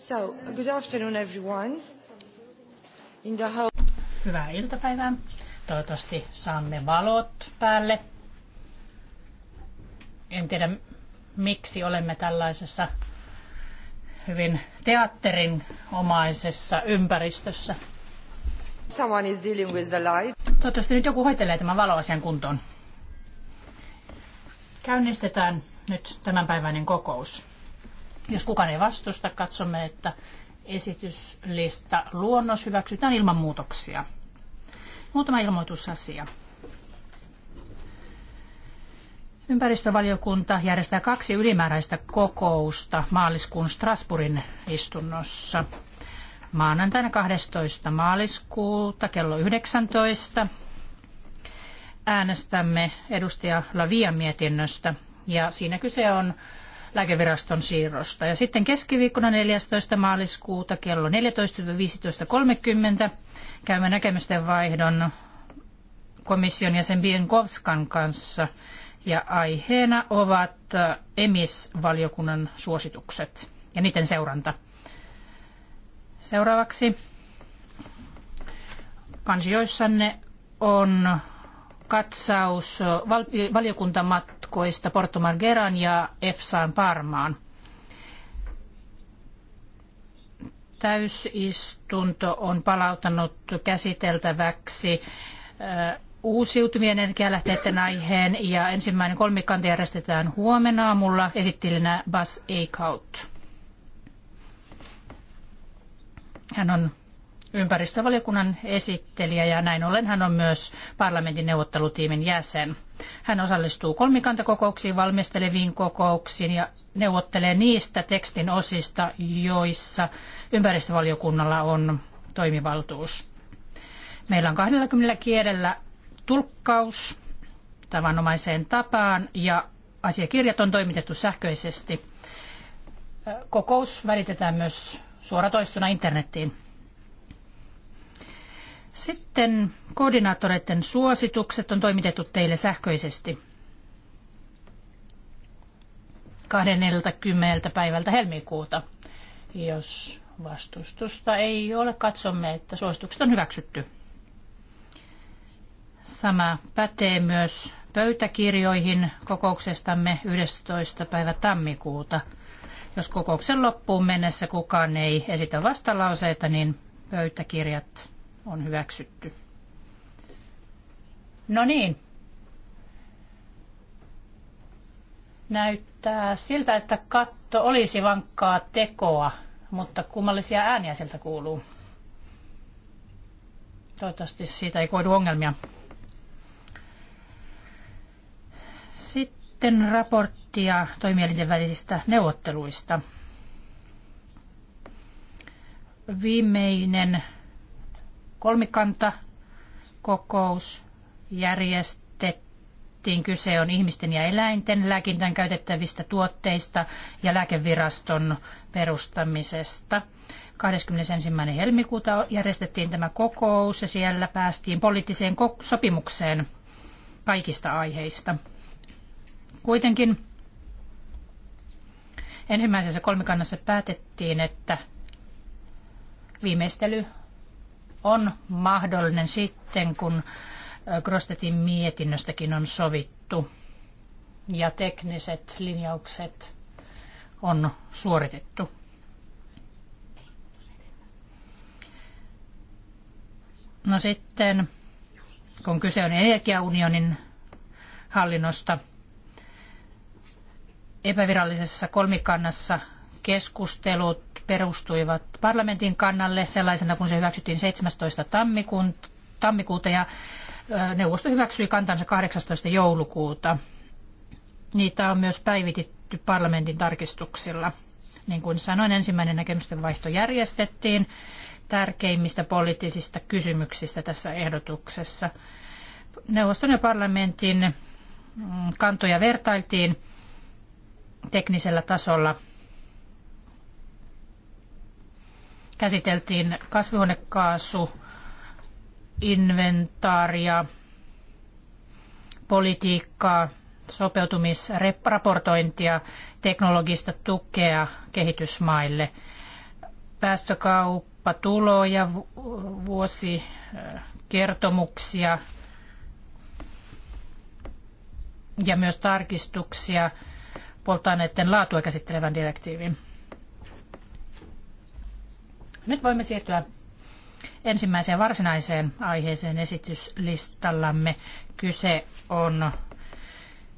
So, good afternoon everyone. In the whole... Hyvää iltapäivää. Toivottavasti saamme valot päälle. En tiedä, miksi olemme tällaisessa hyvin teatterin omaisessa ympäristössä. Someone is dealing with the light. Toivottavasti nyt joku hoitelee tämän valoasian kuntoon. Käynnistetään nyt tämänpäiväinen kokous. Jos kukaan ei vastusta, katsomme, että esityslista luonnos hyväksytään ilman muutoksia. Muutama ilmoitusasia. Ympäristövaliokunta järjestää kaksi ylimääräistä kokousta maaliskuun Strasbourgin istunnossa. Maanantaina 12. maaliskuuta kello 19 äänestämme edustaja Lavia mietinnöstä ja siinä kyse on lääkeviraston siirrosta. Ja sitten keskiviikkona 14. maaliskuuta kello 14.15.30 käymme näkemysten vaihdon komission jäsen Bienkovskan kanssa. Ja aiheena ovat äh, EMIS-valiokunnan suositukset ja niiden seuranta. Seuraavaksi kansioissanne on katsaus valiokuntamatta jatkoista Porto Margeran ja EFSAan Parmaan. Täysistunto on palauttanut käsiteltäväksi äh, uusiutuvien energialähteiden aiheen ja ensimmäinen kolmikanta järjestetään huomenna aamulla esittelijänä Bas Eikaut. Hän on ympäristövaliokunnan esittelijä ja näin ollen hän on myös parlamentin neuvottelutiimin jäsen. Hän osallistuu kolmikantakokouksiin, valmisteleviin kokouksiin ja neuvottelee niistä tekstin osista, joissa ympäristövaliokunnalla on toimivaltuus. Meillä on 20 kielellä tulkkaus tavanomaiseen tapaan ja asiakirjat on toimitettu sähköisesti. Kokous välitetään myös suoratoistona internettiin. Sitten koordinaattoreiden suositukset on toimitettu teille sähköisesti 20. päivältä helmikuuta. Jos vastustusta ei ole, katsomme, että suositukset on hyväksytty. Sama pätee myös pöytäkirjoihin kokouksestamme 11. päivä tammikuuta. Jos kokouksen loppuun mennessä kukaan ei esitä vastalauseita, niin pöytäkirjat on hyväksytty. No niin. Näyttää siltä, että katto olisi vankkaa tekoa, mutta kummallisia ääniä sieltä kuuluu. Toivottavasti siitä ei koidu ongelmia. Sitten raporttia toimielinten välisistä neuvotteluista. Viimeinen kolmikanta kokous järjestettiin. Kyse on ihmisten ja eläinten lääkintään käytettävistä tuotteista ja lääkeviraston perustamisesta. 21. helmikuuta järjestettiin tämä kokous ja siellä päästiin poliittiseen sopimukseen kaikista aiheista. Kuitenkin ensimmäisessä kolmikannassa päätettiin, että viimeistely on mahdollinen sitten, kun Grostetin mietinnöstäkin on sovittu ja tekniset linjaukset on suoritettu. No sitten, kun kyse on energiaunionin hallinnosta, epävirallisessa kolmikannassa keskustelut perustuivat parlamentin kannalle sellaisena, kun se hyväksyttiin 17. tammikuuta ja neuvosto hyväksyi kantansa 18. joulukuuta. Niitä on myös päivitetty parlamentin tarkistuksilla. Niin kuin sanoin, ensimmäinen näkemysten vaihto järjestettiin tärkeimmistä poliittisista kysymyksistä tässä ehdotuksessa. Neuvoston ja parlamentin mm, kantoja vertailtiin teknisellä tasolla – käsiteltiin kasvihuonekaasu, inventaaria, politiikkaa, sopeutumisraportointia, teknologista tukea kehitysmaille, päästökauppatuloja, vuosikertomuksia ja myös tarkistuksia polttoaineiden laatua käsittelevän direktiivin. Nyt voimme siirtyä ensimmäiseen varsinaiseen aiheeseen esityslistallamme. Kyse on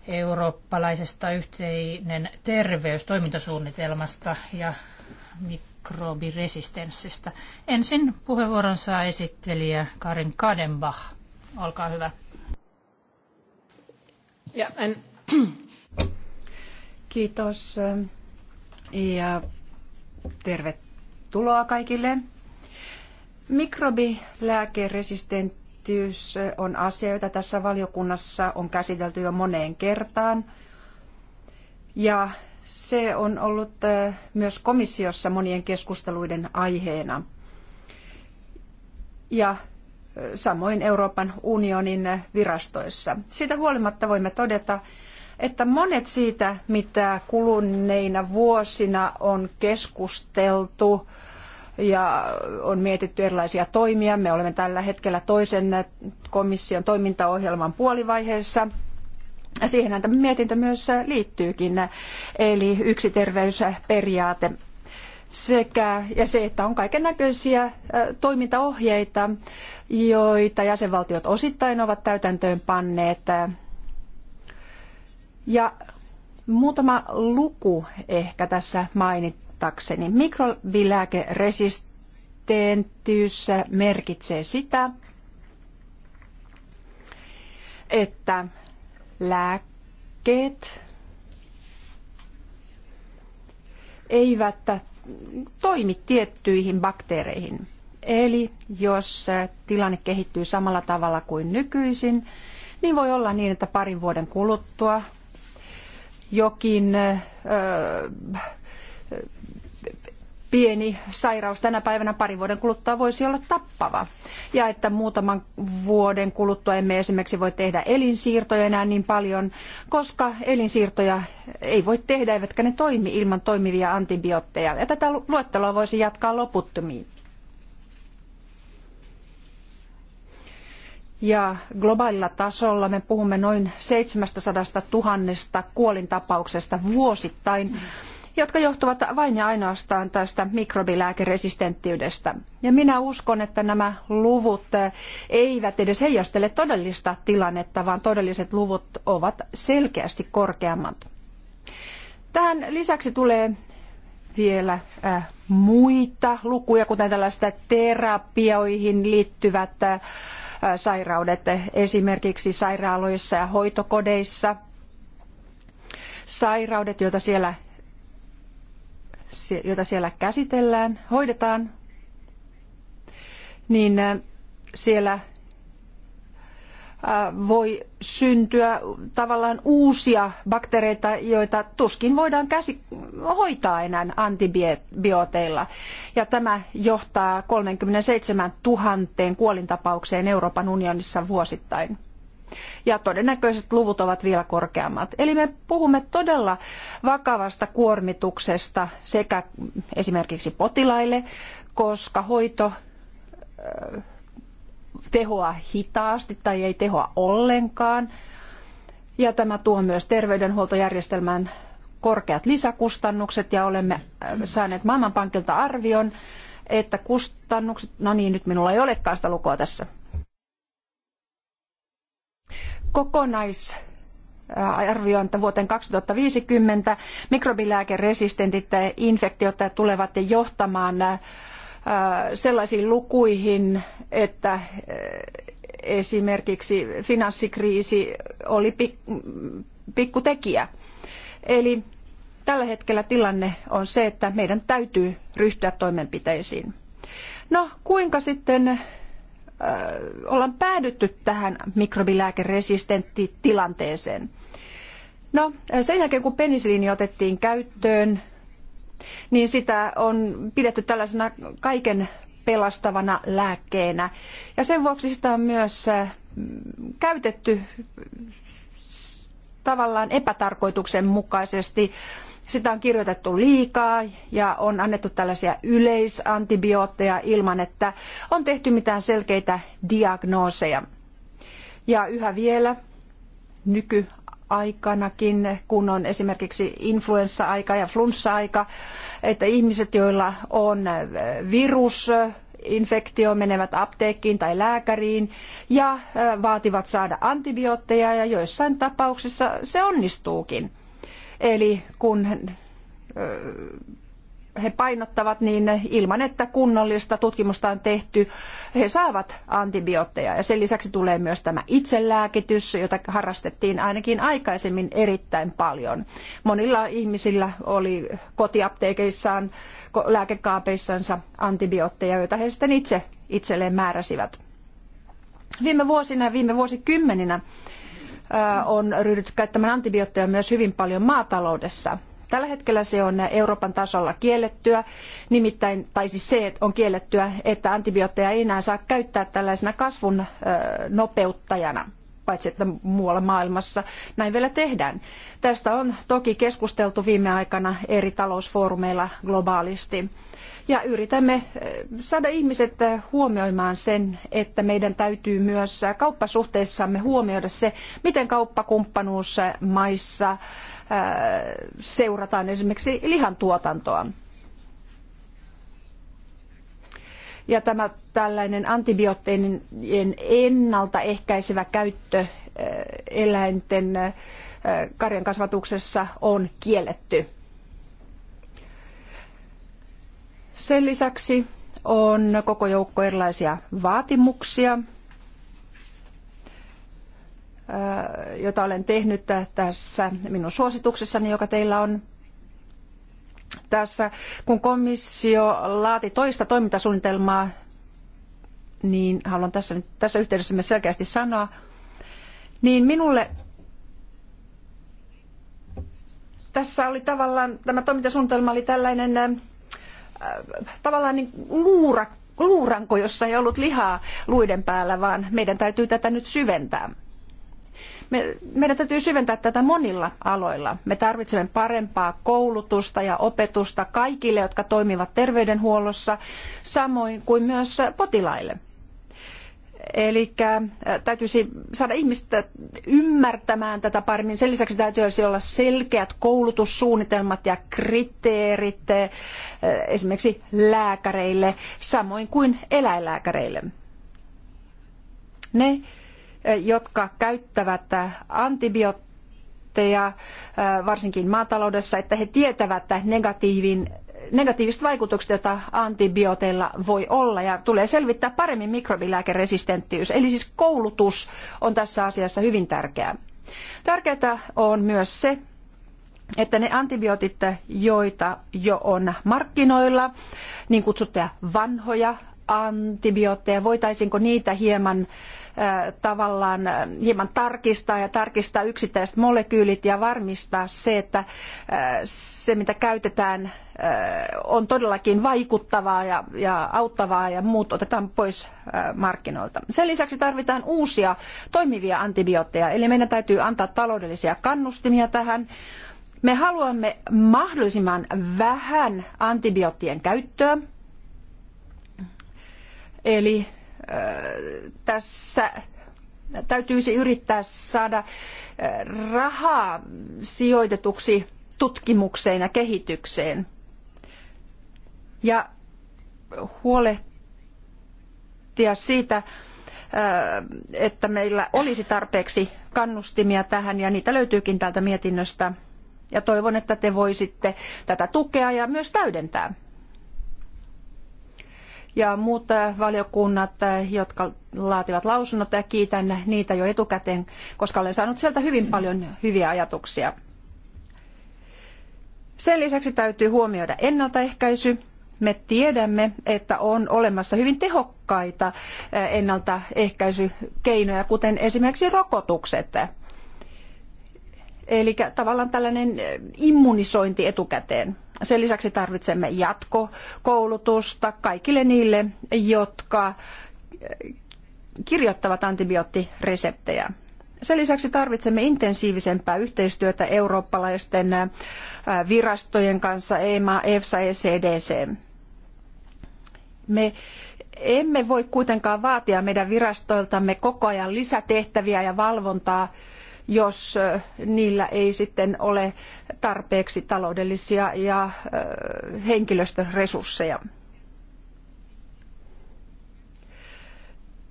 eurooppalaisesta yhteinen terveystoimintasuunnitelmasta ja mikrobiresistenssistä. Ensin puheenvuoron saa esittelijä Karin Kadenbach. Olkaa hyvä. Ja, en... Kiitos ja tervetuloa Tervetuloa kaikille. Mikrobilääkeresistenttiys on asia, jota tässä valiokunnassa on käsitelty jo moneen kertaan. Ja se on ollut myös komissiossa monien keskusteluiden aiheena. Ja samoin Euroopan unionin virastoissa. Siitä huolimatta voimme todeta, että monet siitä, mitä kuluneina vuosina on keskusteltu ja on mietitty erilaisia toimia, me olemme tällä hetkellä toisen komission toimintaohjelman puolivaiheessa, Siihen tämä mietintö myös liittyykin, eli yksi terveysperiaate sekä ja se, että on kaiken näköisiä toimintaohjeita, joita jäsenvaltiot osittain ovat täytäntöön panneet ja muutama luku ehkä tässä mainittakseni. Mikrobilääkeresistenttiys merkitsee sitä, että lääkkeet eivät toimi tiettyihin bakteereihin. Eli jos tilanne kehittyy samalla tavalla kuin nykyisin, niin voi olla niin, että parin vuoden kuluttua jokin pieni sairaus tänä päivänä parin vuoden kuluttua voisi olla tappava. Ja että muutaman vuoden kuluttua emme esimerkiksi voi tehdä elinsiirtoja enää niin paljon, koska elinsiirtoja ei voi tehdä, eivätkä ne toimi ilman toimivia antibiootteja. Ja tätä luetteloa voisi jatkaa loputtomiin. Ja globaalilla tasolla me puhumme noin 700 000 kuolintapauksesta vuosittain, jotka johtuvat vain ja ainoastaan tästä mikrobilääkeresistenttiydestä. Ja minä uskon, että nämä luvut eh, eivät edes heijastele todellista tilannetta, vaan todelliset luvut ovat selkeästi korkeammat. Tähän lisäksi tulee vielä eh, muita lukuja, kuten tällaista terapioihin liittyvät eh, sairaudet esimerkiksi sairaaloissa ja hoitokodeissa. Sairaudet, joita siellä, joita siellä käsitellään, hoidetaan, niin äh, siellä voi syntyä tavallaan uusia bakteereita, joita tuskin voidaan käsi hoitaa enää antibiooteilla. Ja tämä johtaa 37 000 kuolintapaukseen Euroopan unionissa vuosittain. Ja todennäköiset luvut ovat vielä korkeammat. Eli me puhumme todella vakavasta kuormituksesta sekä esimerkiksi potilaille, koska hoito tehoa hitaasti tai ei tehoa ollenkaan. Ja tämä tuo myös terveydenhuoltojärjestelmään korkeat lisäkustannukset ja olemme äh, saaneet Maailmanpankilta arvion, että kustannukset, no niin nyt minulla ei olekaan sitä lukua tässä. Kokonais arvioon, että vuoteen 2050 mikrobilääkeresistentit äh, infektiot äh, tulevat johtamaan Äh, sellaisiin lukuihin, että äh, esimerkiksi finanssikriisi oli pikkutekijä. Eli tällä hetkellä tilanne on se, että meidän täytyy ryhtyä toimenpiteisiin. No, kuinka sitten äh, ollaan päädytty tähän mikrobilääkeresistenttitilanteeseen? No, sen jälkeen kun penisiliini otettiin käyttöön, niin sitä on pidetty tällaisena kaiken pelastavana lääkkeenä. Ja sen vuoksi sitä on myös käytetty tavallaan epätarkoituksenmukaisesti. Sitä on kirjoitettu liikaa ja on annettu tällaisia yleisantibiootteja ilman, että on tehty mitään selkeitä diagnooseja. Ja yhä vielä nyky aikanakin, kun on esimerkiksi influenssa-aika ja flunssa-aika, että ihmiset, joilla on virus, infektio menevät apteekkiin tai lääkäriin ja äh, vaativat saada antibiootteja ja joissain tapauksissa se onnistuukin. Eli kun äh, he painottavat, niin ilman että kunnollista tutkimusta on tehty, he saavat antibiootteja. Ja sen lisäksi tulee myös tämä itselääkitys, jota harrastettiin ainakin aikaisemmin erittäin paljon. Monilla ihmisillä oli kotiapteekeissaan, lääkekaapeissansa antibiootteja, joita he sitten itse itselleen määräsivät. Viime vuosina ja viime vuosikymmeninä on ryhdytty käyttämään antibiootteja myös hyvin paljon maataloudessa – Tällä hetkellä se on Euroopan tasolla kiellettyä, nimittäin, tai siis se että on kiellettyä, että antibiootteja ei enää saa käyttää tällaisena kasvun nopeuttajana paitsi että muualla maailmassa näin vielä tehdään. Tästä on toki keskusteltu viime aikana eri talousfoorumeilla globaalisti. Ja yritämme eh, saada ihmiset eh, huomioimaan sen, että meidän täytyy myös kauppasuhteissamme huomioida se, miten kauppakumppanuusmaissa eh, seurataan esimerkiksi lihantuotantoa. ja tämä tällainen antibiootteiden ennaltaehkäisevä käyttö eläinten karjan kasvatuksessa on kielletty. Sen lisäksi on koko joukko erilaisia vaatimuksia, joita olen tehnyt tässä minun suosituksessani, joka teillä on tässä, kun komissio laati toista toimintasuunnitelmaa, niin haluan tässä, tässä yhteydessä myös selkeästi sanoa, niin minulle tässä oli tavallaan, tämä toimintasuunnitelma oli tällainen äh, tavallaan niin luura, luuranko, jossa ei ollut lihaa luiden päällä, vaan meidän täytyy tätä nyt syventää. Me, meidän täytyy syventää tätä monilla aloilla. Me tarvitsemme parempaa koulutusta ja opetusta kaikille, jotka toimivat terveydenhuollossa, samoin kuin myös potilaille. Eli äh, täytyisi saada ihmistä ymmärtämään tätä paremmin. Sen lisäksi täytyisi olla selkeät koulutussuunnitelmat ja kriteerit äh, esimerkiksi lääkäreille, samoin kuin eläinlääkäreille. Ne jotka käyttävät äh, antibiootteja, äh, varsinkin maataloudessa, että he tietävät äh, negatiivin negatiiviset vaikutukset, joita antibiooteilla voi olla ja tulee selvittää paremmin mikrobilääkeresistenttiys. Eli siis koulutus on tässä asiassa hyvin tärkeää. Tärkeää on myös se, että ne antibiootit, joita jo on markkinoilla, niin kutsuttuja vanhoja antibiootteja, voitaisiinko niitä hieman äh, tavallaan äh, hieman tarkistaa ja tarkistaa yksittäiset molekyylit ja varmistaa se, että äh, se mitä käytetään on todellakin vaikuttavaa ja, ja auttavaa ja muut otetaan pois markkinoilta. Sen lisäksi tarvitaan uusia toimivia antibiootteja, eli meidän täytyy antaa taloudellisia kannustimia tähän. Me haluamme mahdollisimman vähän antibioottien käyttöä, Eli tässä täytyisi yrittää saada rahaa sijoitetuksi tutkimukseen ja kehitykseen ja huolehtia siitä, että meillä olisi tarpeeksi kannustimia tähän ja niitä löytyykin täältä mietinnöstä. Ja toivon, että te voisitte tätä tukea ja myös täydentää ja muut äh, valiokunnat, äh, jotka laativat lausunnot ja äh, kiitän niitä jo etukäteen, koska olen saanut sieltä hyvin paljon hyviä ajatuksia. Sen lisäksi täytyy huomioida ennaltaehkäisy. Me tiedämme, että on olemassa hyvin tehokkaita ennaltaehkäisykeinoja, kuten esimerkiksi rokotukset. Eli tavallaan tällainen eh, immunisointi etukäteen. Sen lisäksi tarvitsemme jatkokoulutusta kaikille niille, jotka eh, kirjoittavat antibioottireseptejä. Sen lisäksi tarvitsemme intensiivisempää yhteistyötä eurooppalaisten eh, virastojen kanssa, EMA, EFSA, CDC. E Me emme voi kuitenkaan vaatia meidän virastoiltamme koko ajan lisätehtäviä ja valvontaa, jos niillä ei sitten ole tarpeeksi taloudellisia ja henkilöstöresursseja.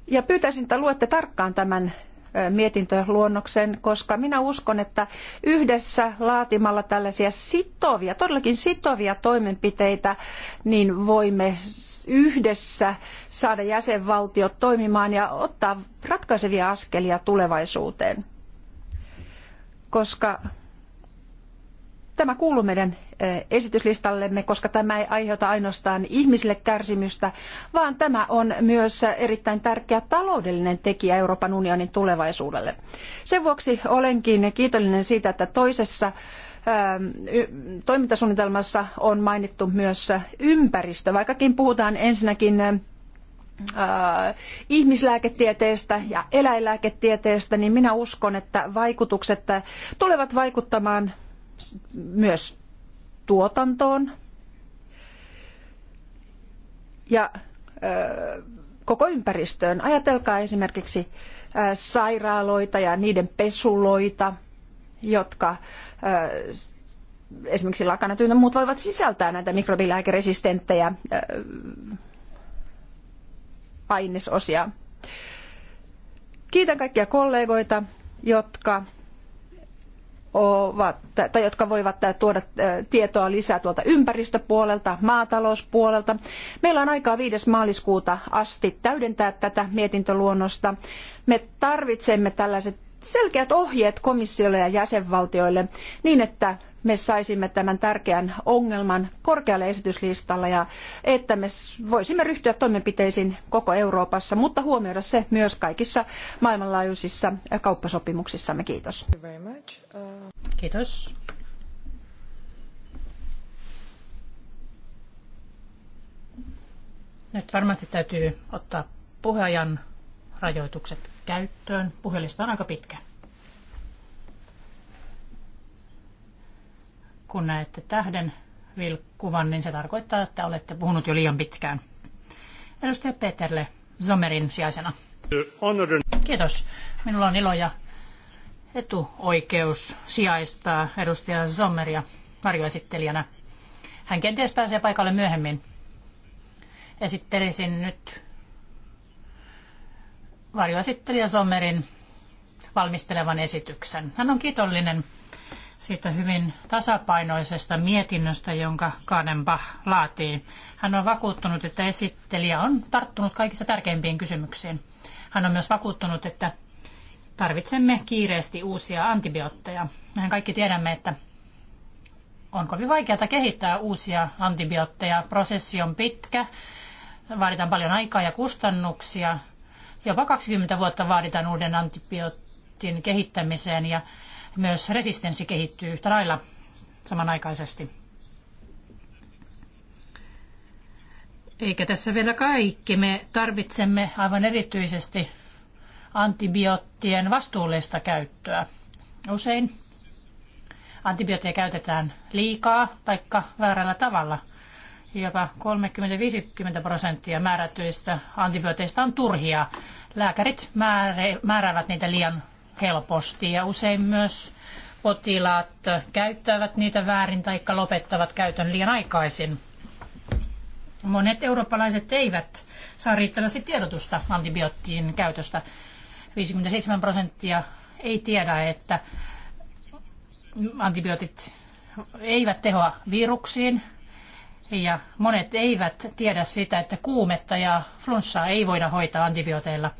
Ja pyytäisin, että luette tarkkaan tämän mietintöluonnoksen, koska minä uskon, että yhdessä laatimalla tällaisia sitovia, todellakin sitovia toimenpiteitä, niin voimme yhdessä saada jäsenvaltiot toimimaan ja ottaa ratkaisevia askelia tulevaisuuteen koska tämä kuuluu meidän esityslistallemme, koska tämä ei aiheuta ainoastaan ihmisille kärsimystä, vaan tämä on myös erittäin tärkeä taloudellinen tekijä Euroopan unionin tulevaisuudelle. Sen vuoksi olenkin kiitollinen siitä, että toisessa toimintasuunnitelmassa on mainittu myös ympäristö, vaikkakin puhutaan ensinnäkin Äh, ihmislääketieteestä ja eläinlääketieteestä, niin minä uskon, että vaikutukset tulevat vaikuttamaan myös tuotantoon ja äh, koko ympäristöön. Ajatelkaa esimerkiksi äh, sairaaloita ja niiden pesuloita, jotka esimerkiksi lakanat ynnä muut voivat sisältää näitä mikrobilääkeresistenttejä painesosia. Kiitän kaikkia kollegoita, jotka ovat, tai jotka voivat tuoda äh, tietoa lisää tuolta ympäristöpuolelta, maatalouspuolelta. Meillä on aikaa 5. maaliskuuta asti täydentää tätä mietintöluonnosta. Me tarvitsemme tällaiset selkeät ohjeet komissiolle ja jäsenvaltioille niin, että me saisimme tämän tärkeän ongelman korkealle esityslistalla ja että me voisimme ryhtyä toimenpiteisiin koko Euroopassa, mutta huomioida se myös kaikissa maailmanlaajuisissa kauppasopimuksissamme. Kiitos. Uh, Kiitos. Nyt varmasti täytyy ottaa puheajan rajoitukset käyttöön. Puhelista on aika pitkä. Kun näette tähden vilkkuvan, niin se tarkoittaa, että olette puhunut jo liian pitkään. Edustaja Peterle Zomerin sijaisena. Kiitos. Minulla on ilo ja etuoikeus sijaistaa edustaja Zomeria varjoesittelijänä. Hän kenties pääsee paikalle myöhemmin. Esittelisin nyt varjoesittelijä Zomerin valmistelevan esityksen. Hän on kiitollinen siitä hyvin tasapainoisesta mietinnöstä, jonka Kadenbach laatii. Hän on vakuuttunut, että esittelijä on tarttunut kaikissa tärkeimpiin kysymyksiin. Hän on myös vakuuttunut, että tarvitsemme kiireesti uusia antibiootteja. Mehän kaikki tiedämme, että on kovin vaikeaa kehittää uusia antibiootteja. Prosessi on pitkä, vaaditaan paljon aikaa ja kustannuksia. Jopa 20 vuotta vaaditaan uuden antibiootin kehittämiseen ja myös resistenssi kehittyy yhtä lailla samanaikaisesti. Eikä tässä vielä kaikki. Me tarvitsemme aivan erityisesti antibioottien vastuullista käyttöä. Usein antibiootteja käytetään liikaa tai väärällä tavalla. Jopa 30-50 prosenttia määrätyistä antibiooteista on turhia. Lääkärit määräävät niitä liian helposti ja usein myös potilaat käyttävät niitä väärin tai lopettavat käytön liian aikaisin. Monet eurooppalaiset eivät saa riittävästi tiedotusta antibioottien käytöstä. 57 prosenttia ei tiedä, että antibiootit eivät tehoa viruksiin ja monet eivät tiedä sitä, että kuumetta ja flunssaa ei voida hoitaa antibiooteilla –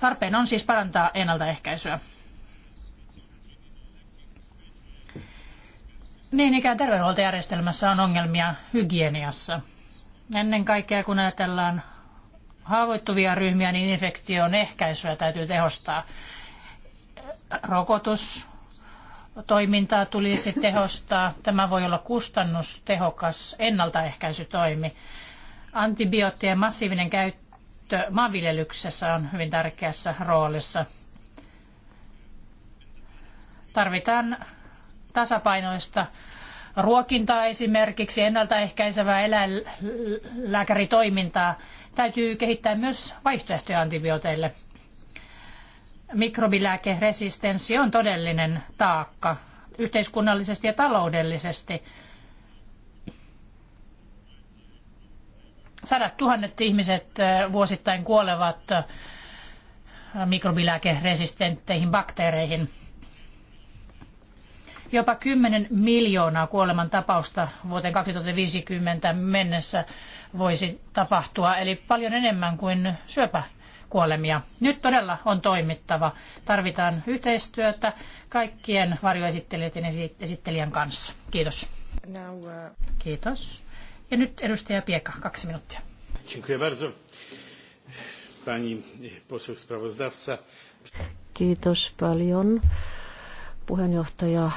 tarpeen on siis parantaa ennaltaehkäisyä. Niin ikään terveydenhuoltojärjestelmässä on ongelmia hygieniassa. Ennen kaikkea kun ajatellaan haavoittuvia ryhmiä, niin infektion ehkäisyä täytyy tehostaa. Rokotus, toimintaa tulisi tehostaa. Tämä voi olla kustannustehokas ennaltaehkäisytoimi. Antibioottien massiivinen käyttö käyttö maanviljelyksessä on hyvin tärkeässä roolissa. Tarvitaan tasapainoista ruokintaa esimerkiksi, ennaltaehkäisevää eläinlääkäritoimintaa. Täytyy kehittää myös vaihtoehtoja antibiooteille. Mikrobilääkeresistenssi on todellinen taakka yhteiskunnallisesti ja taloudellisesti Sadat tuhannet ihmiset vuosittain kuolevat mikrobilääkeresistentteihin bakteereihin. Jopa 10 miljoonaa kuoleman tapausta vuoteen 2050 mennessä voisi tapahtua, eli paljon enemmän kuin syöpäkuolemia. Nyt todella on toimittava. Tarvitaan yhteistyötä kaikkien varjoesittelijöiden ja esittelijän kanssa. Kiitos. Uh, Kiitos. Ja nyt edustaja Pieka, kaksi minuuttia. Dziękuję bardzo. Pani poseł sprawozdawca. Kiitos paljon. Puheenjohtaja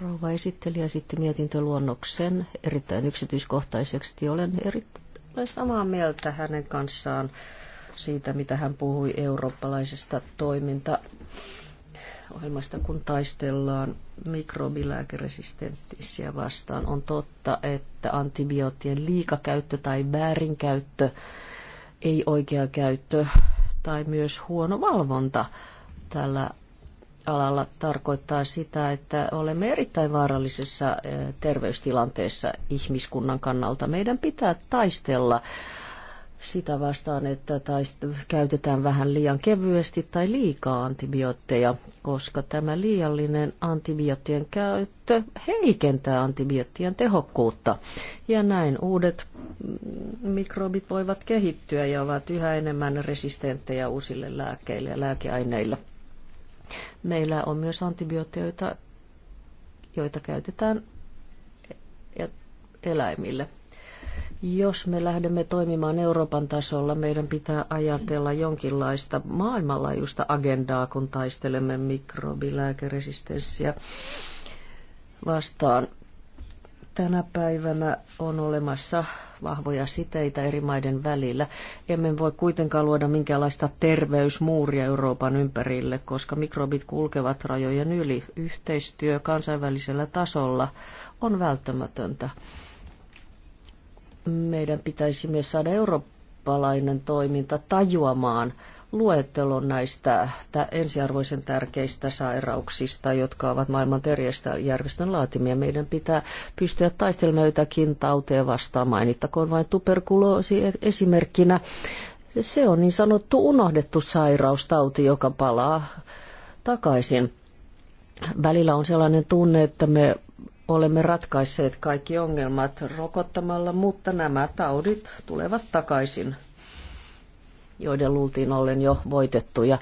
rouva esitteli ja esitti mietintöluonnoksen erittäin yksityiskohtaiseksi. Olen erittäin samaa mieltä hänen kanssaan siitä, mitä hän puhui eurooppalaisesta toiminta ohjelmasta, kun taistellaan mikrobilääkeresistenttisiä vastaan. On totta, että antibioottien liikakäyttö tai väärinkäyttö, ei oikea käyttö tai myös huono valvonta tällä alalla tarkoittaa sitä, että olemme erittäin vaarallisessa eh, terveystilanteessa ihmiskunnan kannalta. Meidän pitää taistella sitä vastaan, että tai käytetään vähän liian kevyesti tai liikaa antibiootteja, koska tämä liiallinen antibioottien käyttö heikentää antibioottien tehokkuutta. Ja näin uudet mm, mikrobit voivat kehittyä ja ovat yhä enemmän resistenttejä uusille lääkkeille ja lääkeaineille. Meillä on myös antibiootteja, joita käytetään e- e- eläimille jos me lähdemme toimimaan Euroopan tasolla, meidän pitää ajatella jonkinlaista maailmanlaajuista agendaa, kun taistelemme mikrobilääkeresistenssiä vastaan. Tänä päivänä on olemassa vahvoja siteitä eri maiden välillä. Emme voi kuitenkaan luoda minkäänlaista terveysmuuria Euroopan ympärille, koska mikrobit kulkevat rajojen yli. Yhteistyö kansainvälisellä tasolla on välttämätöntä meidän pitäisi myös saada eurooppalainen toiminta tajuamaan luettelon näistä ensiarvoisen tärkeistä sairauksista, jotka ovat maailman järjestön laatimia. Meidän pitää pystyä taistelemaan jotakin tauteen vastaan. Mainittakoon vain tuberkuloosi esimerkkinä. Se on niin sanottu unohdettu sairaustauti, joka palaa takaisin. Välillä on sellainen tunne, että me olemme ratkaisseet kaikki ongelmat rokottamalla, mutta nämä taudit tulevat takaisin, joiden luultiin ollen jo voitettuja.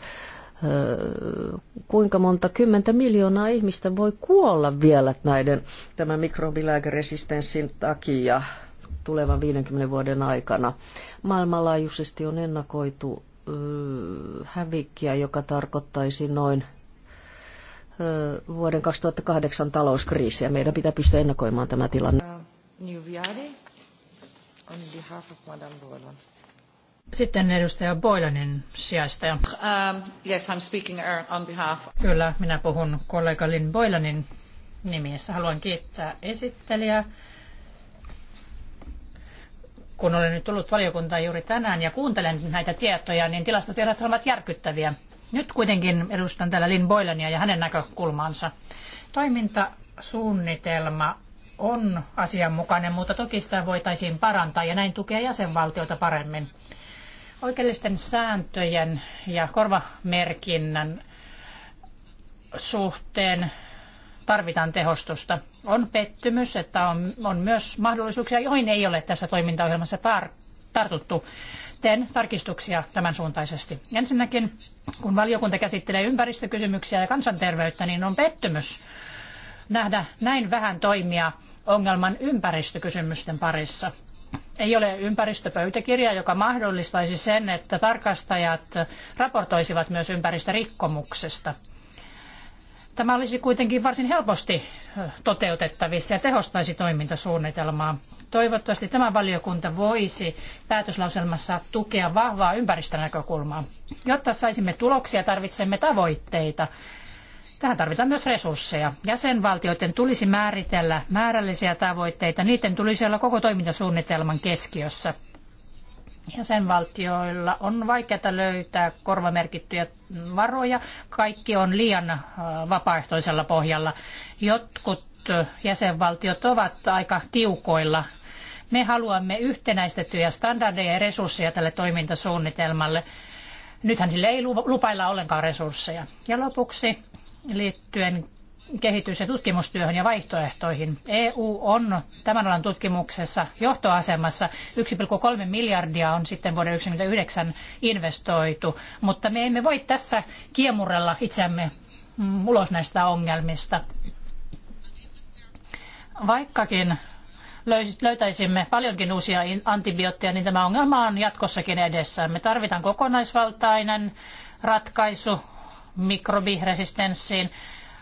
Kuinka monta kymmentä miljoonaa ihmistä voi kuolla vielä näiden tämän mikrobilääkeresistenssin takia tulevan 50 vuoden aikana? Maailmanlaajuisesti on ennakoitu hävikkiä, joka tarkoittaisi noin vuoden 2008 talouskriisi ja meidän pitää pystyä ennakoimaan tämä tilanne. Uh, Sitten edustaja Boylanin sijaista. Um, yes, I'm speaking uh, on behalf. Kyllä, minä puhun kollega Lynn Boylanin nimissä. Haluan kiittää esittelijää. Kun olen nyt tullut valiokuntaan juuri tänään ja kuuntelen näitä tietoja, niin tilastotiedot ovat järkyttäviä. Nyt kuitenkin edustan täällä Lin Boylania ja hänen näkökulmansa. Toimintasuunnitelma on asianmukainen, mutta toki sitä voitaisiin parantaa ja näin tukea jäsenvaltioita paremmin. Oikeellisten sääntöjen ja korvamerkinnän suhteen tarvitaan tehostusta. On pettymys, että on, on myös mahdollisuuksia, joihin ei ole tässä toimintaohjelmassa tar- tartuttu teen tarkistuksia tämän suuntaisesti. Ensinnäkin, kun valiokunta käsittelee ympäristökysymyksiä ja kansanterveyttä, niin on pettymys nähdä näin vähän toimia ongelman ympäristökysymysten parissa. Ei ole ympäristöpöytäkirjaa, joka mahdollistaisi sen, että tarkastajat raportoisivat myös ympäristörikkomuksesta. Tämä olisi kuitenkin varsin helposti toteutettavissa ja tehostaisi toimintasuunnitelmaa. Toivottavasti tämä valiokunta voisi päätöslauselmassa tukea vahvaa ympäristönäkökulmaa. Jotta saisimme tuloksia, tarvitsemme tavoitteita. Tähän tarvitaan myös resursseja. Jäsenvaltioiden tulisi määritellä määrällisiä tavoitteita. Niiden tulisi olla koko toimintasuunnitelman keskiössä. Jäsenvaltioilla on vaikeaa löytää korvamerkittyjä varoja. Kaikki on liian äh, vapaaehtoisella pohjalla. Jotkut jäsenvaltiot ovat aika tiukoilla. Me haluamme yhtenäistettyjä standardeja ja resursseja tälle toimintasuunnitelmalle. Nythän sille ei lupailla ollenkaan resursseja. Ja lopuksi liittyen kehitys- ja tutkimustyöhön ja vaihtoehtoihin. EU on tämän alan tutkimuksessa johtoasemassa. 1,3 miljardia on sitten vuoden 1999 investoitu, mutta me emme voi tässä kiemurrella itseämme mm, ulos näistä ongelmista. Vaikkakin löytäisimme paljonkin uusia antibiootteja, niin tämä ongelma on jatkossakin edessä. Me tarvitaan kokonaisvaltainen ratkaisu mikrobiresistenssiin.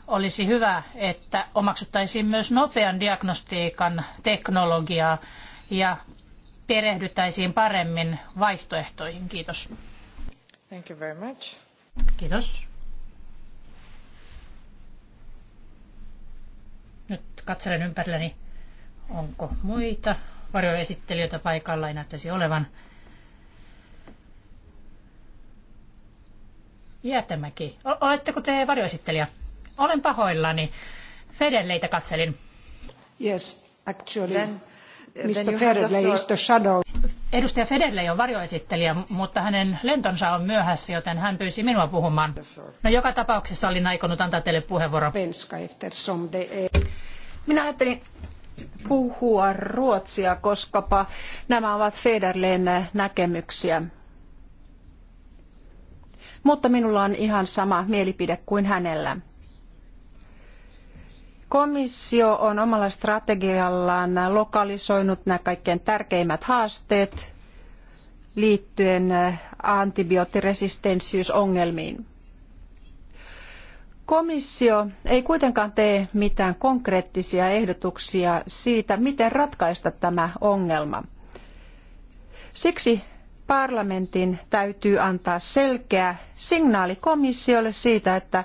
Olisi hyvä, että omaksuttaisiin myös nopean diagnostiikan teknologiaa ja perehdyttäisiin paremmin vaihtoehtoihin. Kiitos. Thank you very much. Kiitos. katselen ympärilläni, onko muita varjoesittelijöitä paikalla, ei näyttäisi olevan. Jäätämäki, oletteko te varjoesittelijä? Olen pahoillani. Fedelleitä katselin. Yes, actually. Then, Mr. Then is the shadow. Edustaja Federley on varjoesittelijä, mutta hänen lentonsa on myöhässä, joten hän pyysi minua puhumaan. No joka tapauksessa olin aikonut antaa teille puheenvuoron. Minä ajattelin puhua ruotsia, koskapa nämä ovat Federleen näkemyksiä. Mutta minulla on ihan sama mielipide kuin hänellä. Komissio on omalla strategiallaan lokalisoinut nämä kaikkein tärkeimmät haasteet liittyen antibioottiresistenssiysongelmiin. Komissio ei kuitenkaan tee mitään konkreettisia ehdotuksia siitä, miten ratkaista tämä ongelma. Siksi parlamentin täytyy antaa selkeä signaali komissiolle siitä, että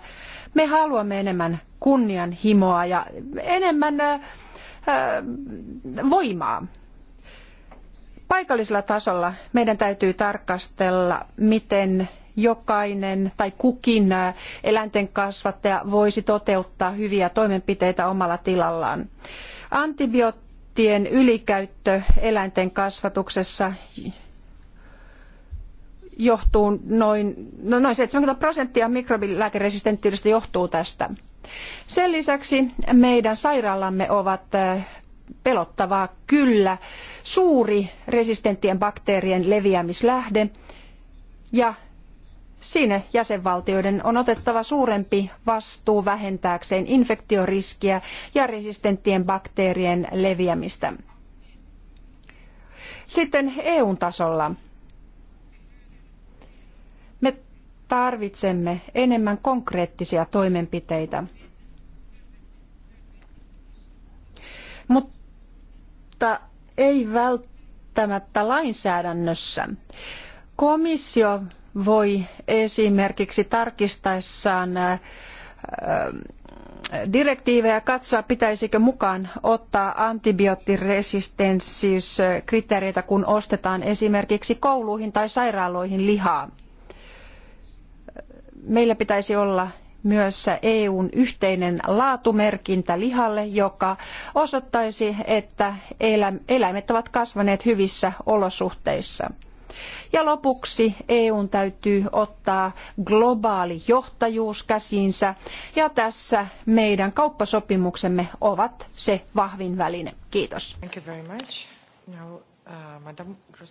me haluamme enemmän kunnianhimoa ja enemmän voimaa. Paikallisella tasolla meidän täytyy tarkastella, miten jokainen tai kukin eläinten kasvattaja voisi toteuttaa hyviä toimenpiteitä omalla tilallaan. Antibioottien ylikäyttö eläinten kasvatuksessa johtuu noin, no noin 70 prosenttia mikrobilääkeresistenttiydestä johtuu tästä. Sen lisäksi meidän sairaalamme ovat pelottavaa kyllä suuri resistenttien bakteerien leviämislähde ja Siinä jäsenvaltioiden on otettava suurempi vastuu vähentääkseen infektioriskiä ja resistenttien bakteerien leviämistä. Sitten EUn tasolla me tarvitsemme enemmän konkreettisia toimenpiteitä. Mutta ei välttämättä lainsäädännössä. Komissio voi esimerkiksi tarkistaessaan äh, äh, direktiivejä katsoa, pitäisikö mukaan ottaa antibioottiresistenssikriteereitä kun ostetaan esimerkiksi kouluihin tai sairaaloihin lihaa. Meillä pitäisi olla myös EUn yhteinen laatumerkintä lihalle, joka osoittaisi, että eläimet ovat kasvaneet hyvissä olosuhteissa. Ja lopuksi EUn täytyy ottaa globaali johtajuus käsiinsä ja tässä meidän kauppasopimuksemme ovat se vahvin väline. Kiitos. Thank you very much. Now, uh,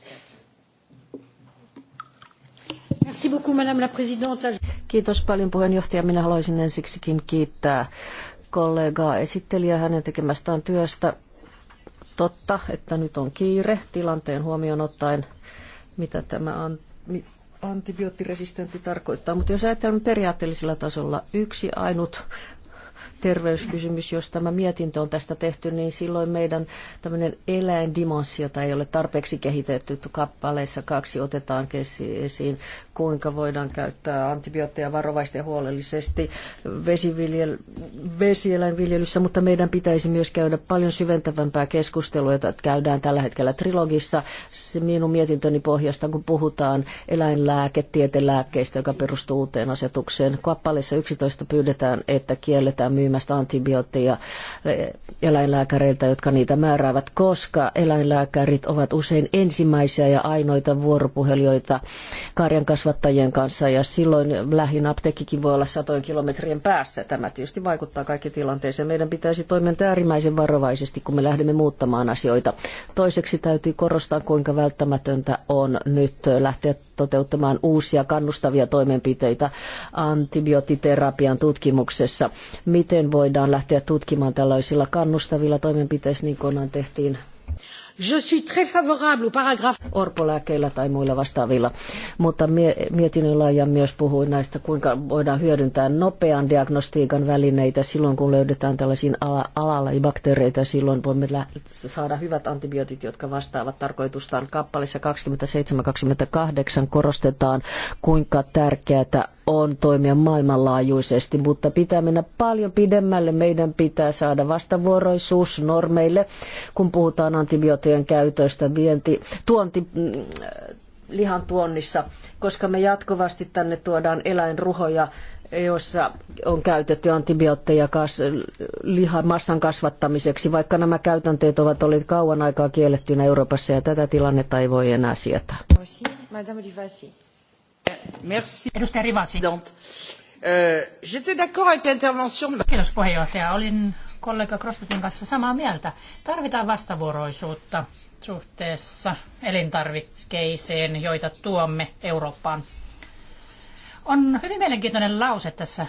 Merci beaucoup, Madame la Présidente. Kiitos paljon puheenjohtaja. Minä haluaisin ensiksikin kiittää kollegaa esittelijää hänen tekemästään työstä. Totta, että nyt on kiire tilanteen huomioon ottaen mitä tämä antibioottiresistentti tarkoittaa. Mutta jos ajatellaan periaatteellisella tasolla, yksi ainut terveyskysymys, jos tämä mietintö on tästä tehty, niin silloin meidän tämmöinen eläindimensiota ei ole tarpeeksi kehitetty. Kappaleissa kaksi otetaan esiin, kuinka voidaan käyttää antibiootteja varovaisesti ja huolellisesti vesiviljel- vesieläinviljelyssä, mutta meidän pitäisi myös käydä paljon syventävämpää keskustelua, jota käydään tällä hetkellä trilogissa. Se minun mietintöni pohjasta, kun puhutaan lääkkeistä, joka perustuu uuteen asetukseen. Kappaleessa 11 pyydetään, että kielletään myynti myymästä antibiootteja eh, eläinlääkäreiltä, jotka niitä määräävät, koska eläinlääkärit ovat usein ensimmäisiä ja ainoita vuoropuhelijoita karjan kasvattajien kanssa ja silloin lähin apteekkikin voi olla satojen kilometrien päässä. Tämä tietysti vaikuttaa kaikki tilanteeseen. Meidän pitäisi toimia äärimmäisen varovaisesti, kun me lähdemme muuttamaan asioita. Toiseksi täytyy korostaa, kuinka välttämätöntä on nyt lähteä toteuttamaan uusia kannustavia toimenpiteitä antibioottiterapian tutkimuksessa. Miten voidaan lähteä tutkimaan tällaisilla kannustavilla toimenpiteillä, niin kuin tehtiin Je suis très favorable au paragraphe... Orpolääkeillä tai muilla vastaavilla. Mutta mietinnön laajan myös puhui näistä, kuinka voidaan hyödyntää nopean diagnostiikan välineitä silloin, kun löydetään tällaisiin ala, alalla bakteereita. Silloin voimme saada hyvät antibiootit, jotka vastaavat tarkoitustaan. Kappalissa 27-28 korostetaan, kuinka tärkeää on toimia maailmanlaajuisesti, mutta pitää mennä paljon pidemmälle. Meidän pitää saada vastavuoroisuus normeille, kun puhutaan antibiooteista kieltojen käytöstä vienti, tuonti, mm, lihan tuonnissa, koska me jatkuvasti tänne tuodaan eläinruhoja, joissa on käytetty antibiootteja kas, lihan massan kasvattamiseksi, vaikka nämä käytänteet ovat olleet kauan aikaa kiellettynä Euroopassa ja tätä tilannetta ei voi enää sietää. Edustaja Rivasi. Euh, j'étais d'accord avec l'intervention. Kiitos puheenjohtaja. Olin kollega Crossfitin kanssa samaa mieltä. Tarvitaan vastavuoroisuutta suhteessa elintarvikkeisiin, joita tuomme Eurooppaan. On hyvin mielenkiintoinen lause tässä,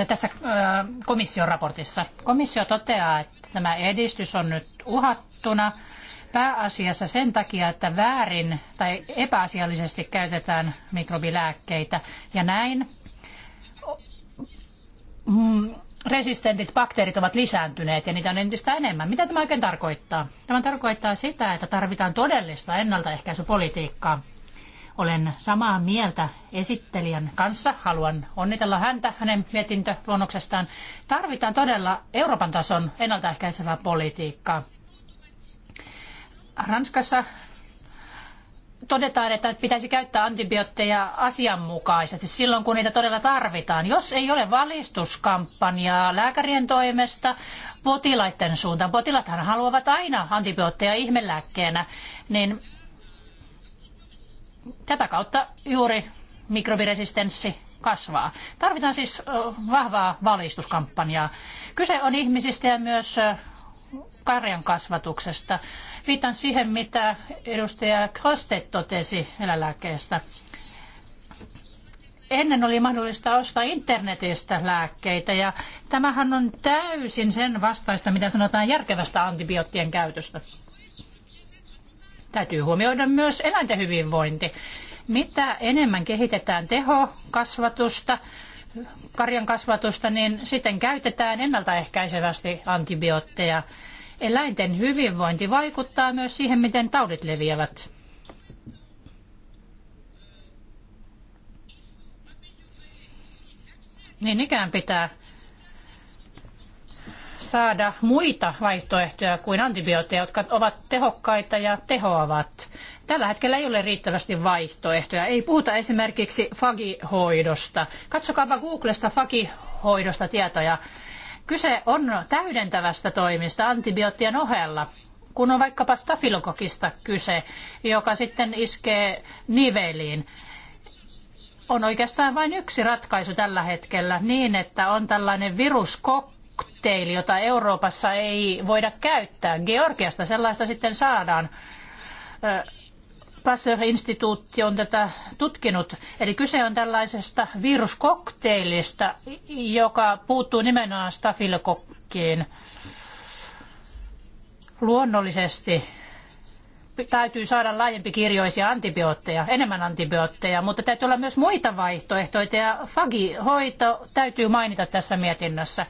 äh, tässä äh, komission raportissa. Komissio toteaa, että tämä edistys on nyt uhattuna pääasiassa sen takia, että väärin tai epäasiallisesti käytetään mikrobilääkkeitä. Ja näin mm, resistentit bakteerit ovat lisääntyneet ja niitä on entistä enemmän. Mitä tämä oikein tarkoittaa? Tämä tarkoittaa sitä, että tarvitaan todellista ennaltaehkäisypolitiikkaa. Olen samaa mieltä esittelijän kanssa. Haluan onnitella häntä hänen mietintöluonnoksestaan. Tarvitaan todella Euroopan tason ennaltaehkäisevää politiikkaa. Ranskassa todetaan, että pitäisi käyttää antibiootteja asianmukaisesti silloin, kun niitä todella tarvitaan. Jos ei ole valistuskampanjaa lääkärien toimesta potilaiden suuntaan, potilaathan haluavat aina antibiootteja ihmelääkkeenä, niin tätä kautta juuri mikrobiresistenssi kasvaa. Tarvitaan siis vahvaa valistuskampanjaa. Kyse on ihmisistä ja myös karjan kasvatuksesta. Viitan siihen, mitä edustaja Krostet totesi eläinlääkkeestä. Ennen oli mahdollista ostaa internetistä lääkkeitä ja tämähän on täysin sen vastaista, mitä sanotaan järkevästä antibioottien käytöstä. Täytyy huomioida myös eläinten hyvinvointi. Mitä enemmän kehitetään tehokasvatusta, karjan kasvatusta, niin sitten käytetään ennaltaehkäisevästi antibiootteja Eläinten hyvinvointi vaikuttaa myös siihen, miten taudit leviävät. Niin ikään pitää saada muita vaihtoehtoja kuin antibiootteja, jotka ovat tehokkaita ja tehoavat. Tällä hetkellä ei ole riittävästi vaihtoehtoja. Ei puhuta esimerkiksi fagihoidosta. Katsokaapa Googlesta fagihoidosta tietoja. Kyse on täydentävästä toimista antibioottien ohella. Kun on vaikkapa stafilokokista kyse, joka sitten iskee niveliin, on oikeastaan vain yksi ratkaisu tällä hetkellä niin, että on tällainen viruskokteili, jota Euroopassa ei voida käyttää. Georgiasta sellaista sitten saadaan. Pasteur-instituutti on tätä tutkinut. Eli kyse on tällaisesta viruskokteilista, joka puuttuu nimenomaan stafilokokkiin. Luonnollisesti täytyy saada laajempi kirjoisia antibiootteja, enemmän antibiootteja, mutta täytyy olla myös muita vaihtoehtoja ja fagihoito täytyy mainita tässä mietinnössä.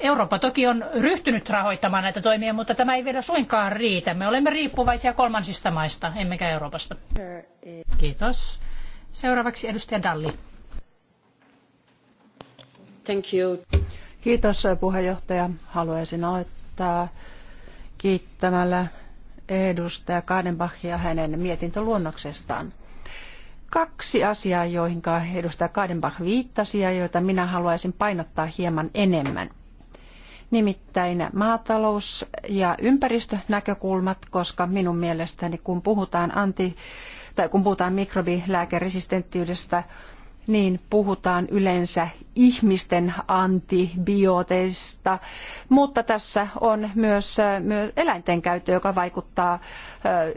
Eurooppa toki on ryhtynyt rahoittamaan näitä toimia, mutta tämä ei vielä suinkaan riitä. Me olemme riippuvaisia kolmansista maista, emmekä Euroopasta. Kiitos. Seuraavaksi edustaja Dalli. Thank you. Kiitos puheenjohtaja. Haluaisin aloittaa kiittämällä edustaja Kadenbachia hänen mietintöluonnoksestaan. Kaksi asiaa, joihin edustaja Kadenbach viittasi ja joita minä haluaisin painottaa hieman enemmän nimittäin maatalous- ja ympäristönäkökulmat, koska minun mielestäni kun puhutaan, anti, tai kun puhutaan mikrobilääkeresistenttiydestä, niin puhutaan yleensä ihmisten antibiooteista, mutta tässä on myös, myös eläinten käyttö, joka vaikuttaa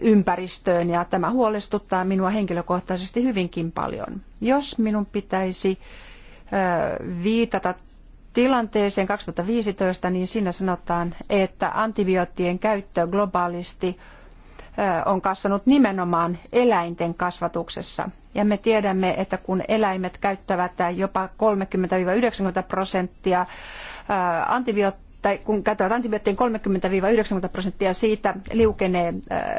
ympäristöön ja tämä huolestuttaa minua henkilökohtaisesti hyvinkin paljon. Jos minun pitäisi viitata tilanteeseen 2015, niin siinä sanotaan, että antibioottien käyttö globaalisti on kasvanut nimenomaan eläinten kasvatuksessa. Ja me tiedämme, että kun eläimet käyttävät jopa 30-90 prosenttia antibiootteja, tai kun käyttävät antibioottien 30-90 prosenttia siitä liukenee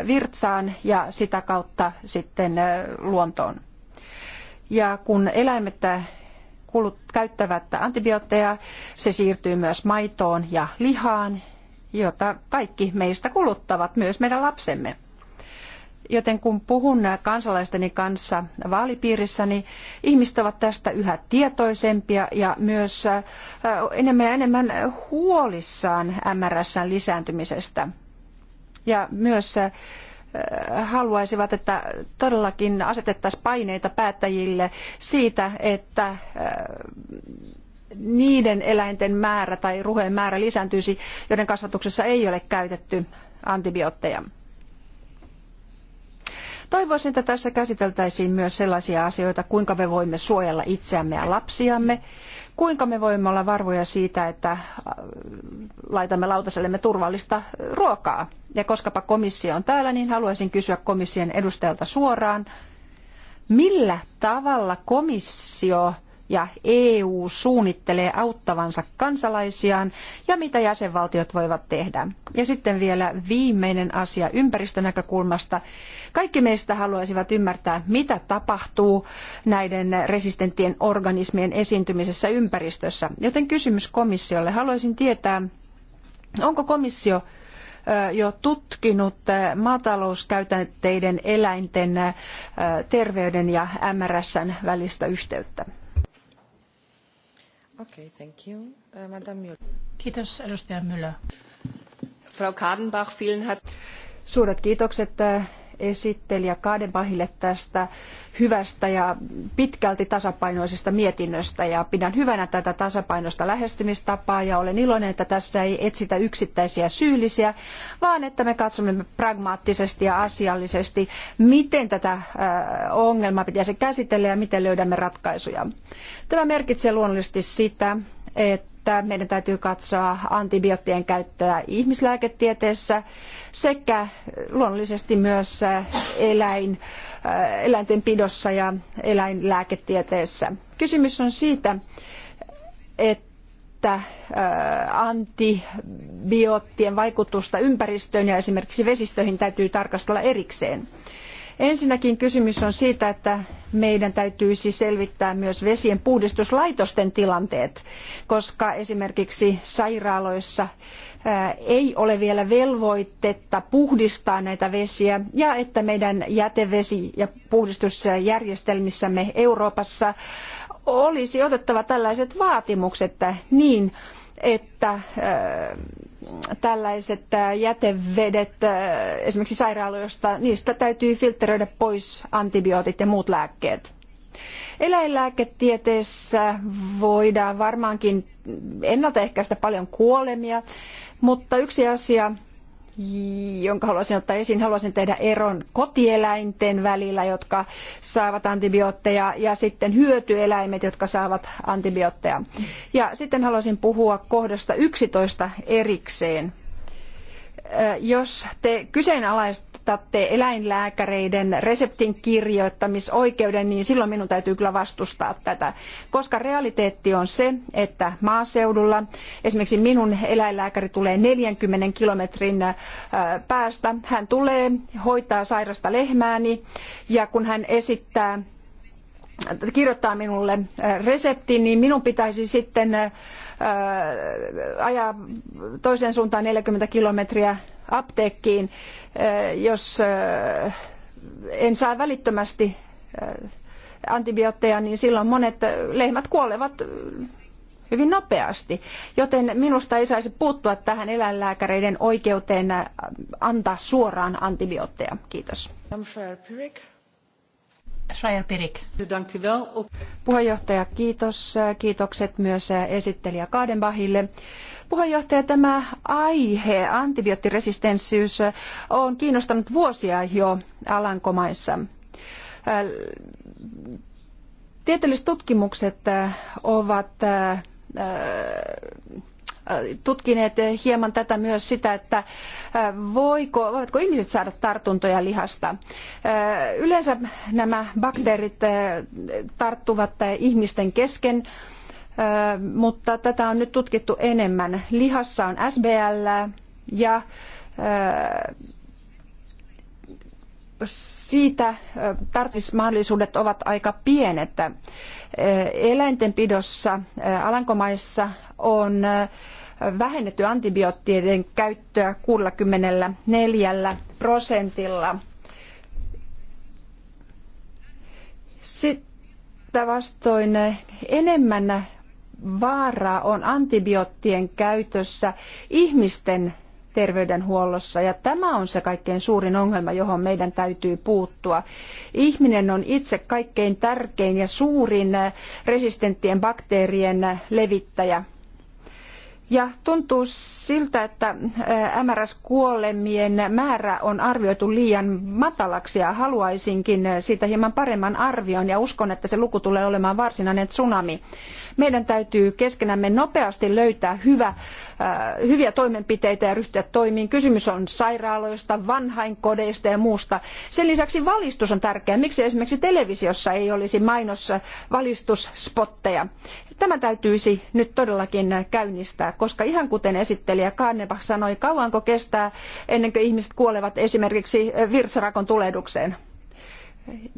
virtsaan ja sitä kautta sitten luontoon. Ja kun eläimet kulut, käyttävät antibiootteja. Se siirtyy myös maitoon ja lihaan, jota kaikki meistä kuluttavat, myös meidän lapsemme. Joten kun puhun kansalaisteni kanssa vaalipiirissäni, niin ihmiset ovat tästä yhä tietoisempia ja myös enemmän ja enemmän huolissaan MRSn lisääntymisestä. Ja myös haluaisivat, että todellakin asetettaisiin paineita päättäjille siitä, että niiden eläinten määrä tai ruheen määrä lisääntyisi, joiden kasvatuksessa ei ole käytetty antibiootteja. Toivoisin, että tässä käsiteltäisiin myös sellaisia asioita, kuinka me voimme suojella itseämme ja lapsiamme, Kuinka me voimme olla varvoja siitä, että äh, laitamme lautasellemme turvallista äh, ruokaa? Ja koskapa komissio on täällä, niin haluaisin kysyä komission edustajalta suoraan, millä tavalla komissio – ja EU suunnittelee auttavansa kansalaisiaan ja mitä jäsenvaltiot voivat tehdä. Ja sitten vielä viimeinen asia ympäristönäkökulmasta. Kaikki meistä haluaisivat ymmärtää, mitä tapahtuu näiden resistenttien organismien esiintymisessä ympäristössä. Joten kysymys komissiolle. Haluaisin tietää, onko komissio jo tutkinut maatalouskäytänteiden eläinten terveyden ja MRSn välistä yhteyttä? Okay, thank you. Uh, Madame Müller. Kiitos, edustaja Müller. Frau Kadenbach, vielen Suuret kiitokset äh, esittelijä Kadenbahille tästä hyvästä ja pitkälti tasapainoisesta mietinnöstä ja pidän hyvänä tätä tasapainoista lähestymistapaa ja olen iloinen, että tässä ei etsitä yksittäisiä syyllisiä, vaan että me katsomme pragmaattisesti ja asiallisesti, miten tätä äh, ongelmaa pitäisi käsitellä ja miten löydämme ratkaisuja. Tämä merkitsee luonnollisesti sitä, että että meidän täytyy katsoa antibioottien käyttöä ihmislääketieteessä sekä luonnollisesti myös äh, eläin, äh, eläinten pidossa ja eläinlääketieteessä. Kysymys on siitä, että äh, antibioottien vaikutusta ympäristöön ja esimerkiksi vesistöihin täytyy tarkastella erikseen. Ensinnäkin kysymys on siitä, että meidän täytyisi selvittää myös vesien puhdistuslaitosten tilanteet, koska esimerkiksi sairaaloissa ei ole vielä velvoitetta puhdistaa näitä vesiä ja että meidän jätevesi- ja puhdistusjärjestelmissämme Euroopassa olisi otettava tällaiset vaatimukset niin, että tällaiset äh, jätevedet äh, esimerkiksi sairaaloista, niistä täytyy filtteröidä pois antibiootit ja muut lääkkeet. Eläinlääketieteessä voidaan varmaankin ennaltaehkäistä paljon kuolemia, mutta yksi asia, jonka haluaisin ottaa esiin. Haluaisin tehdä eron kotieläinten välillä, jotka saavat antibiootteja, ja sitten hyötyeläimet, jotka saavat antibiootteja. Ja sitten haluaisin puhua kohdasta 11 erikseen. Jos te kyseenalaistatte rajoitatte eläinlääkäreiden reseptin kirjoittamisoikeuden, niin silloin minun täytyy kyllä vastustaa tätä. Koska realiteetti on se, että maaseudulla esimerkiksi minun eläinlääkäri tulee 40 kilometrin äh, päästä. Hän tulee hoitaa sairasta lehmääni ja kun hän esittää kirjoittaa minulle äh, reseptin, niin minun pitäisi sitten äh, ajaa toiseen suuntaan 40 kilometriä apteekkiin, eh, jos eh, en saa välittömästi eh, antibiootteja, niin silloin monet lehmät kuolevat hyvin nopeasti. Joten minusta ei saisi puuttua tähän eläinlääkäreiden oikeuteen antaa suoraan antibiootteja. Kiitos. Schreier Pirik. Puheenjohtaja, kiitos. Kiitokset myös esittelijä Kaadenbahille. Puheenjohtaja, tämä aihe, antibioottiresistenssiys, on kiinnostanut vuosia jo Alankomaissa. Tieteelliset tutkimukset ovat äh, tutkineet hieman tätä myös sitä, että voiko, voivatko ihmiset saada tartuntoja lihasta. Yleensä nämä bakteerit tarttuvat ihmisten kesken, mutta tätä on nyt tutkittu enemmän. Lihassa on SBL ja siitä tarttumismahdollisuudet ovat aika pienet. Eläintenpidossa Alankomaissa on vähennetty antibioottien käyttöä 64 prosentilla. Sitä vastoin enemmän vaaraa on antibioottien käytössä ihmisten terveydenhuollossa ja tämä on se kaikkein suurin ongelma, johon meidän täytyy puuttua. Ihminen on itse kaikkein tärkein ja suurin resistenttien bakteerien levittäjä ja tuntuu siltä, että MRS-kuolemien määrä on arvioitu liian matalaksi ja haluaisinkin siitä hieman paremman arvion ja uskon, että se luku tulee olemaan varsinainen tsunami. Meidän täytyy keskenämme nopeasti löytää hyvä, äh, hyviä toimenpiteitä ja ryhtyä toimiin. Kysymys on sairaaloista, vanhainkodeista ja muusta. Sen lisäksi valistus on tärkeää. Miksi esimerkiksi televisiossa ei olisi mainossa valistusspotteja? Tämä täytyisi nyt todellakin käynnistää, koska ihan kuten esittelijä Kahnebach sanoi, kauanko kestää ennen kuin ihmiset kuolevat esimerkiksi virtsarakon tulehdukseen.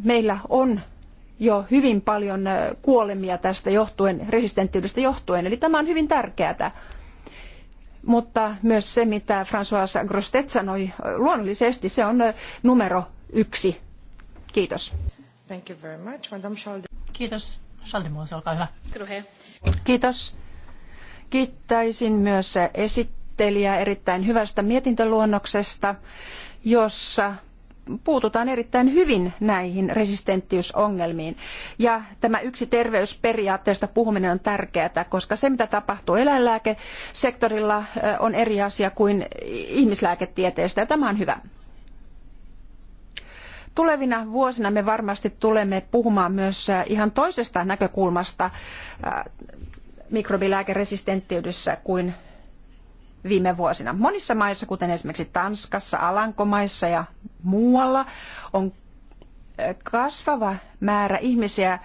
Meillä on jo hyvin paljon kuolemia tästä johtuen, resistenttiydestä johtuen. Eli tämä on hyvin tärkeää. Mutta myös se, mitä François Grostet sanoi, luonnollisesti se on numero yksi. Kiitos. Thank you very much, Madame Schalde. Kiitos. Schaldemus, olkaa hyvä. Kiitos. Kiittäisin myös esittelijää erittäin hyvästä mietintöluonnoksesta, jossa puututaan erittäin hyvin näihin resistenttiysongelmiin. Ja tämä yksi terveysperiaatteesta puhuminen on tärkeää, koska se mitä tapahtuu eläinlääkesektorilla on eri asia kuin ihmislääketieteestä ja tämä on hyvä. Tulevina vuosina me varmasti tulemme puhumaan myös ihan toisesta näkökulmasta mikrobilääkeresistenttiydyssä kuin viime vuosina. Monissa maissa, kuten esimerkiksi Tanskassa, Alankomaissa ja muualla, on kasvava määrä ihmisiä,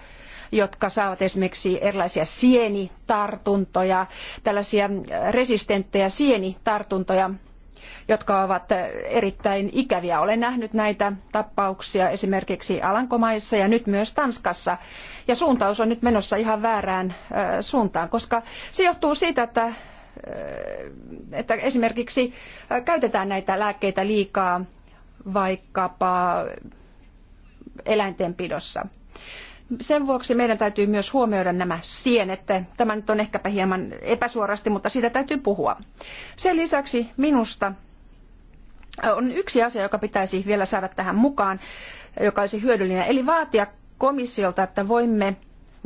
jotka saavat esimerkiksi erilaisia sienitartuntoja, tällaisia resistenttejä sienitartuntoja, jotka ovat erittäin ikäviä. Olen nähnyt näitä tapauksia esimerkiksi Alankomaissa ja nyt myös Tanskassa. Ja suuntaus on nyt menossa ihan väärään suuntaan, koska se johtuu siitä, että Äh, että esimerkiksi äh, käytetään näitä lääkkeitä liikaa vaikkapa eläintenpidossa. Sen vuoksi meidän täytyy myös huomioida nämä sienet. Tämä nyt on ehkäpä hieman epäsuorasti, mutta siitä täytyy puhua. Sen lisäksi minusta on yksi asia, joka pitäisi vielä saada tähän mukaan, joka olisi hyödyllinen, eli vaatia komissiolta, että voimme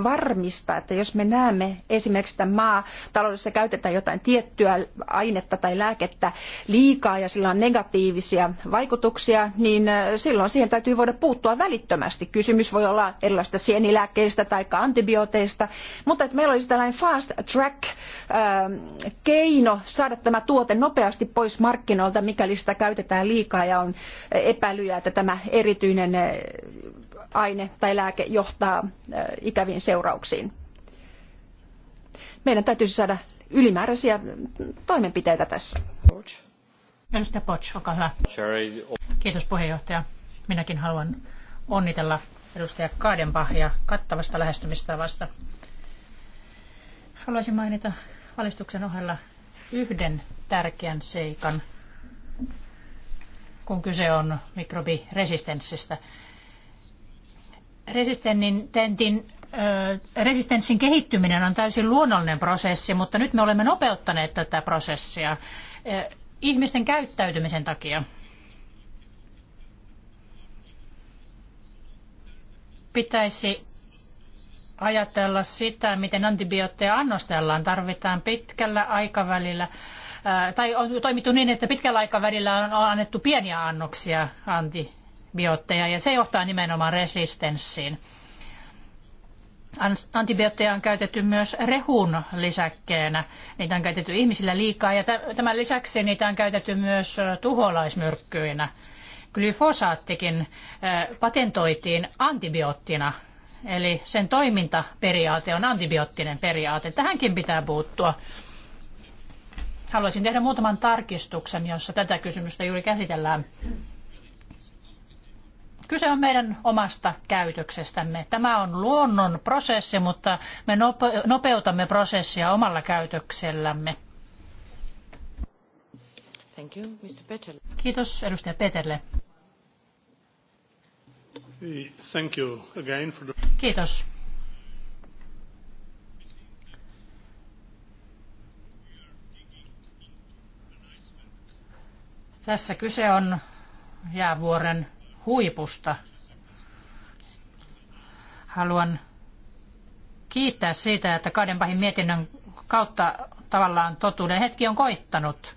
varmistaa, että jos me näemme esimerkiksi, että maataloudessa käytetään jotain tiettyä ainetta tai lääkettä liikaa ja sillä on negatiivisia vaikutuksia, niin silloin siihen täytyy voida puuttua välittömästi. Kysymys voi olla erilaisista sienilääkkeistä tai antibiooteista, mutta että meillä olisi tällainen fast track keino saada tämä tuote nopeasti pois markkinoilta, mikäli sitä käytetään liikaa ja on epäilyjä, että tämä erityinen aine tai lääke johtaa ikäviin seurauksiin. Meidän täytyisi saada ylimääräisiä toimenpiteitä tässä. Edustaja Potts, olkaa hyvä. Kiitos puheenjohtaja. Minäkin haluan onnitella edustaja Kaadenbahia kattavasta lähestymistavasta. Haluaisin mainita valistuksen ohella yhden tärkeän seikan, kun kyse on mikrobiresistenssistä resistentin resistenssin kehittyminen on täysin luonnollinen prosessi, mutta nyt me olemme nopeuttaneet tätä prosessia ihmisten käyttäytymisen takia. Pitäisi ajatella sitä, miten antibiootteja annostellaan. Tarvitaan pitkällä aikavälillä, tai on toimittu niin, että pitkällä aikavälillä on annettu pieniä annoksia anti antibiootteja ja se johtaa nimenomaan resistenssiin. Antibiootteja on käytetty myös rehun lisäkkeenä. Niitä on käytetty ihmisillä liikaa ja tämän lisäksi niitä on käytetty myös tuholaismyrkkyinä. Glyfosaattikin patentoitiin antibioottina, eli sen toimintaperiaate on antibioottinen periaate. Tähänkin pitää puuttua. Haluaisin tehdä muutaman tarkistuksen, jossa tätä kysymystä juuri käsitellään. Kyse on meidän omasta käytöksestämme. Tämä on luonnon prosessi, mutta me nopeutamme prosessia omalla käytöksellämme. Thank you, Mr. Kiitos edustaja Peterle. Thank you again for the... Kiitos. Tässä kyse on jäävuoren huipusta. Haluan kiittää siitä, että kahden pahin mietinnön kautta tavallaan totuuden hetki on koittanut.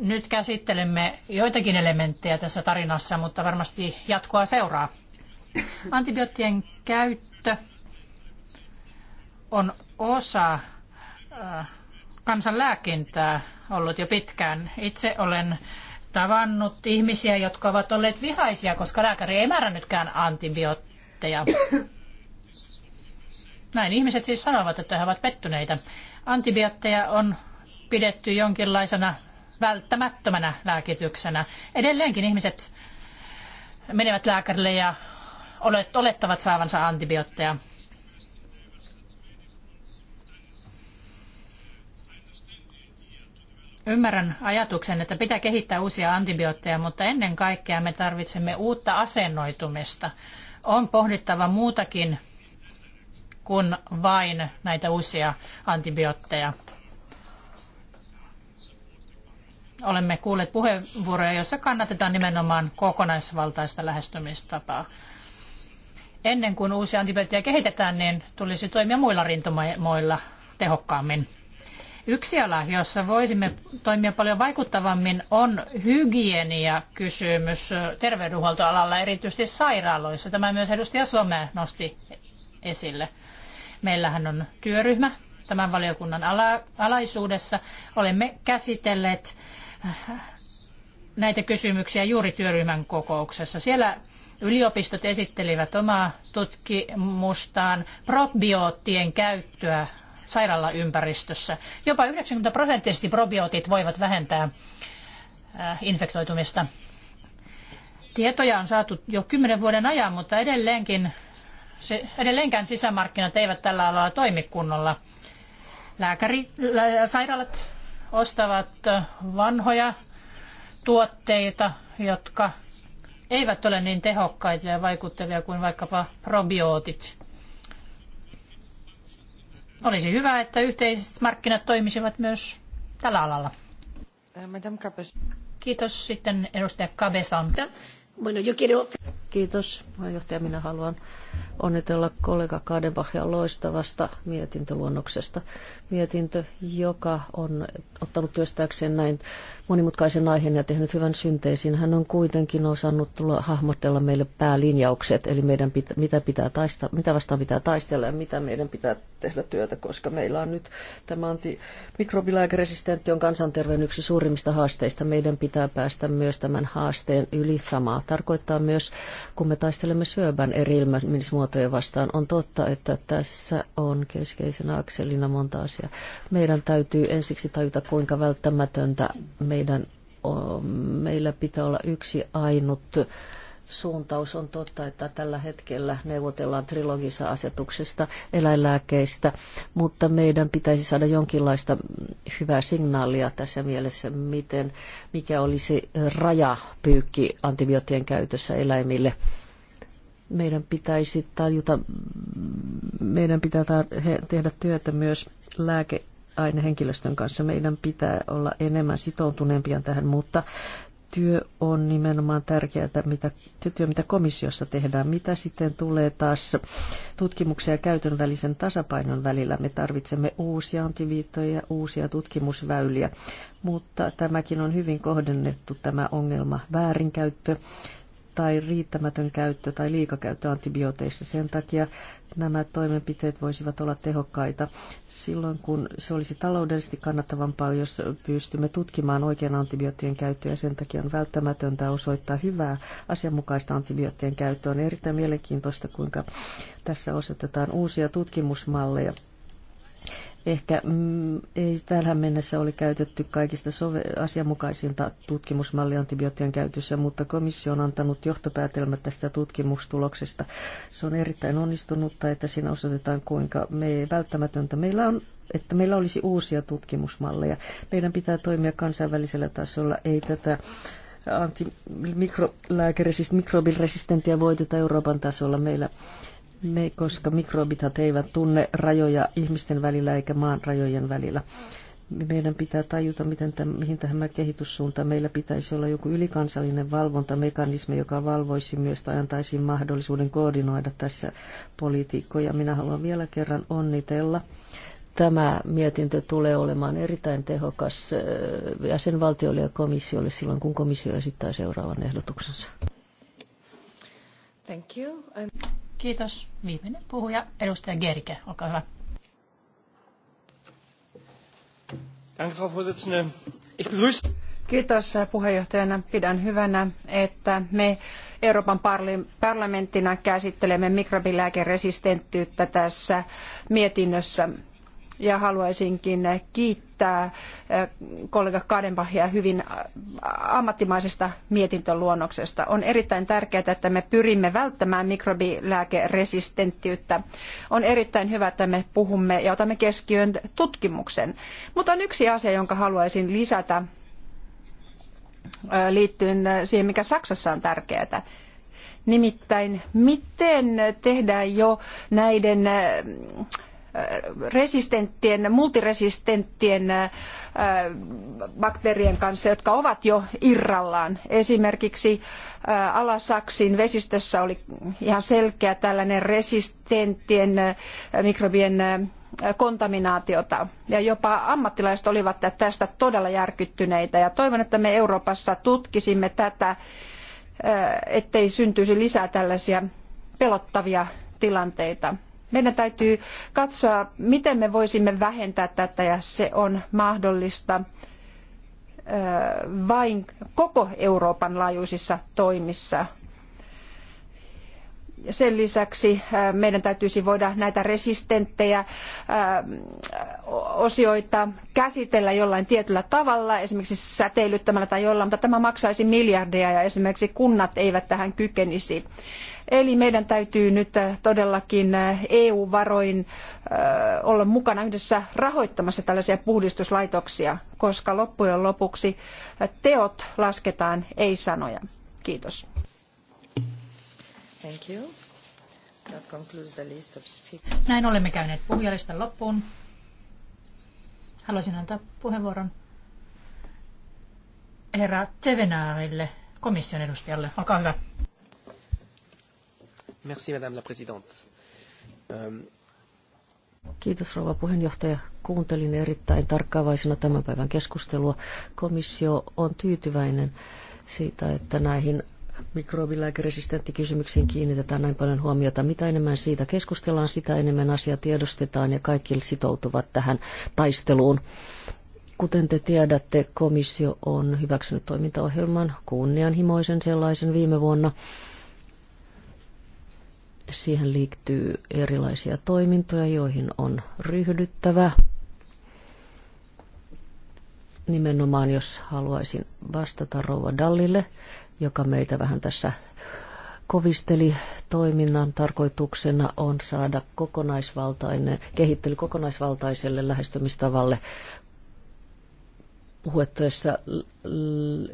Nyt käsittelemme joitakin elementtejä tässä tarinassa, mutta varmasti jatkoa seuraa. Antibioottien käyttö on osa äh, kansanlääkintää ollut jo pitkään. Itse olen tavannut ihmisiä, jotka ovat olleet vihaisia, koska lääkäri ei määrännytkään antibiootteja. Näin ihmiset siis sanovat, että he ovat pettyneitä. Antibiootteja on pidetty jonkinlaisena välttämättömänä lääkityksenä. Edelleenkin ihmiset menevät lääkärille ja olettavat saavansa antibiootteja. Ymmärrän ajatuksen, että pitää kehittää uusia antibiootteja, mutta ennen kaikkea me tarvitsemme uutta asennoitumista. On pohdittava muutakin kuin vain näitä uusia antibiootteja. Olemme kuulleet puheenvuoroja, joissa kannatetaan nimenomaan kokonaisvaltaista lähestymistapaa. Ennen kuin uusia antibiootteja kehitetään, niin tulisi toimia muilla rintamoilla tehokkaammin. Yksi ala, jossa voisimme toimia paljon vaikuttavammin, on hygieniakysymys terveydenhuoltoalalla, erityisesti sairaaloissa. Tämä myös edustaja Some nosti esille. Meillähän on työryhmä tämän valiokunnan ala- alaisuudessa. Olemme käsitelleet äh, näitä kysymyksiä juuri työryhmän kokouksessa. Siellä yliopistot esittelivät omaa tutkimustaan probioottien käyttöä sairaalaympäristössä. Jopa 90 prosenttisesti probiootit voivat vähentää äh, infektoitumista. Tietoja on saatu jo kymmenen vuoden ajan, mutta edelleenkin, edelleenkään sisämarkkinat eivät tällä alalla toimi kunnolla. Lääkäri, sairaalat ostavat äh, vanhoja tuotteita, jotka eivät ole niin tehokkaita ja vaikuttavia kuin vaikkapa probiootit. Olisi hyvä, että yhteiset markkinat toimisivat myös tällä alalla. Eh, Kiitos sitten edustaja Cabesan. Bueno, yo quiero... Kiitos puheenjohtaja. Minä haluan onnitella kollega Kadebachia loistavasta mietintöluonnoksesta. Mietintö, joka on ottanut työstääkseen näin monimutkaisen aiheen ja tehnyt hyvän synteesin. Hän on kuitenkin osannut tulla hahmotella meille päälinjaukset, eli meidän pitä, mitä, pitää taista, mitä vastaan pitää taistella ja mitä meidän pitää tehdä työtä, koska meillä on nyt tämä antimikrobilääkeresistentti on kansanterveyden yksi suurimmista haasteista. Meidän pitää päästä myös tämän haasteen yli samaa. Tarkoittaa myös, kun me taistelemme syöbän eri ilmenismuotoja, sisältöjä vastaan. On totta, että tässä on keskeisenä akselina monta asiaa. Meidän täytyy ensiksi tajuta, kuinka välttämätöntä meidän, meillä pitää olla yksi ainut suuntaus. On totta, että tällä hetkellä neuvotellaan trilogissa asetuksesta eläinlääkeistä, mutta meidän pitäisi saada jonkinlaista hyvää signaalia tässä mielessä, miten, mikä olisi rajapyykki antibioottien käytössä eläimille – meidän pitäisi tajuta, meidän pitää tehdä työtä myös lääkeainehenkilöstön kanssa. Meidän pitää olla enemmän sitoutuneempia tähän, mutta työ on nimenomaan tärkeää, mitä, se työ, mitä komissiossa tehdään. Mitä sitten tulee taas tutkimuksen ja käytön välisen tasapainon välillä? Me tarvitsemme uusia antiviittoja ja uusia tutkimusväyliä, mutta tämäkin on hyvin kohdennettu tämä ongelma väärinkäyttö tai riittämätön käyttö tai liikakäyttö antibiooteissa. Sen takia nämä toimenpiteet voisivat olla tehokkaita silloin, kun se olisi taloudellisesti kannattavampaa, jos pystymme tutkimaan oikean antibioottien käyttöä. Sen takia on välttämätöntä osoittaa hyvää asianmukaista antibioottien käyttöä. On erittäin mielenkiintoista, kuinka tässä osoitetaan uusia tutkimusmalleja Ehkä mm, ei tähän mennessä ole käytetty kaikista sove- asianmukaisinta tutkimusmallia antibioottien käytössä, mutta komissio on antanut johtopäätelmät tästä tutkimustuloksesta. Se on erittäin onnistunutta, että siinä osoitetaan, kuinka me välttämätöntä meillä on että meillä olisi uusia tutkimusmalleja. Meidän pitää toimia kansainvälisellä tasolla, ei tätä antimikrolääkeresistentiä voiteta Euroopan tasolla. Meillä me, koska mikrobithat eivät tunne rajoja ihmisten välillä eikä maan rajojen välillä. Meidän pitää tajuta, miten tämän, mihin tämä kehityssuunta. meillä pitäisi olla joku ylikansallinen valvontamekanismi, joka valvoisi myös tai antaisi mahdollisuuden koordinoida tässä politiikkoja. Minä haluan vielä kerran onnitella tämä mietintö tulee olemaan erittäin tehokas äh, jäsenvaltiolle ja komissiolle silloin, kun komissio esittää seuraavan ehdotuksensa. Thank you. I'm... Kiitos. Viimeinen puhuja, edustaja Gerike, olkaa hyvä. Kiitos äh, puheenjohtajana. Pidän hyvänä, että me Euroopan parlamenttina käsittelemme mikrobilääkeresistenttiyttä tässä mietinnössä. Ja haluaisinkin kiittää kiittää kollega Kadenbachia hyvin ammattimaisesta mietintöluonnoksesta. On erittäin tärkeää, että me pyrimme välttämään mikrobilääkeresistenttiyttä. On erittäin hyvä, että me puhumme ja otamme keskiöön tutkimuksen. Mutta on yksi asia, jonka haluaisin lisätä liittyen siihen, mikä Saksassa on tärkeää. Nimittäin, miten tehdään jo näiden resistenttien, multiresistenttien äh, bakteerien kanssa, jotka ovat jo irrallaan. Esimerkiksi äh, Alasaksin vesistössä oli ihan selkeä tällainen resistenttien äh, mikrobien kontaminaatiota. Ja jopa ammattilaiset olivat tästä todella järkyttyneitä. Ja toivon, että me Euroopassa tutkisimme tätä, ettei syntyisi lisää tällaisia pelottavia tilanteita. Meidän täytyy katsoa, miten me voisimme vähentää tätä ja se on mahdollista vain koko Euroopan laajuisissa toimissa. Sen lisäksi meidän täytyisi voida näitä resistenttejä osioita käsitellä jollain tietyllä tavalla, esimerkiksi säteilyttämällä tai jollain, mutta tämä maksaisi miljardeja ja esimerkiksi kunnat eivät tähän kykenisi. Eli meidän täytyy nyt todellakin EU-varoin olla mukana yhdessä rahoittamassa tällaisia puhdistuslaitoksia, koska loppujen lopuksi teot lasketaan, ei sanoja. Kiitos. Näin olemme käyneet puhujalistan loppuun. Haluaisin antaa puheenvuoron herra Tevenaarille, komission edustajalle. Olkaa hyvä. Merci, madame la présidente. Euh, Kiitos rouva puheenjohtaja. Kuuntelin erittäin tarkkaavaisena tämän päivän keskustelua. Komissio on tyytyväinen siitä, että näihin mikrobilääkeresistenttikysymyksiin kiinnitetään näin paljon huomiota. Mitä enemmän siitä keskustellaan, sitä enemmän asia tiedostetaan ja kaikki sitoutuvat tähän taisteluun. Kuten te tiedätte, komissio on hyväksynyt toimintaohjelman, kunnianhimoisen sellaisen viime vuonna. Siihen liittyy erilaisia toimintoja, joihin on ryhdyttävä. Nimenomaan, jos haluaisin vastata Rouva Dallille, joka meitä vähän tässä kovisteli toiminnan tarkoituksena on saada kokonaisvaltainen, kehittely kokonaisvaltaiselle lähestymistavalle puhuttaessa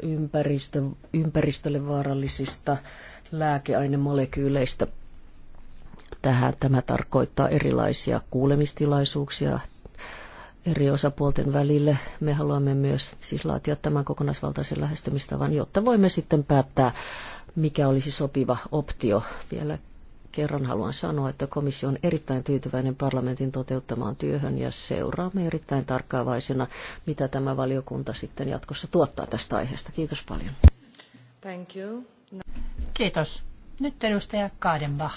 ympäristö, ympäristölle vaarallisista lääkeainemolekyyleistä. Tähän, tämä tarkoittaa erilaisia kuulemistilaisuuksia, eri osapuolten välille. Me haluamme myös siis laatia tämän kokonaisvaltaisen lähestymistavan, jotta voimme sitten päättää, mikä olisi sopiva optio. Vielä kerran haluan sanoa, että komissio on erittäin tyytyväinen parlamentin toteuttamaan työhön ja seuraamme erittäin tarkkaavaisena, mitä tämä valiokunta sitten jatkossa tuottaa tästä aiheesta. Kiitos paljon. Thank you. No. Kiitos. Nyt edustaja Kaadenbach.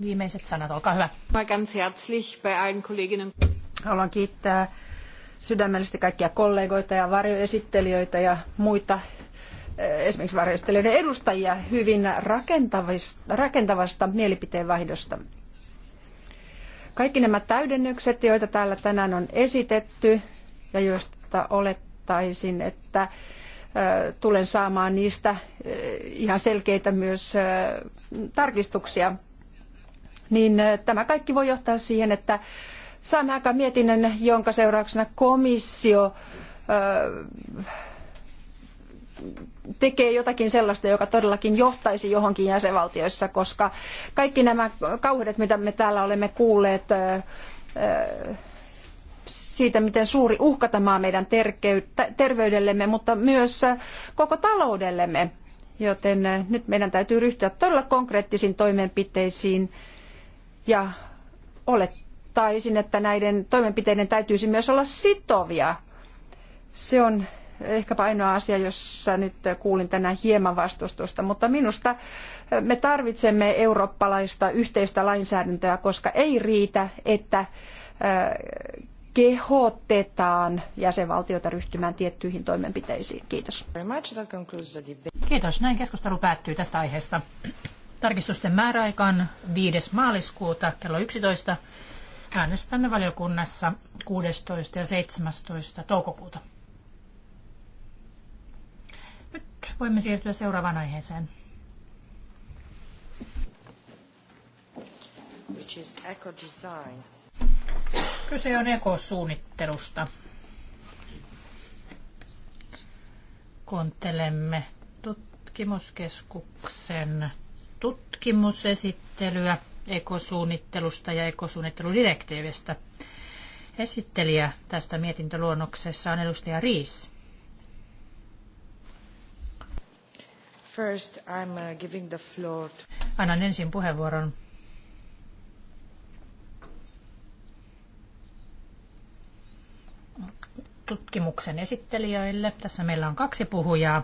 Viimeiset sanat, olkaa hyvä. Mal ganz herzlich bei allen Kolleginnen Haluan kiittää sydämellisesti kaikkia kollegoita ja varjoesittelijöitä ja muita eh, esimerkiksi varjoesittelijöiden edustajia hyvin rakentavasta, rakentavasta mielipiteen vaihdosta. Kaikki nämä täydennykset, joita täällä tänään on esitetty ja joista olettaisin, että eh, tulen saamaan niistä eh, ihan selkeitä myös tarkistuksia, niin tämä kaikki voi johtaa siihen, että Saimme aikaan mietinnön, jonka seurauksena komissio tekee jotakin sellaista, joka todellakin johtaisi johonkin jäsenvaltioissa, koska kaikki nämä kauheudet, mitä me täällä olemme kuulleet siitä, miten suuri uhka tämä on meidän terveydellemme, mutta myös koko taloudellemme. Joten nyt meidän täytyy ryhtyä todella konkreettisiin toimenpiteisiin ja olette esiin, että näiden toimenpiteiden täytyisi myös olla sitovia. Se on ehkäpä ainoa asia, jossa nyt kuulin tänään hieman vastustusta, mutta minusta me tarvitsemme eurooppalaista yhteistä lainsäädäntöä, koska ei riitä, että kehotetaan jäsenvaltioita ryhtymään tiettyihin toimenpiteisiin. Kiitos. Kiitos. Näin keskustelu päättyy tästä aiheesta. Tarkistusten määräaikaan 5. maaliskuuta kello 11 Äänestämme valiokunnassa 16. ja 17. toukokuuta. Nyt voimme siirtyä seuraavaan aiheeseen. Which is eco-design. Kyse on ekosuunnittelusta. Kontelemme tutkimuskeskuksen tutkimusesittelyä ekosuunnittelusta ja ekosuunnitteludirektiivistä. Esittelijä tästä mietintöluonnoksessa on edustaja Riis. First, I'm uh, giving the floor to... Annan ensin puheenvuoron tutkimuksen esittelijöille. Tässä meillä on kaksi puhujaa.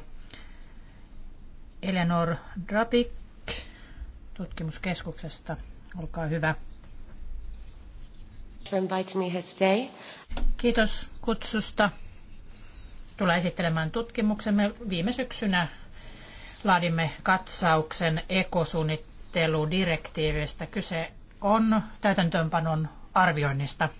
Eleanor Drabik tutkimuskeskuksesta Olkaa hyvä. Kiitos kutsusta. Tulee esittelemään tutkimuksemme. Viime syksynä laadimme katsauksen ekosuunnitteludirektiivistä. Kyse on täytäntöönpanon arvioinnista –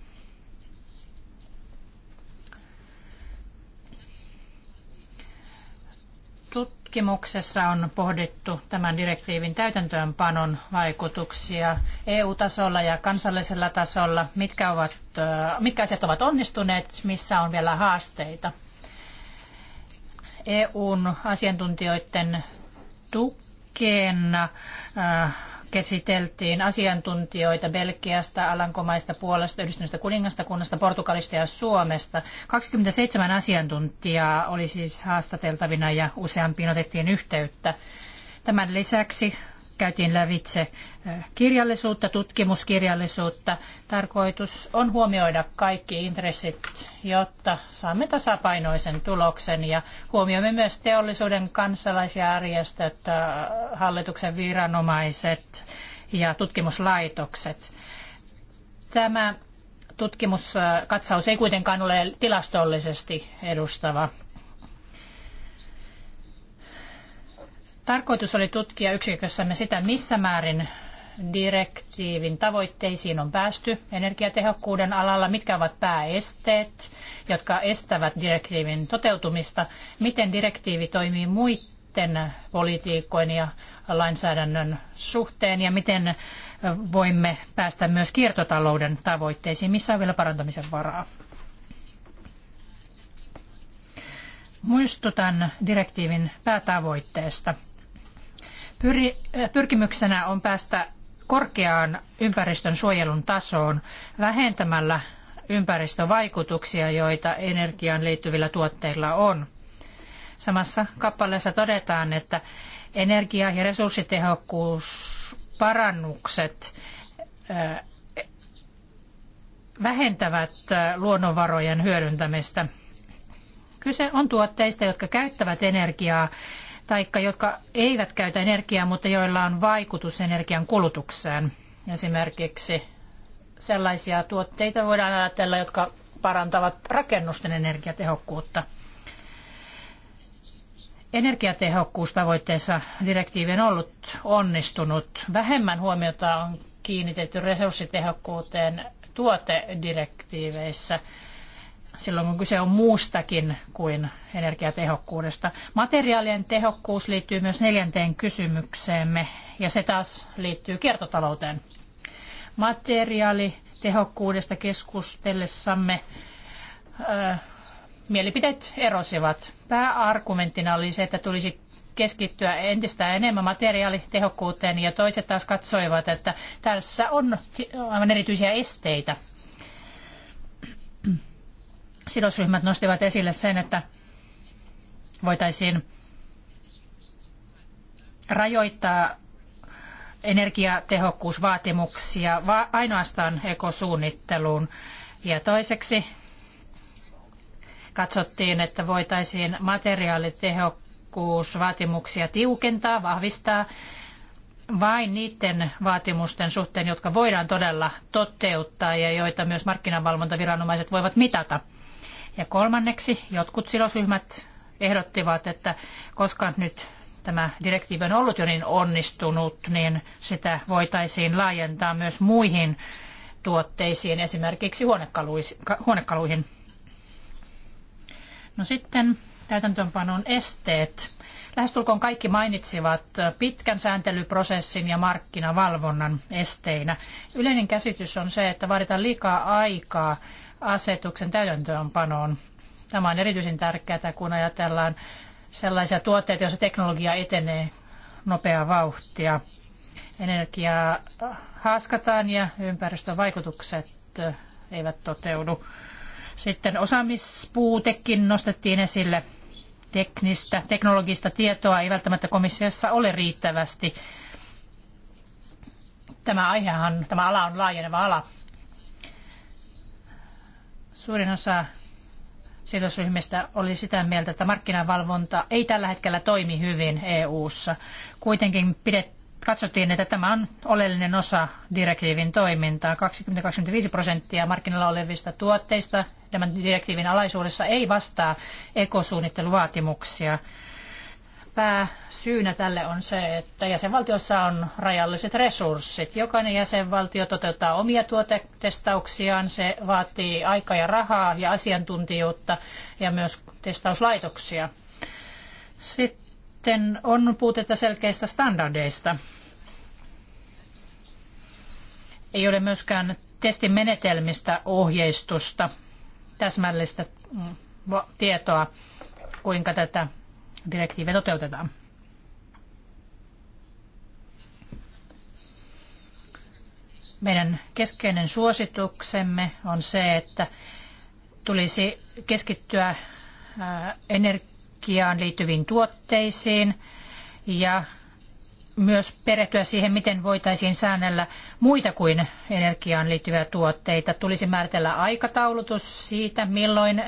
tutkimuksessa on pohdittu tämän direktiivin täytäntöönpanon vaikutuksia EU-tasolla ja kansallisella tasolla. Mitkä, ovat, mitkä asiat ovat onnistuneet, missä on vielä haasteita? EUn asiantuntijoiden tukeen käsiteltiin asiantuntijoita Belgiasta, Alankomaista, Puolasta, Yhdistyneestä kuningastakunnasta, Portugalista ja Suomesta. 27 asiantuntijaa oli siis haastateltavina ja useampiin otettiin yhteyttä. Tämän lisäksi käytiin lävitse äh, kirjallisuutta, tutkimuskirjallisuutta. Tarkoitus on huomioida kaikki intressit, jotta saamme tasapainoisen tuloksen ja huomioimme myös teollisuuden kansalaisjärjestöt, äh, hallituksen viranomaiset ja tutkimuslaitokset. Tämä tutkimuskatsaus äh, ei kuitenkaan ole tilastollisesti edustava Tarkoitus oli tutkia yksikössämme sitä, missä määrin direktiivin tavoitteisiin on päästy energiatehokkuuden alalla, mitkä ovat pääesteet, jotka estävät direktiivin toteutumista, miten direktiivi toimii muiden politiikkojen ja lainsäädännön suhteen ja miten voimme päästä myös kiertotalouden tavoitteisiin, missä on vielä parantamisen varaa. Muistutan direktiivin päätavoitteesta – Pyri, äh, pyrkimyksenä on päästä korkeaan ympäristön suojelun tasoon vähentämällä ympäristövaikutuksia, joita energiaan liittyvillä tuotteilla on. Samassa kappaleessa todetaan, että energia- ja resurssitehokkuusparannukset äh, vähentävät äh, luonnonvarojen hyödyntämistä. Kyse on tuotteista, jotka käyttävät energiaa tai jotka eivät käytä energiaa, mutta joilla on vaikutus energian kulutukseen. Esimerkiksi sellaisia tuotteita voidaan ajatella, jotka parantavat rakennusten energiatehokkuutta. Energiatehokkuustavoitteessa direktiivi on ollut onnistunut. Vähemmän huomiota on kiinnitetty resurssitehokkuuteen tuotedirektiiveissä silloin kun kyse on muustakin kuin energiatehokkuudesta. Materiaalien tehokkuus liittyy myös neljänteen kysymykseemme ja se taas liittyy kiertotalouteen. Materiaalitehokkuudesta keskustellessamme ää, mielipiteet erosivat. Pääargumenttina oli se, että tulisi keskittyä entistä enemmän materiaalitehokkuuteen ja toiset taas katsoivat, että tässä on aivan erityisiä esteitä sidosryhmät nostivat esille sen, että voitaisiin rajoittaa energiatehokkuusvaatimuksia ainoastaan ekosuunnitteluun. Ja toiseksi katsottiin, että voitaisiin materiaalitehokkuusvaatimuksia tiukentaa, vahvistaa vain niiden vaatimusten suhteen, jotka voidaan todella toteuttaa ja joita myös markkinavalvontaviranomaiset voivat mitata. Ja kolmanneksi jotkut sidosryhmät ehdottivat, että koska nyt tämä direktiivi on ollut jo niin onnistunut, niin sitä voitaisiin laajentaa myös muihin tuotteisiin, esimerkiksi huonekaluihin. No sitten täytäntöönpanon esteet. Lähestulkoon kaikki mainitsivat pitkän sääntelyprosessin ja markkinavalvonnan esteinä. Yleinen käsitys on se, että vaaditaan liikaa aikaa asetuksen täytäntöönpanoon. Tämä on erityisen tärkeää, kun ajatellaan sellaisia tuotteita, joissa teknologia etenee nopeaa vauhtia. Energiaa haaskataan ja ympäristövaikutukset eivät toteudu. Sitten osaamispuutekin nostettiin esille teknistä, teknologista tietoa ei välttämättä komissiossa ole riittävästi. Tämä aihehan, tämä ala on laajeneva ala. Suurin osa sidosryhmistä oli sitä mieltä, että markkinavalvonta ei tällä hetkellä toimi hyvin EU-ssa. Kuitenkin pidet, katsottiin, että tämä on oleellinen osa direktiivin toimintaa. 20-25 prosenttia markkinoilla olevista tuotteista tämän direktiivin alaisuudessa ei vastaa ekosuunnitteluvaatimuksia. vaatimuksia pääsyynä tälle on se, että jäsenvaltiossa on rajalliset resurssit. Jokainen jäsenvaltio toteuttaa omia tuotetestauksiaan. Se vaatii aikaa ja rahaa ja asiantuntijuutta ja myös testauslaitoksia. Sitten on puutetta selkeistä standardeista. Ei ole myöskään testimenetelmistä ohjeistusta, täsmällistä mm, tietoa, kuinka tätä direktiivi toteutetaan. Meidän keskeinen suosituksemme on se, että tulisi keskittyä energiaan liittyviin tuotteisiin ja myös perehtyä siihen, miten voitaisiin säännellä muita kuin energiaan liittyviä tuotteita. Tulisi määritellä aikataulutus siitä, milloin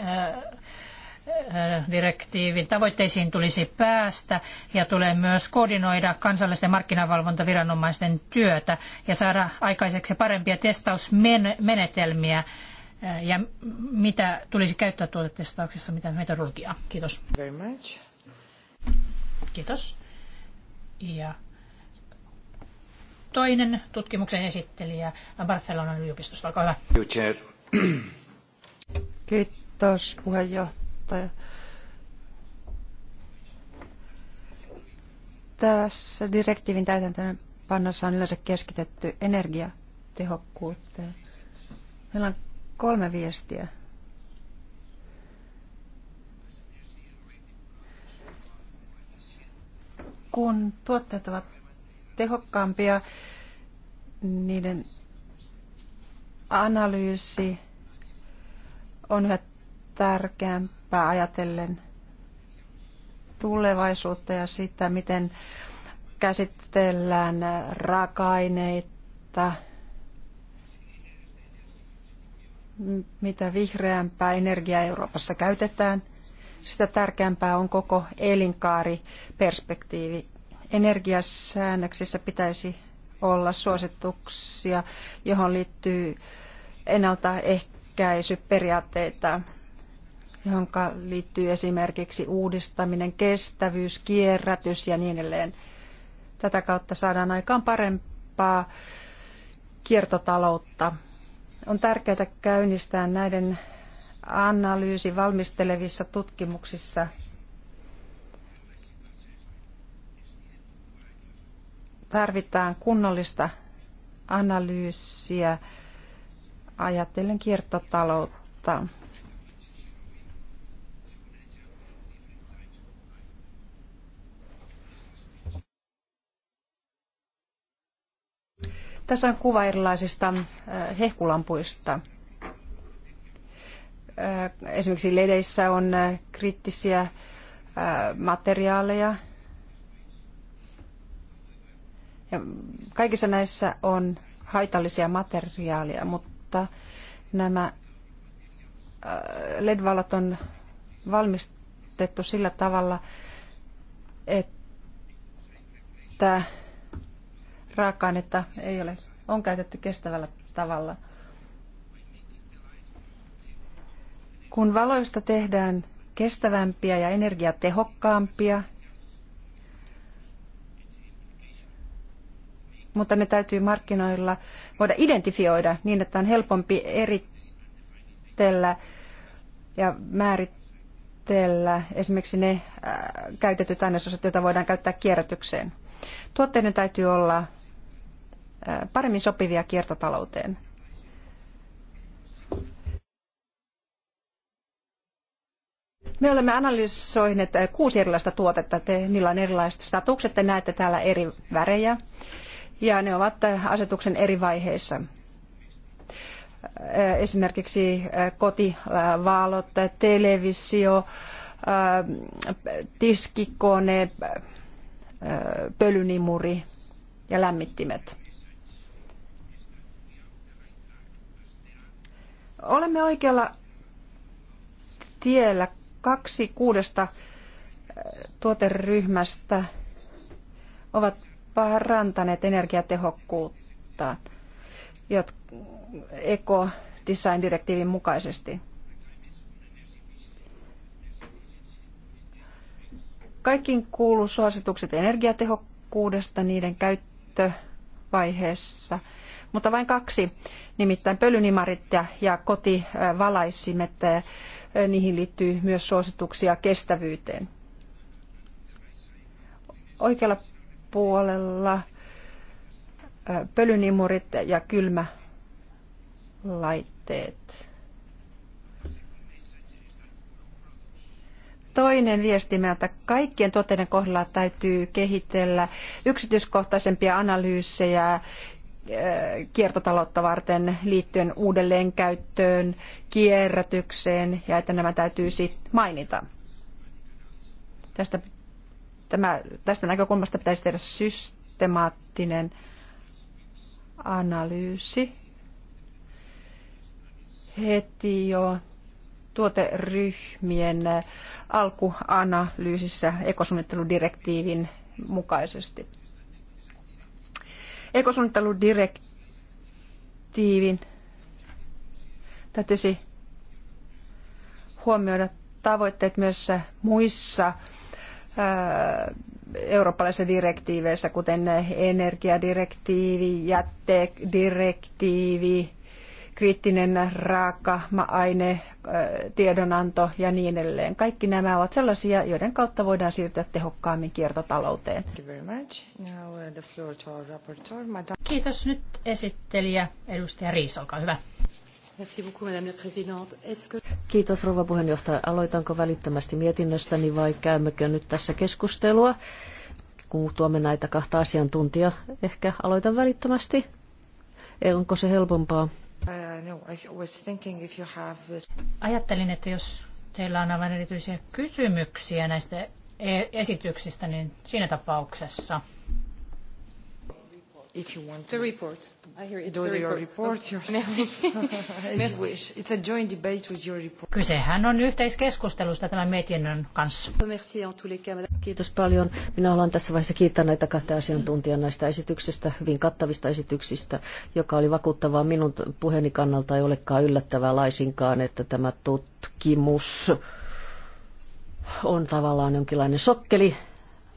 direktiivin tavoitteisiin tulisi päästä ja tulee myös koordinoida kansallisten markkinavalvontaviranomaisten työtä ja saada aikaiseksi parempia testausmenetelmiä ja mitä tulisi käyttää tuotetestauksessa, mitä metodologiaa. Kiitos. Very much. Kiitos. Ja toinen tutkimuksen esittelijä Barcelonan yliopistosta, olkaa hyvä. Kiitos puheenjohtaja tässä direktiivin täytäntöönpannossa on yleensä keskitetty energiatehokkuuteen. Meillä on kolme viestiä. Kun tuotteet ovat tehokkaampia, niiden analyysi on yhä tärkeämpää pidempää ajatellen tulevaisuutta ja sitä, miten käsitellään raaka-aineita, mitä vihreämpää energiaa Euroopassa käytetään, sitä tärkeämpää on koko elinkaariperspektiivi. Energiasäännöksissä pitäisi olla suosituksia, johon liittyy ennaltaehkäisyperiaatteita johon liittyy esimerkiksi uudistaminen, kestävyys, kierrätys ja niin edelleen. Tätä kautta saadaan aikaan parempaa kiertotaloutta. On tärkeää käynnistää näiden analyysi valmistelevissa tutkimuksissa tarvitaan kunnollista analyysiä ajatellen kiertotaloutta. Tässä on kuva erilaisista äh, hehkulampuista. Äh, esimerkiksi ledeissä on äh, kriittisiä materiaaleja. Ja kaikissa näissä on haitallisia materiaaleja, mutta nämä LED-valot on valmistettu sillä tavalla, että raaka-ainetta ei ole, on käytetty kestävällä tavalla. Kun valoista tehdään kestävämpiä ja energiatehokkaampia, mutta ne täytyy markkinoilla voida identifioida niin, että on helpompi eritellä ja määritellä esimerkiksi ne äh, käytetyt ainesosat, joita voidaan käyttää kierrätykseen. Tuotteiden täytyy olla paremmin sopivia kiertotalouteen. Me olemme analysoineet kuusi erilaista tuotetta. Te, niillä on erilaiset statukset. Te näette täällä eri värejä ja ne ovat asetuksen eri vaiheissa. Esimerkiksi kotivaalot, televisio, tiskikone, pölynimuri ja lämmittimet. Olemme oikealla tiellä kaksi kuudesta äh, tuoteryhmästä ovat parantaneet energiatehokkuutta eco design direktiivin mukaisesti. Kaikkiin kuuluu suositukset energiatehokkuudesta niiden käyttövaiheessa – mutta vain kaksi, nimittäin pölynimarit ja, ja kotivalaisimet. Eh, niihin liittyy myös suosituksia kestävyyteen. Oikealla puolella eh, pölynimurit ja kylmälaitteet. Toinen viestimä, että kaikkien tuotteiden kohdalla täytyy kehitellä yksityiskohtaisempia analyysejä kiertotaloutta varten liittyen uudelleenkäyttöön, kierrätykseen ja että nämä täytyy sitten mainita. Tästä, tämä, tästä näkökulmasta pitäisi tehdä systemaattinen analyysi heti jo tuoteryhmien alkuanalyysissä ekosuunnitteludirektiivin mukaisesti ekosuunnitteludirektiivin täytyisi huomioida tavoitteet myös muissa eurooppalaisissa direktiiveissä, kuten energiadirektiivi, jätedirektiivi, kriittinen raaka-aine, tiedonanto ja niin edelleen. Kaikki nämä ovat sellaisia, joiden kautta voidaan siirtyä tehokkaammin kiertotalouteen. Uh, Kiitos nyt esittelijä edustaja Riis, olkaa hyvä. Kiitos rouva puheenjohtaja. Aloitanko välittömästi mietinnöstäni vai käymmekö nyt tässä keskustelua? Kun tuomme näitä kahta asiantuntijaa, ehkä aloitan välittömästi. Onko se helpompaa? Uh, no, Ajattelin, että jos teillä on aivan erityisiä kysymyksiä näistä e-, esityksistä, niin siinä tapauksessa if you want to. The report. I hear it's do the report. your report, yourself, as you wish. It's a joint debate with your report. Kysehän on yhteiskeskustelusta tämän mietinnön kanssa. Kiitos paljon. Minä haluan tässä vaiheessa kiittää näitä kahta asiantuntijaa näistä esityksistä, hyvin kattavista esityksistä, joka oli vakuuttavaa minun puheeni kannalta. Ei olekaan yllättävää laisinkaan, että tämä tutkimus on tavallaan jonkinlainen sokkeli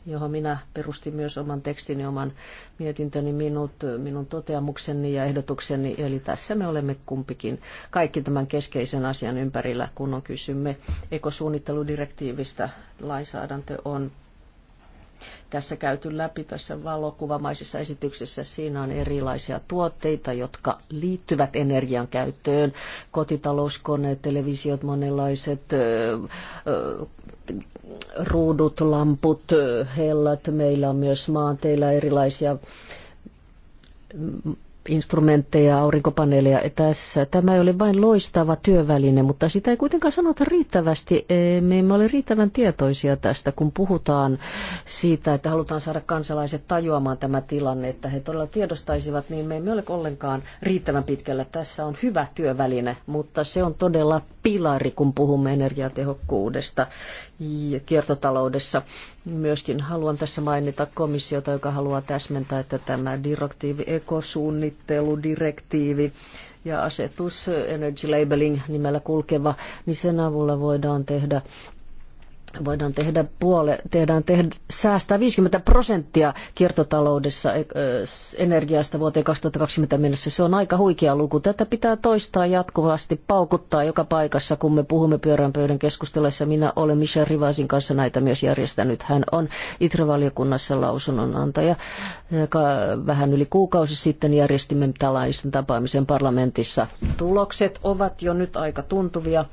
johon minä perustin myös oman tekstini, oman mietintöni, minut, minun toteamukseni ja ehdotukseni. Eli tässä me olemme kumpikin kaikki tämän keskeisen asian ympärillä, kun on kysymme ekosuunnitteludirektiivistä. Lainsäädäntö on tässä käyty läpi tässä valokuvamaisessa esityksessä. Siinä on erilaisia tuotteita, jotka liittyvät energian käyttöön. Kotitalouskoneet, televisiot, monenlaiset ruudut, lamput, hellat. Meillä on myös maanteilla erilaisia instrumentteja, aurinkopaneeleja. Tässä tämä ei ole vain loistava työväline, mutta sitä ei kuitenkaan sanota riittävästi. E, me emme ole riittävän tietoisia tästä, kun puhutaan siitä, että halutaan saada kansalaiset tajuamaan tämä tilanne, että he todella tiedostaisivat, niin me emme ole ollenkaan riittävän pitkällä. Tässä on hyvä työväline, mutta se on todella pilari, kun puhumme energiatehokkuudesta kiertotaloudessa. Myöskin haluan tässä mainita komissiota, joka haluaa täsmentää, että tämä direktiivi, ekosuunnittelu direktiivi ja asetus Energy Labeling nimellä kulkeva, niin sen avulla voidaan tehdä voidaan tehdä puole, tehdään tehdä, säästää 50 prosenttia kiertotaloudessa eh, eh, energiasta vuoteen 2020 mennessä. Se on aika huikea luku. Tätä pitää toistaa jatkuvasti, paukuttaa joka paikassa, kun me puhumme pyörän pöydän keskustelussa. Minä olen Michel Rivasin kanssa näitä myös järjestänyt. Hän on Itravaliokunnassa lausunnonantaja. Eh, vähän yli kuukausi sitten järjestimme tällaisen tapaamisen parlamentissa. Tulokset ovat jo nyt aika tuntuvia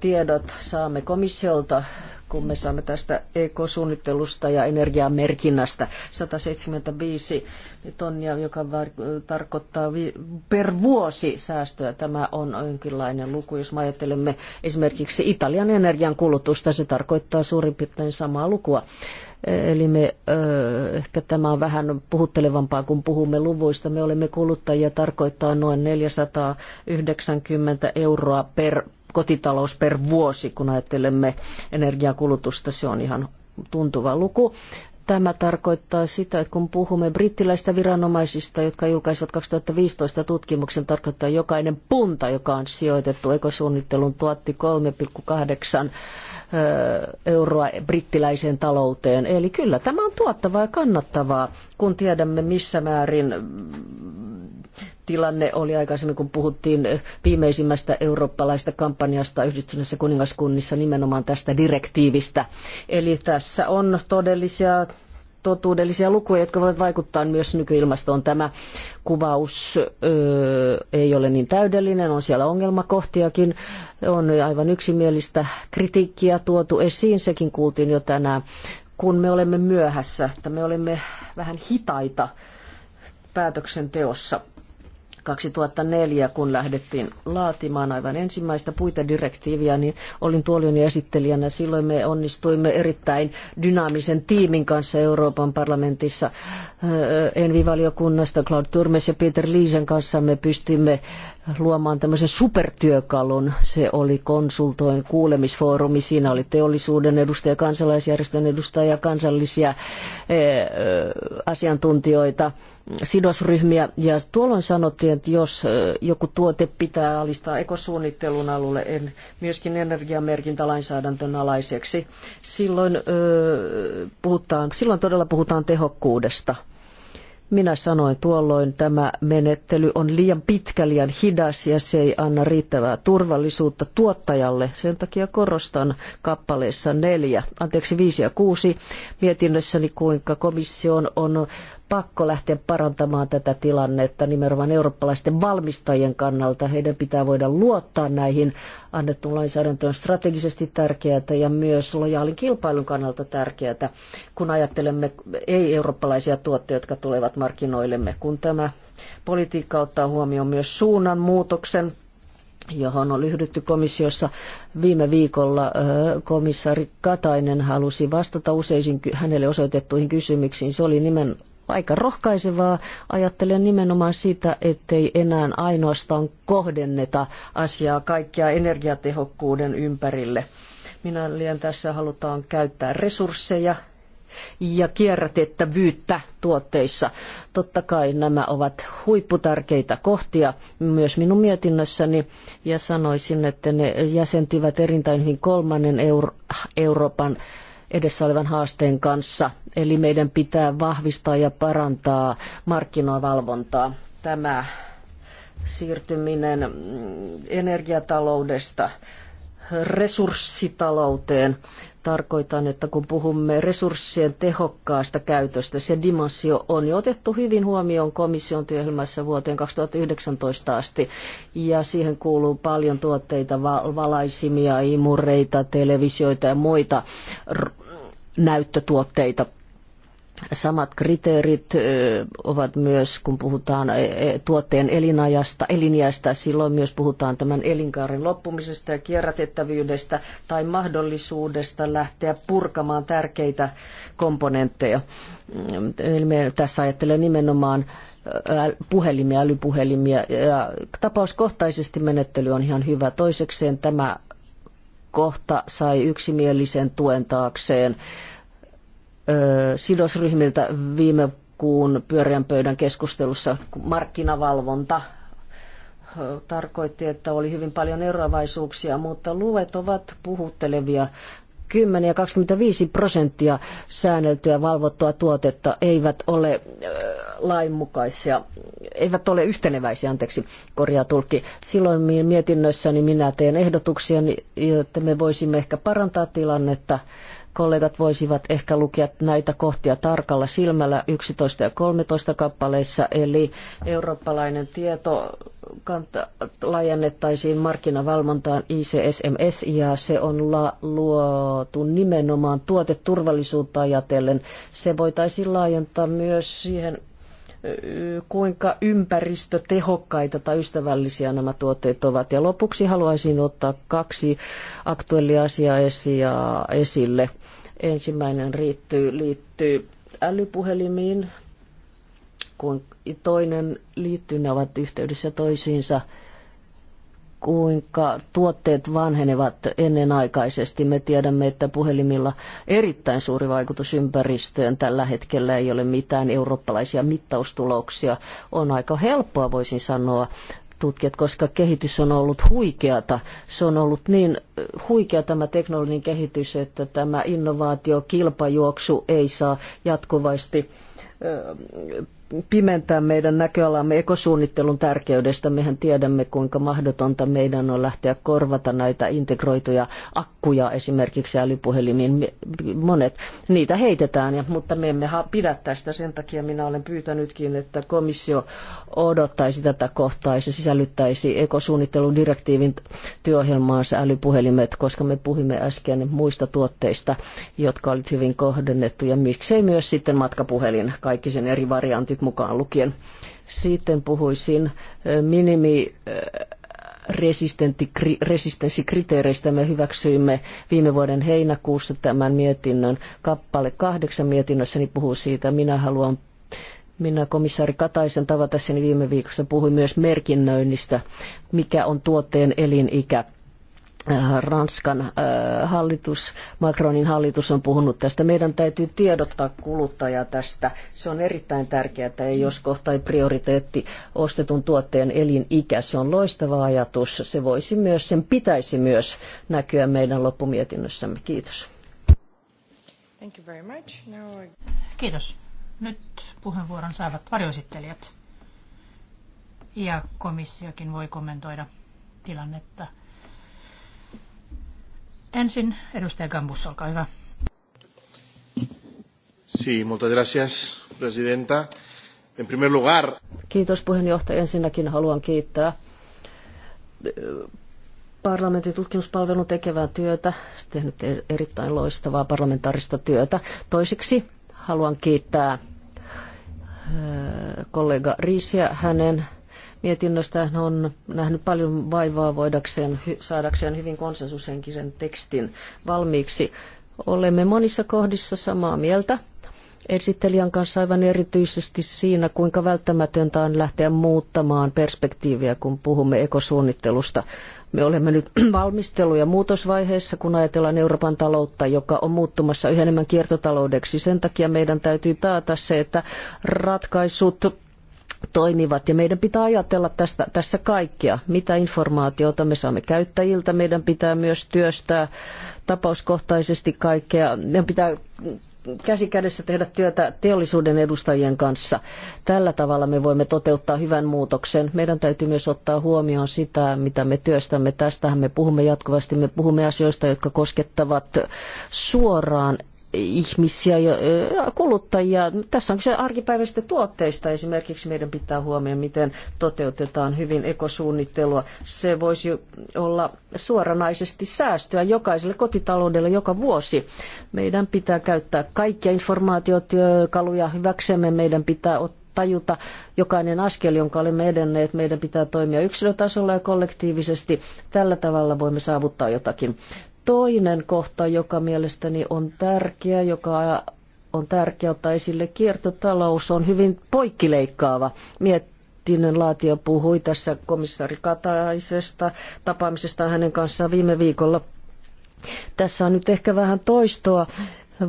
tiedot saamme komissiolta, kun me saamme tästä ekosuunnittelusta ja energiamerkinnästä 175 tonnia, joka tarkoittaa per vuosi säästöä. Tämä on jonkinlainen luku, jos me ajattelemme esimerkiksi Italian energian kulutusta, se tarkoittaa suurin piirtein samaa lukua. Eli me, ehkä tämä on vähän puhuttelevampaa, kun puhumme luvuista. Me olemme kuluttajia, tarkoittaa noin 490 euroa per kotitalous per vuosi, kun ajattelemme energiakulutusta. Se on ihan tuntuva luku. Tämä tarkoittaa sitä, että kun puhumme brittiläistä viranomaisista, jotka julkaisivat 2015 tutkimuksen, tarkoittaa jokainen punta, joka on sijoitettu ekosuunnittelun tuotti 3,8 euroa brittiläiseen talouteen. Eli kyllä tämä on tuottavaa ja kannattavaa, kun tiedämme missä määrin tilanne oli aikaisemmin, kun puhuttiin eh, viimeisimmästä eurooppalaista kampanjasta yhdistyneessä kuningaskunnissa nimenomaan tästä direktiivistä. Eli tässä on todellisia totuudellisia lukuja, jotka voivat vaikuttaa myös nykyilmastoon. Tämä kuvaus eh, ei ole niin täydellinen, on siellä ongelmakohtiakin, on aivan yksimielistä kritiikkiä tuotu esiin, sekin kuultiin jo tänään, kun me olemme myöhässä, että me olemme vähän hitaita päätöksenteossa. 2004, kun lähdettiin laatimaan aivan ensimmäistä puitedirektiiviä, niin olin tuolion esittelijänä. Silloin me onnistuimme erittäin dynaamisen tiimin kanssa Euroopan parlamentissa öö, Envivaliokunnasta, Claude Turmes ja Peter Liisen kanssa me pystimme luomaan tämmöisen supertyökalun. Se oli konsultoin kuulemisfoorumi. Siinä oli teollisuuden edustaja, kansalaisjärjestön edustaja, kansallisia öö, asiantuntijoita sidosryhmiä. Ja tuolloin sanottiin, että jos joku tuote pitää alistaa ekosuunnittelun alulle, en, myöskin energiamerkintälainsäädäntön alaiseksi, silloin, ö, puhutaan, silloin todella puhutaan tehokkuudesta. Minä sanoin tuolloin, tämä menettely on liian pitkä, liian hidas ja se ei anna riittävää turvallisuutta tuottajalle. Sen takia korostan kappaleessa neljä, anteeksi viisi ja kuusi mietinnössäni, kuinka komission on pakko lähteä parantamaan tätä tilannetta nimenomaan eurooppalaisten valmistajien kannalta. Heidän pitää voida luottaa näihin annettuun lainsäädäntöön strategisesti tärkeää ja myös lojaalin kilpailun kannalta tärkeää, kun ajattelemme ei-eurooppalaisia tuotteita, jotka tulevat markkinoillemme, kun tämä politiikka ottaa huomioon myös suunnanmuutoksen johon on lyhdytty komissiossa. Viime viikolla komissaari Katainen halusi vastata useisiin hänelle osoitettuihin kysymyksiin. Se oli nimen aika rohkaisevaa. Ajattelen nimenomaan sitä, ettei enää ainoastaan kohdenneta asiaa kaikkia energiatehokkuuden ympärille. Minä liian tässä halutaan käyttää resursseja ja kierrätettävyyttä tuotteissa. Totta kai nämä ovat huipputärkeitä kohtia myös minun mietinnössäni ja sanoisin, että ne jäsentyvät erittäin hyvin kolmannen Euro- Euroopan edessä olevan haasteen kanssa. Eli meidän pitää vahvistaa ja parantaa markkinavalvontaa. Tämä siirtyminen mm, energiataloudesta resurssitalouteen tarkoitan, että kun puhumme resurssien tehokkaasta käytöstä, se dimensio on jo otettu hyvin huomioon komission työhjelmässä vuoteen 2019 asti. Ja siihen kuuluu paljon tuotteita, valaisimia, imureita, televisioita ja muita näyttötuotteita – Samat kriteerit ovat myös, kun puhutaan e, e, tuotteen elinajasta, eliniästä, silloin myös puhutaan tämän elinkaaren loppumisesta ja kierrätettävyydestä tai mahdollisuudesta lähteä purkamaan tärkeitä komponentteja. Mm, tässä ajattelen nimenomaan puhelimia, älypuhelimia ja tapauskohtaisesti menettely on ihan hyvä. Toisekseen tämä kohta sai yksimielisen tuen taakseen sidosryhmiltä viime kuun pyöreän pöydän keskustelussa markkinavalvonta tarkoitti, että oli hyvin paljon eroavaisuuksia, mutta luvet ovat puhuttelevia. 10 ja 25 prosenttia säänneltyä valvottua tuotetta eivät ole lainmukaisia, eivät ole yhteneväisiä, anteeksi, korjaa tulkki. Silloin mietinnössäni minä teen ehdotuksia, että niin, me voisimme ehkä parantaa tilannetta Kollegat voisivat ehkä lukea näitä kohtia tarkalla silmällä 11 ja 13 kappaleissa, eli eurooppalainen tieto kanta, laajennettaisiin markkinavalvontaan ICSMS ja se on la, luotu nimenomaan tuoteturvallisuutta ajatellen. Se voitaisiin laajentaa myös siihen kuinka ympäristötehokkaita tai ystävällisiä nämä tuotteet ovat. Ja lopuksi haluaisin ottaa kaksi aktuelliasiaa esille. Ensimmäinen liittyy, liittyy älypuhelimiin, kun toinen liittyy, ne ovat yhteydessä toisiinsa – kuinka tuotteet vanhenevat ennenaikaisesti. Me tiedämme, että puhelimilla erittäin suuri vaikutus ympäristöön. Tällä hetkellä ei ole mitään eurooppalaisia mittaustuloksia. On aika helppoa, voisin sanoa, tutkijat, koska kehitys on ollut huikeata. Se on ollut niin huikea tämä teknologinen kehitys, että tämä innovaatio, kilpajuoksu ei saa jatkuvasti pimentää meidän näköalamme ekosuunnittelun tärkeydestä. Mehän tiedämme, kuinka mahdotonta meidän on lähteä korvata näitä integroituja akkuja esimerkiksi älypuhelimiin. Monet niitä heitetään, ja, mutta me emme pidä tästä. Sen takia minä olen pyytänytkin, että komissio odottaisi tätä kohtaa ja se sisällyttäisi ekosuunnittelun direktiivin työohjelmaansa älypuhelimet, koska me puhimme äsken muista tuotteista, jotka olivat hyvin kohdennettuja. Miksei myös sitten matkapuhelin, kaikki sen eri variantit pankit mukaan lukien. Sitten puhuisin minimi resistenssikriteereistä me hyväksyimme viime vuoden heinäkuussa tämän mietinnön. Kappale kahdeksan mietinnössäni puhuu siitä. Minä haluan minä komissaari Kataisen tavatessani viime viikossa puhuin myös merkinnöinnistä, mikä on tuotteen elinikä. Ranskan äh, hallitus, Macronin hallitus on puhunut tästä. Meidän täytyy tiedottaa kuluttajaa tästä. Se on erittäin tärkeää, että ei jos kohta ei prioriteetti ostetun tuotteen elinikä. Se on loistava ajatus. Se voisi myös, sen pitäisi myös näkyä meidän loppumietinnössämme. Kiitos. Thank you very much. Now I... Kiitos. Nyt puheenvuoron saavat varjoesittelijät. Ja komissiokin voi kommentoida tilannetta Ensin edustaja Gambus, olkaa hyvä. Sí, muchas gracias, presidenta. En primer lugar... Kiitos puheenjohtaja. Ensinnäkin haluan kiittää eh, parlamentin tutkimuspalvelun tekevää työtä, tehnyt e- erittäin loistavaa parlamentaarista työtä. Toiseksi haluan kiittää eh, kollega Riisiä hänen mietinnöstä. Hän on nähnyt paljon vaivaa voidakseen, saadakseen hyvin konsensushenkisen tekstin valmiiksi. Olemme monissa kohdissa samaa mieltä esittelijän kanssa aivan erityisesti siinä, kuinka välttämätöntä on lähteä muuttamaan perspektiiviä, kun puhumme ekosuunnittelusta. Me olemme nyt valmistelu- ja muutosvaiheessa, kun ajatellaan Euroopan taloutta, joka on muuttumassa yhä enemmän kiertotaloudeksi. Sen takia meidän täytyy taata se, että ratkaisut toimivat. Ja meidän pitää ajatella tästä, tässä kaikkea, mitä informaatiota me saamme käyttäjiltä. Meidän pitää myös työstää tapauskohtaisesti kaikkea. Meidän pitää käsi kädessä tehdä työtä teollisuuden edustajien kanssa. Tällä tavalla me voimme toteuttaa hyvän muutoksen. Meidän täytyy myös ottaa huomioon sitä, mitä me työstämme. Tästähän me puhumme jatkuvasti. Me puhumme asioista, jotka koskettavat suoraan ihmisiä, kuluttajia. Tässä on se arkipäiväisistä tuotteista. Esimerkiksi meidän pitää huomioida, miten toteutetaan hyvin ekosuunnittelua. Se voisi olla suoranaisesti säästöä jokaiselle kotitaloudelle joka vuosi. Meidän pitää käyttää kaikkia informaatiotyökaluja hyväksemme. Meidän pitää ottaa tajuta jokainen askel, jonka olemme edenneet. Meidän pitää toimia yksilötasolla ja kollektiivisesti. Tällä tavalla voimme saavuttaa jotakin toinen kohta, joka mielestäni on tärkeä, joka on tärkeä ottaa esille, kiertotalous on hyvin poikkileikkaava. Miettinen laatija puhui tässä komissaari Kataisesta tapaamisesta hänen kanssaan viime viikolla. Tässä on nyt ehkä vähän toistoa.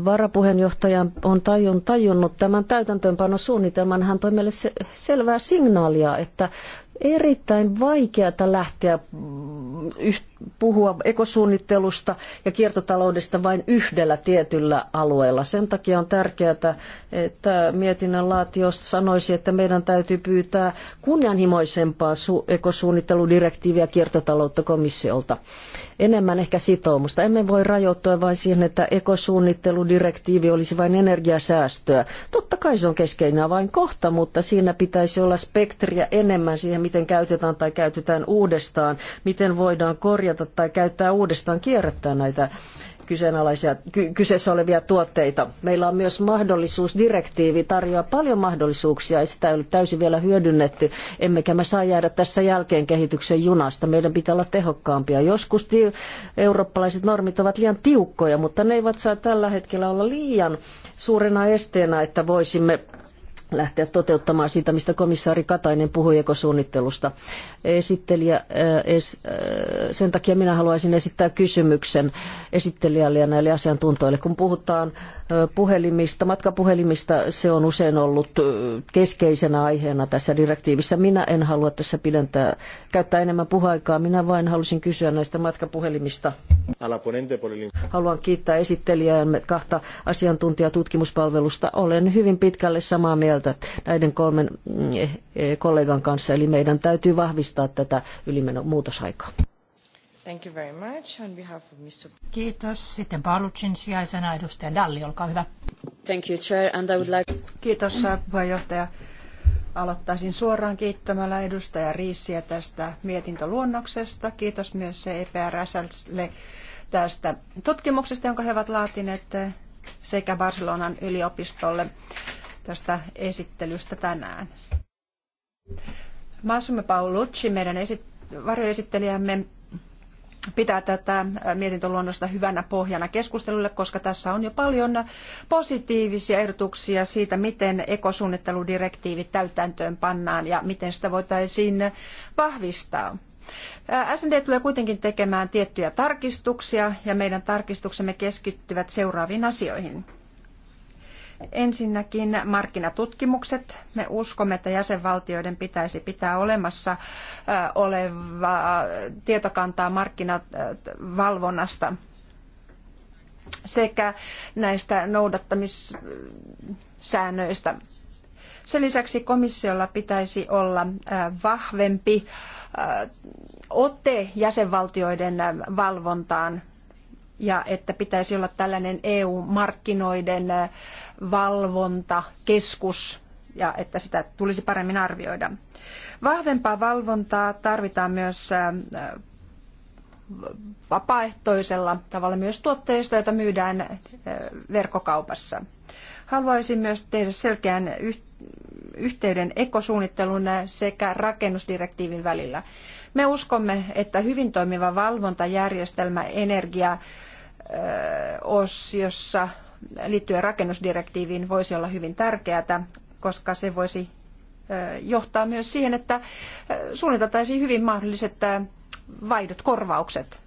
Varapuheenjohtaja on tajun, tajunnut tämän täytäntöönpanosuunnitelman. Hän toi meille se, selvää signaalia, että erittäin vaikeata lähteä puhua ekosuunnittelusta ja kiertotaloudesta vain yhdellä tietyllä alueella. Sen takia on tärkeää, että mietinnän laatiosta sanoisi, että meidän täytyy pyytää kunnianhimoisempaa su- ekosuunnitteludirektiiviä kiertotaloutta komissiolta. Enemmän ehkä sitoumusta. Emme voi rajoittua vain siihen, että ekosuunnitteludirektiivi olisi vain energiasäästöä. Totta kai se on keskeinen avain kohta, mutta siinä pitäisi olla spektriä enemmän siihen, miten käytetään tai käytetään uudestaan, miten voidaan korjata korjata tai käyttää uudestaan, kierrättää näitä kyseenalaisia, ky- kyseessä olevia tuotteita. Meillä on myös mahdollisuus, direktiivi tarjoaa paljon mahdollisuuksia ja sitä ei ole täysin vielä hyödynnetty. Emmekä me saa jäädä tässä jälkeen kehityksen junasta. Meidän pitää olla tehokkaampia. Joskus ti- eurooppalaiset normit ovat liian tiukkoja, mutta ne eivät saa tällä hetkellä olla liian suurena esteenä, että voisimme lähteä toteuttamaan siitä, mistä komissaari Katainen puhui ekosuunnittelusta. Esittelijä, äh, äh, sen takia minä haluaisin esittää kysymyksen esittelijälle ja näille asiantuntijoille. Kun puhutaan äh, puhelimista, matkapuhelimista, se on usein ollut keskeisenä aiheena tässä direktiivissä. Minä en halua tässä pidentää, käyttää enemmän puheaikaa. Minä vain halusin kysyä näistä matkapuhelimista. Haluan kiittää esittelijää kahta asiantuntijatutkimuspalvelusta. Olen hyvin pitkälle samaa mieltä mieltä näiden kolmen eh, kollegan kanssa, eli meidän täytyy vahvistaa tätä ylimenon muutosaikaa. Thank you very much. On behalf of Mr. Kiitos. Sitten Palucin sijaisena edustaja Dalli, olkaa hyvä. Thank you, Chair, and I would like... Kiitos, äh, puheenjohtaja. Aloittaisin suoraan kiittämällä edustaja Riissiä tästä mietintöluonnoksesta. Kiitos myös EPRSlle tästä tutkimuksesta, jonka he ovat laatineet eh, sekä Barcelonan yliopistolle tästä esittelystä tänään. Masume Paulucci, meidän esit- varjoesittelijämme, pitää tätä mietintöluonnosta hyvänä pohjana keskustelulle, koska tässä on jo paljon positiivisia ehdotuksia siitä, miten ekosuunnitteludirektiivi täytäntöön pannaan ja miten sitä voitaisiin vahvistaa. SND tulee kuitenkin tekemään tiettyjä tarkistuksia ja meidän tarkistuksemme keskittyvät seuraaviin asioihin. Ensinnäkin markkinatutkimukset. Me uskomme, että jäsenvaltioiden pitäisi pitää olemassa olevaa tietokantaa markkinavalvonnasta sekä näistä noudattamissäännöistä. Sen lisäksi komissiolla pitäisi olla vahvempi ote jäsenvaltioiden valvontaan ja että pitäisi olla tällainen EU-markkinoiden äh, valvontakeskus ja että sitä tulisi paremmin arvioida. Vahvempaa valvontaa tarvitaan myös äh, vapaaehtoisella tavalla myös tuotteista, joita myydään äh, verkkokaupassa. Haluaisin myös tehdä selkeän yhteyden ekosuunnittelun sekä rakennusdirektiivin välillä. Me uskomme, että hyvin toimiva valvontajärjestelmä energia- osiossa liittyen rakennusdirektiiviin voisi olla hyvin tärkeää, koska se voisi johtaa myös siihen, että suunniteltaisiin hyvin mahdolliset vaihdot, korvaukset.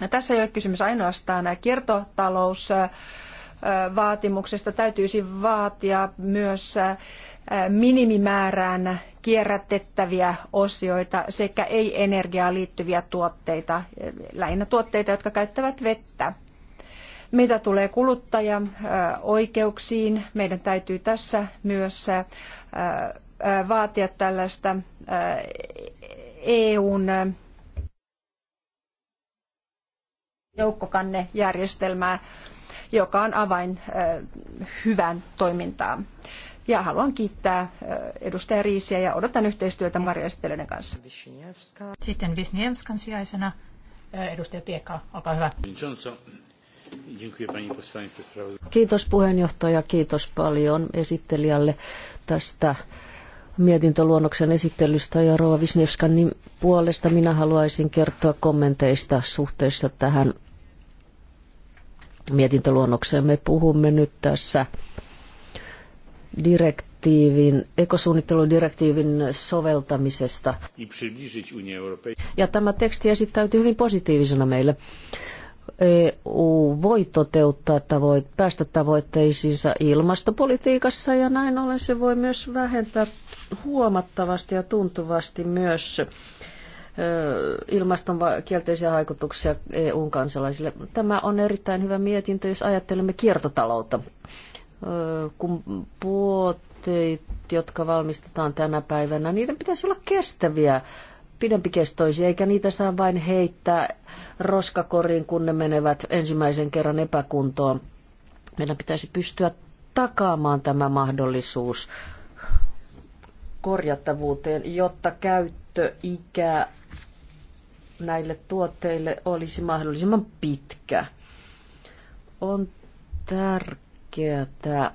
Ja tässä ei ole kysymys ainoastaan kiertotalous vaatimuksesta täytyisi vaatia myös minimimäärään kierrätettäviä osioita sekä ei-energiaan liittyviä tuotteita, lähinnä tuotteita, jotka käyttävät vettä. Mitä tulee kuluttajaoikeuksiin, meidän täytyy tässä myös vaatia tällaista EUn joukkokannejärjestelmää, joka on avain hyvän toimintaan. Ja haluan kiittää eh, edustaja Riisiä ja odotan yhteistyötä Marja kanssa. Sitten Wisniewskan sijaisena eh, edustaja Piekka, olkaa hyvä. Kiitos puheenjohtaja, kiitos paljon esittelijälle tästä mietintöluonnoksen esittelystä ja Rova Wisniewskan puolesta minä haluaisin kertoa kommenteista suhteessa tähän mietintöluonnokseen. Me puhumme nyt tässä direktiivin, ekosuunnitteludirektiivin soveltamisesta. Ja tämä teksti esittäytyy hyvin positiivisena meille. EU voi toteuttaa tavoit, päästä tavoitteisiinsa ilmastopolitiikassa ja näin ollen se voi myös vähentää huomattavasti ja tuntuvasti myös ilmaston kielteisiä vaikutuksia EUn kansalaisille. Tämä on erittäin hyvä mietintö, jos ajattelemme kiertotaloutta kun puotteet, jotka valmistetaan tänä päivänä, niiden pitäisi olla kestäviä, pidempikestoisia, eikä niitä saa vain heittää roskakoriin, kun ne menevät ensimmäisen kerran epäkuntoon. Meidän pitäisi pystyä takaamaan tämä mahdollisuus korjattavuuteen, jotta käyttöikä näille tuotteille olisi mahdollisimman pitkä. On tärkeää tärkeää,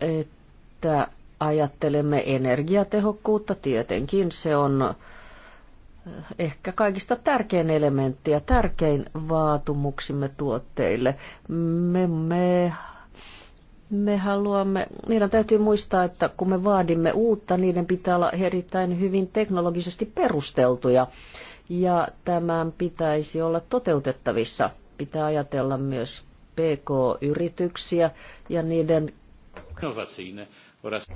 että ajattelemme energiatehokkuutta. Tietenkin se on eh, ehkä kaikista tärkein elementti ja tärkein vaatumuksimme tuotteille. Me, me, me haluamme, meidän täytyy muistaa, että kun me vaadimme uutta, niiden pitää olla erittäin hyvin teknologisesti perusteltuja. Ja tämän pitäisi olla toteutettavissa. Pitää ajatella myös PK-yrityksiä ja niiden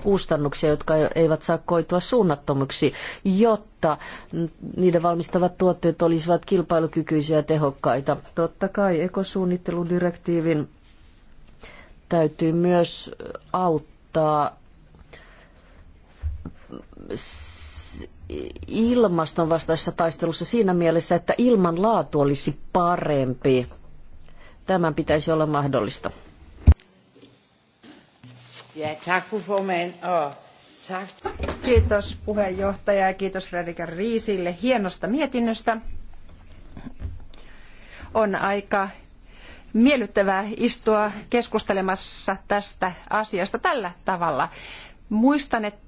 kustannuksia, jotka eivät saa koitua suunnattomiksi, jotta niiden valmistavat tuotteet olisivat kilpailukykyisiä ja tehokkaita. Totta kai ekosuunnitteludirektiivin täytyy myös auttaa ilmaston vastaisessa taistelussa siinä mielessä, että ilman laatu olisi parempi Tämän pitäisi olla mahdollista. Kiitos puheenjohtaja ja kiitos Fredrika Riisille hienosta mietinnöstä. On aika miellyttävää istua keskustelemassa tästä asiasta tällä tavalla. Muistan, että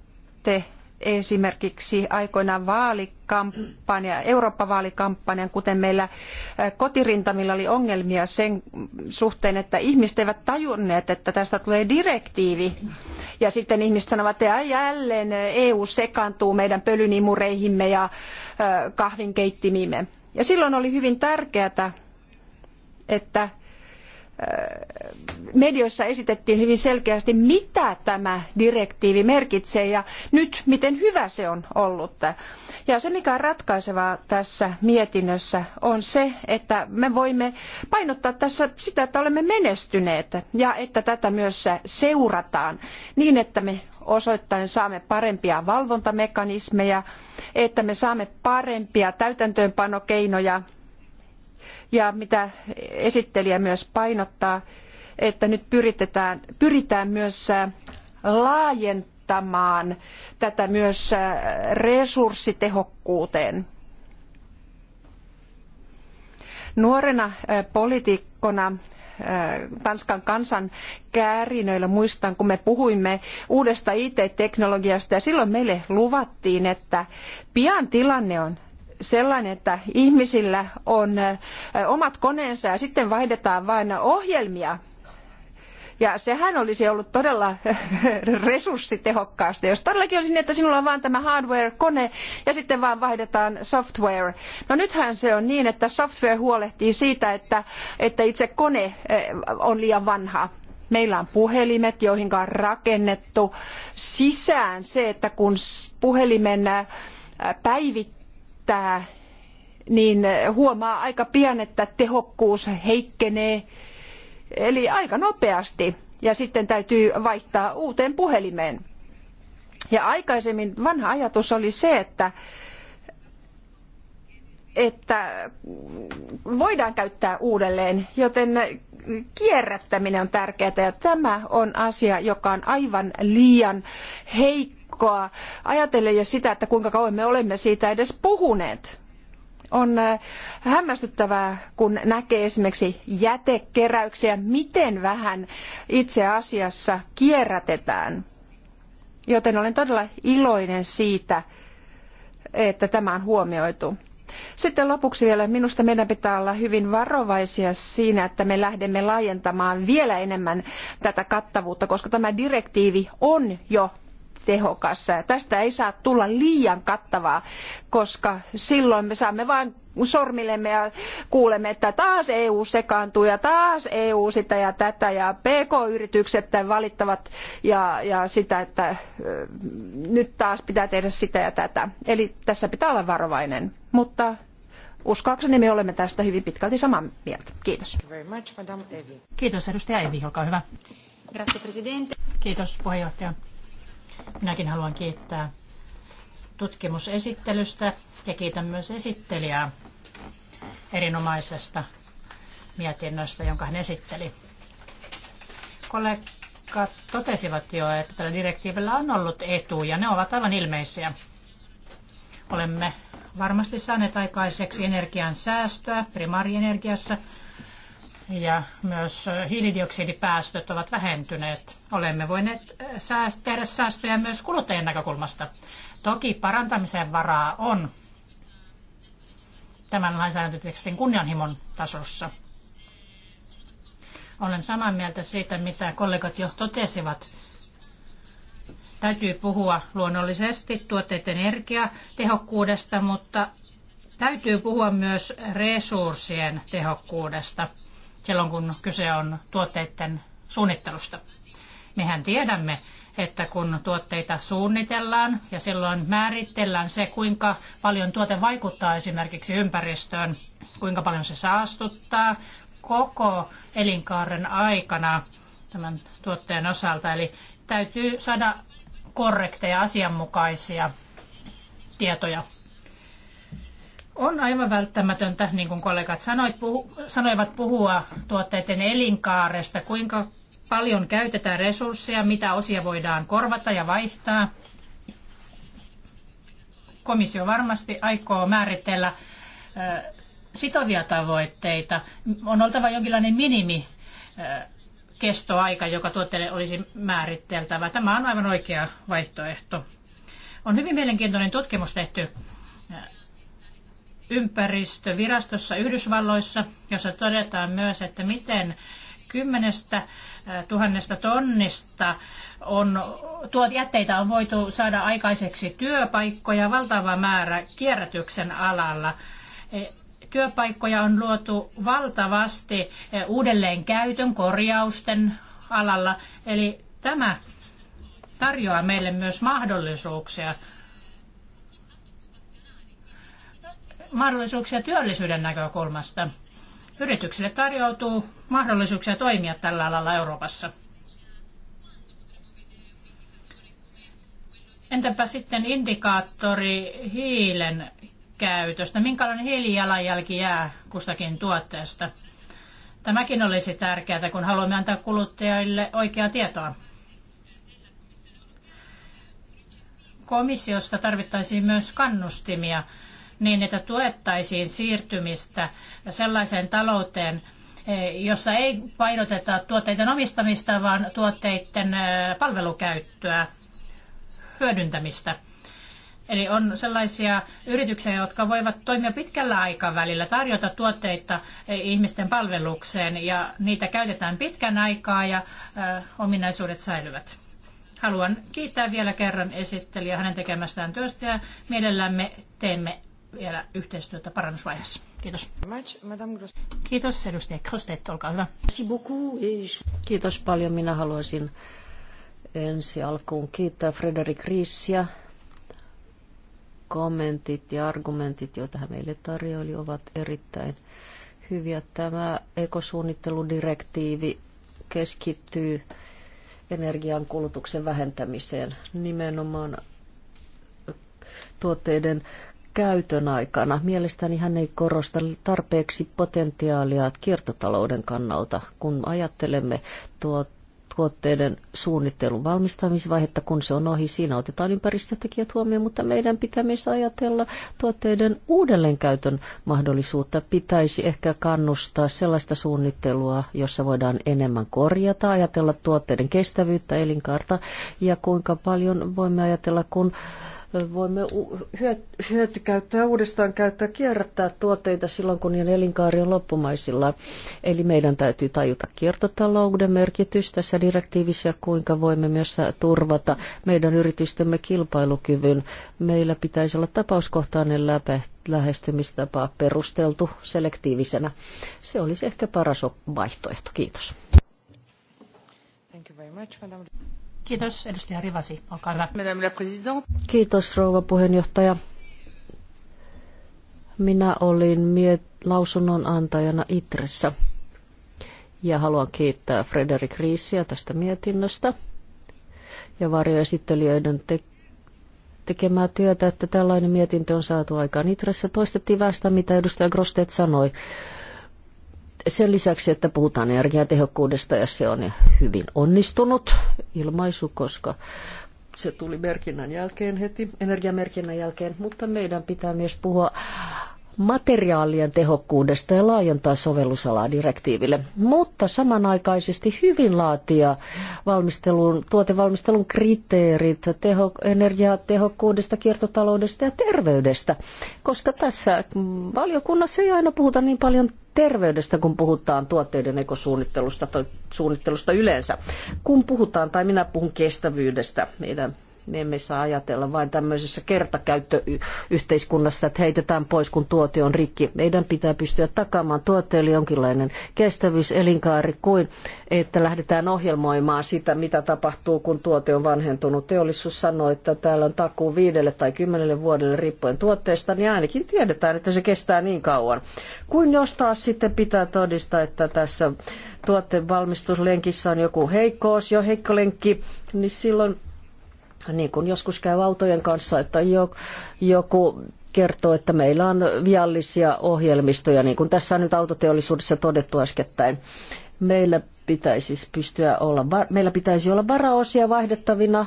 te esimerkiksi aikoinaan vaalikampanja, Eurooppa-vaalikampanjan, kuten meillä kotirintamilla oli ongelmia sen suhteen, että ihmiset eivät tajunneet, että tästä tulee direktiivi. Ja sitten ihmiset sanovat, että jälleen EU sekaantuu meidän pölynimureihimme ja kahvinkeittimiimme. Ja silloin oli hyvin tärkeää, että medioissa esitettiin hyvin selkeästi, mitä tämä direktiivi merkitsee ja nyt miten hyvä se on ollut. Ja se, mikä on ratkaisevaa tässä mietinnössä, on se, että me voimme painottaa tässä sitä, että olemme menestyneet ja että tätä myös seurataan niin, että me osoittain saamme parempia valvontamekanismeja, että me saamme parempia täytäntöönpanokeinoja ja mitä esittelijä myös painottaa, että nyt pyritetään, pyritään myös äh, laajentamaan tätä myös äh, resurssitehokkuuteen. Nuorena äh, poliitikkona Tanskan kansan käärinöillä muistan, kun me puhuimme uudesta IT-teknologiasta ja silloin meille luvattiin, että pian tilanne on sellainen, että ihmisillä on äh, omat koneensa ja sitten vaihdetaan vain ohjelmia. Ja sehän olisi ollut todella resurssitehokkaasti, jos todellakin olisi niin, että sinulla on vain tämä hardware-kone ja sitten vaan vaihdetaan software. No nythän se on niin, että software huolehtii siitä, että, että itse kone äh, on liian vanha. Meillä on puhelimet, joihin on rakennettu sisään se, että kun puhelimen äh, päivit käyttää, niin huomaa aika pian, että tehokkuus heikkenee, eli aika nopeasti, ja sitten täytyy vaihtaa uuteen puhelimeen. Ja aikaisemmin vanha ajatus oli se, että että voidaan käyttää uudelleen, joten kierrättäminen on tärkeää ja tämä on asia, joka on aivan liian heikko viikkoa. Ajatellen jo sitä, että kuinka kauan me olemme siitä edes puhuneet. On äh, hämmästyttävää, kun näkee esimerkiksi jätekeräyksiä, miten vähän itse asiassa kierrätetään. Joten olen todella iloinen siitä, että tämä on huomioitu. Sitten lopuksi vielä, minusta meidän pitää olla hyvin varovaisia siinä, että me lähdemme laajentamaan vielä enemmän tätä kattavuutta, koska tämä direktiivi on jo tehokas. Tästä ei saa tulla liian kattavaa, koska silloin me saamme vain sormillemme ja kuulemme, että taas EU sekaantuu ja taas EU sitä ja tätä ja PK-yritykset valittavat ja, ja sitä, että nyt taas pitää tehdä sitä ja tätä. Eli tässä pitää olla varovainen, mutta uskoakseni me olemme tästä hyvin pitkälti samaa mieltä. Kiitos. Kiitos edustaja Evi, olkaa hyvä. Grazie, Kiitos puheenjohtaja. Minäkin haluan kiittää tutkimusesittelystä ja kiitän myös esittelijää erinomaisesta mietinnöstä, jonka hän esitteli. Kollegat totesivat jo, että tällä direktiivillä on ollut etuja. Ne ovat aivan ilmeisiä. Olemme varmasti saaneet aikaiseksi energian säästöä primaarienergiassa – ja myös hiilidioksidipäästöt ovat vähentyneet. Olemme voineet tehdä säästöjä myös kuluttajien näkökulmasta. Toki parantamisen varaa on tämän lainsäädäntötekstin kunnianhimon tasossa. Olen samaa mieltä siitä, mitä kollegat jo totesivat. Täytyy puhua luonnollisesti tuotteiden energiatehokkuudesta, mutta täytyy puhua myös resurssien tehokkuudesta – silloin, kun kyse on tuotteiden suunnittelusta. Mehän tiedämme, että kun tuotteita suunnitellaan ja silloin määritellään se, kuinka paljon tuote vaikuttaa esimerkiksi ympäristöön, kuinka paljon se saastuttaa koko elinkaaren aikana tämän tuotteen osalta. Eli täytyy saada korrekteja, asianmukaisia tietoja. On aivan välttämätöntä, niin kuin kollegat sanoit, puhu, sanoivat, puhua tuotteiden elinkaaresta, kuinka paljon käytetään resursseja, mitä osia voidaan korvata ja vaihtaa. Komissio varmasti aikoo määritellä sitovia tavoitteita. On oltava jonkinlainen minimi kestoaika, joka tuotteelle olisi määriteltävä. Tämä on aivan oikea vaihtoehto. On hyvin mielenkiintoinen tutkimus tehty ympäristövirastossa Yhdysvalloissa, jossa todetaan myös, että miten kymmenestä tuhannesta tonnista on, tuot jätteitä on voitu saada aikaiseksi työpaikkoja, valtava määrä kierrätyksen alalla. E, työpaikkoja on luotu valtavasti e, uudelleen käytön korjausten alalla, eli tämä tarjoaa meille myös mahdollisuuksia mahdollisuuksia työllisyyden näkökulmasta. Yrityksille tarjoutuu mahdollisuuksia toimia tällä alalla Euroopassa. Entäpä sitten indikaattori hiilen käytöstä? Minkälainen hiilijalanjälki jää kustakin tuotteesta? Tämäkin olisi tärkeää, kun haluamme antaa kuluttajille oikeaa tietoa. Komissiosta tarvittaisiin myös kannustimia niin, että tuettaisiin siirtymistä sellaiseen talouteen, eh, jossa ei painoteta tuotteiden omistamista, vaan tuotteiden eh, palvelukäyttöä, hyödyntämistä. Eli on sellaisia yrityksiä, jotka voivat toimia pitkällä aikavälillä, tarjota tuotteita eh, ihmisten palvelukseen ja niitä käytetään pitkän aikaa ja ominaisuudet säilyvät. Haluan kiittää vielä kerran esittelijä hänen tekemästään työstä ja mielellämme teemme vielä yhteistyötä parannusvaiheessa. Kiitos. Kiitos edustaja Krosteet, olkaa hyvä. Kiitos paljon. Minä haluaisin ensi alkuun kiittää Frederik Riissiä. Kommentit ja argumentit, joita hän meille tarjoili, ovat erittäin hyviä. Tämä ekosuunnitteludirektiivi keskittyy energian kulutuksen vähentämiseen nimenomaan tuotteiden käytön aikana. Mielestäni hän ei korosta tarpeeksi potentiaalia kiertotalouden kannalta, kun ajattelemme tuo tuotteiden suunnittelun valmistamisvaihetta, kun se on ohi, siinä otetaan ympäristötekijät huomioon, mutta meidän pitää myös ajatella tuotteiden uudelleenkäytön mahdollisuutta. Pitäisi ehkä kannustaa sellaista suunnittelua, jossa voidaan enemmän korjata, ajatella tuotteiden kestävyyttä, elinkaarta ja kuinka paljon voimme ajatella, kun voimme hyötykäyttää uudestaan käyttää kierrättää tuotteita silloin, kun niiden elinkaari on loppumaisilla. Eli meidän täytyy tajuta kiertotalouden merkitys tässä direktiivissä ja kuinka voimme myös turvata meidän yritystemme kilpailukyvyn. Meillä pitäisi olla tapauskohtainen läpe, lähestymistapa perusteltu selektiivisenä. Se olisi ehkä paras vaihtoehto. Kiitos. Thank you very much, Kiitos, edustaja Rivasi. Olkaa hyvä. Madame la Présidente. Kiitos, rouva puheenjohtaja. Minä olin miet lausunnon antajana Itressä ja haluan kiittää Frederik Riisiä tästä mietinnöstä ja varjoesittelijöiden te- tekemää työtä, että tällainen mietintö on saatu aikaan. Itressä toistettiin vähän sitä, mitä edustaja Grostet sanoi sen lisäksi, että puhutaan energiatehokkuudesta ja se on hyvin onnistunut ilmaisu, koska se tuli merkinnän jälkeen heti, energiamerkinnän jälkeen, mutta meidän pitää myös puhua materiaalien tehokkuudesta ja laajentaa sovellusalaa direktiiville, mutta samanaikaisesti hyvin laatia valmistelun, tuotevalmistelun kriteerit teho, energiatehokkuudesta, kiertotaloudesta ja terveydestä, koska tässä mm, valiokunnassa ei aina puhuta niin paljon terveydestä, kun puhutaan tuotteiden ekosuunnittelusta tai suunnittelusta yleensä. Kun puhutaan, tai minä puhun kestävyydestä, meidän me emme saa ajatella vain tämmöisessä kertakäyttöyhteiskunnassa, että heitetään pois, kun tuote on rikki. Meidän pitää pystyä takaamaan tuotteelle jonkinlainen kestävyys, elinkaari, kuin että lähdetään ohjelmoimaan sitä, mitä tapahtuu, kun tuote on vanhentunut. Teollisuus sanoo, että täällä on takuu viidelle tai kymmenelle vuodelle riippuen tuotteesta, niin ainakin tiedetään, että se kestää niin kauan. Kuin jos taas sitten pitää todistaa, että tässä tuotteen valmistuslenkissä on joku heikkous, jo heikko lenkki, niin silloin niin kuin joskus käy autojen kanssa, että joku kertoo, että meillä on viallisia ohjelmistoja, niin kuin tässä on nyt autoteollisuudessa todettu äskettäin. Meillä pitäisi pystyä olla, meillä pitäisi olla varaosia vaihdettavina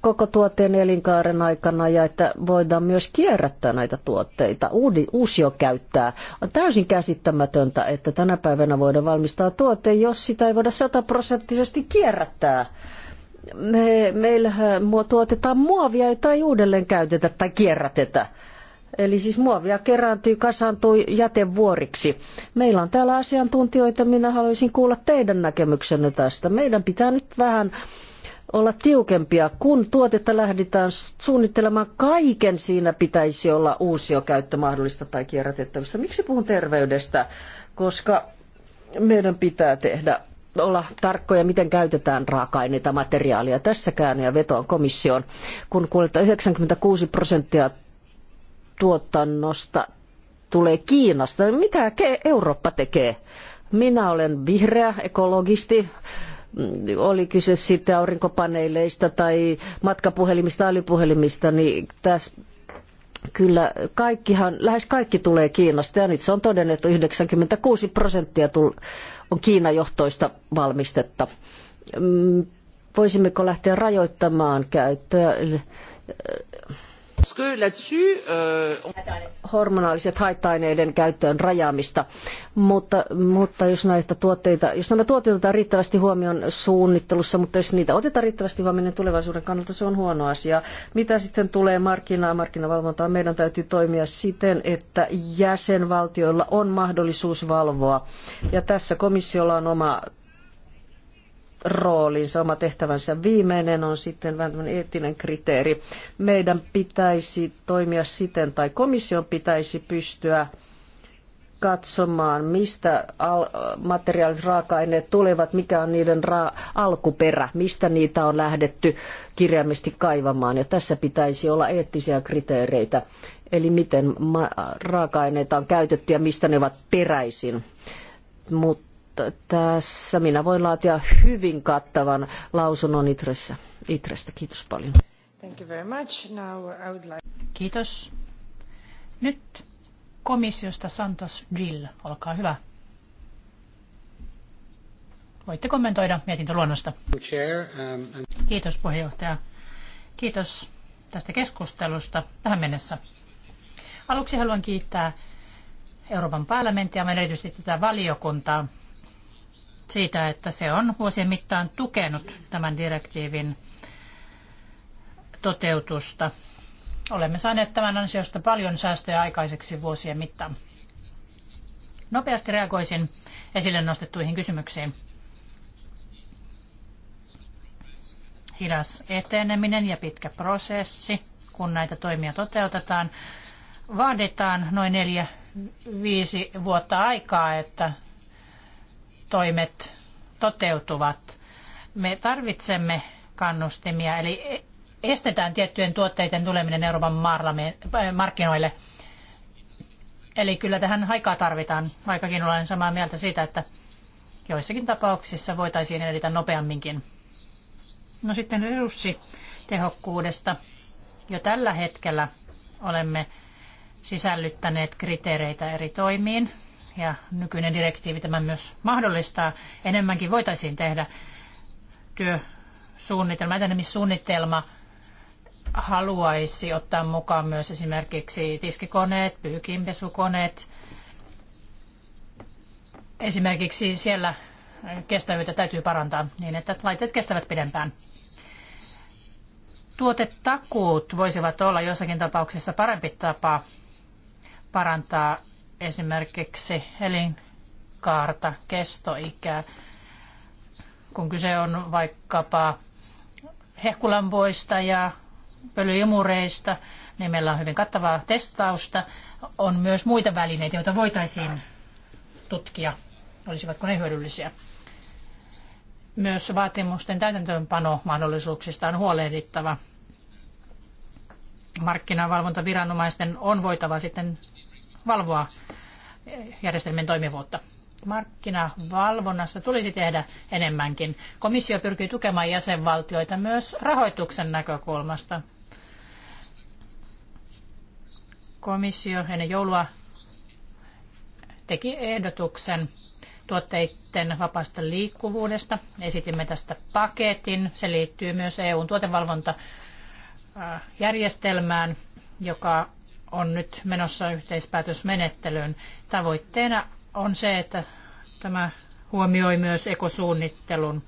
koko tuotteen elinkaaren aikana ja että voidaan myös kierrättää näitä tuotteita, uusio käyttää. On täysin käsittämätöntä, että tänä päivänä voidaan valmistaa tuote, jos sitä ei voida sataprosenttisesti kierrättää me, meillähän tuotetaan muovia, jota ei uudelleen käytetä tai kierrätetä. Eli siis muovia kerääntyy, kasaantuu jätevuoriksi. Meillä on täällä asiantuntijoita, minä haluaisin kuulla teidän näkemyksenne tästä. Meidän pitää nyt vähän olla tiukempia. Kun tuotetta lähdetään suunnittelemaan, kaiken siinä pitäisi olla uusiokäyttö mahdollista tai kierrätettävistä. Miksi puhun terveydestä? Koska meidän pitää tehdä olla tarkkoja, miten käytetään raaka-aineita materiaalia tässäkään ja vetoan komissioon, kun kuuletaan 96 prosenttia tuotannosta tulee Kiinasta. Niin mitä Eurooppa tekee? Minä olen vihreä ekologisti, oli kyse sitten aurinkopaneeleista tai matkapuhelimista, älypuhelimista, niin tässä Kyllä, kaikkihan, lähes kaikki tulee Kiinasta ja nyt se on todennettu 96 prosenttia on Kiinajohtoista valmistetta. Mm, voisimmeko lähteä rajoittamaan käyttöä Euh, hormonaaliset haitta-aineiden käyttöön rajaamista, mutta, mutta jos näitä tuotteita, jos nämä tuotteet otetaan riittävästi huomioon suunnittelussa, mutta jos niitä otetaan riittävästi huomioon, niin tulevaisuuden kannalta se on huono asia. Mitä sitten tulee markkinaan, markkinavalvontaan, meidän täytyy toimia siten, että jäsenvaltioilla on mahdollisuus valvoa. Ja tässä komissiolla on oma roolinsa, oma tehtävänsä. Viimeinen on sitten vähän tämmöinen eettinen kriteeri. Meidän pitäisi toimia siten, tai komission pitäisi pystyä katsomaan, mistä al- materiaalit, raaka-aineet tulevat, mikä on niiden alkuperä, mistä niitä on lähdetty kirjaimesti kaivamaan. Ja tässä pitäisi olla eettisiä kriteereitä, eli miten raaka-aineita on käytetty ja mistä ne ovat peräisin. Mutta tässä minä voin laatia hyvin kattavan lausunnon Itressä. Itrestä. Kiitos paljon. Thank you very much. Now I would like... Kiitos. Nyt komissiosta Santos Gill, olkaa hyvä. Voitte kommentoida mietintöluonnosta. Um, Kiitos puheenjohtaja. Kiitos tästä keskustelusta tähän mennessä. Aluksi haluan kiittää Euroopan parlamenttia ja erityisesti tätä valiokuntaa siitä, että se on vuosien mittaan tukenut tämän direktiivin toteutusta. Olemme saaneet tämän ansiosta paljon säästöjä aikaiseksi vuosien mittaan. Nopeasti reagoisin esille nostettuihin kysymyksiin. Hidas eteneminen ja pitkä prosessi, kun näitä toimia toteutetaan. Vaaditaan noin neljä viisi vuotta aikaa, että toimet toteutuvat. Me tarvitsemme kannustimia, eli estetään tiettyjen tuotteiden tuleminen Euroopan äh, markkinoille. Eli kyllä tähän aikaa tarvitaan, vaikkakin olen samaa mieltä siitä, että joissakin tapauksissa voitaisiin edetä nopeamminkin. No sitten resurssitehokkuudesta. Jo tällä hetkellä olemme sisällyttäneet kriteereitä eri toimiin ja nykyinen direktiivi tämän myös mahdollistaa. Enemmänkin voitaisiin tehdä työsuunnitelma, etenemissuunnitelma haluaisi ottaa mukaan myös esimerkiksi tiskikoneet, pyykinpesukoneet. Esimerkiksi siellä kestävyyttä täytyy parantaa niin, että laitteet kestävät pidempään. Tuotetakuut voisivat olla jossakin tapauksessa parempi tapa parantaa esimerkiksi elinkaarta, kestoikää. Kun kyse on vaikkapa hehkulampoista ja pölyimureista, niin meillä on hyvin kattavaa testausta. On myös muita välineitä, joita voitaisiin tutkia, olisivatko ne hyödyllisiä. Myös vaatimusten täytäntöönpano mahdollisuuksista on huolehdittava. Markkinavalvontaviranomaisten on voitava sitten valvoa järjestelmien toimivuutta. Markkinavalvonnassa tulisi tehdä enemmänkin. Komissio pyrkii tukemaan jäsenvaltioita myös rahoituksen näkökulmasta. Komissio ennen joulua teki ehdotuksen tuotteiden vapaasta liikkuvuudesta. Esitimme tästä paketin. Se liittyy myös EUn tuotevalvontajärjestelmään, joka on nyt menossa yhteispäätösmenettelyyn. Tavoitteena on se, että tämä huomioi myös ekosuunnittelun.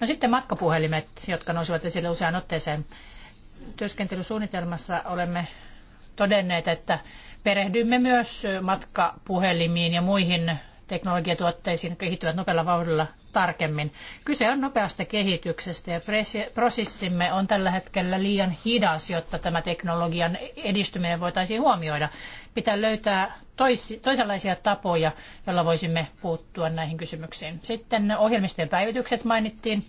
No sitten matkapuhelimet, jotka nousivat esille usean otteeseen. Työskentelysuunnitelmassa olemme todenneet, että perehdymme myös matkapuhelimiin ja muihin teknologiatuotteisiin, jotka kehittyvät nopealla vauhdilla tarkemmin. Kyse on nopeasta kehityksestä ja prosessimme on tällä hetkellä liian hidas, jotta tämä teknologian edistyminen voitaisiin huomioida. Pitää löytää tois, toisenlaisia tapoja, joilla voisimme puuttua näihin kysymyksiin. Sitten ohjelmistojen päivitykset mainittiin.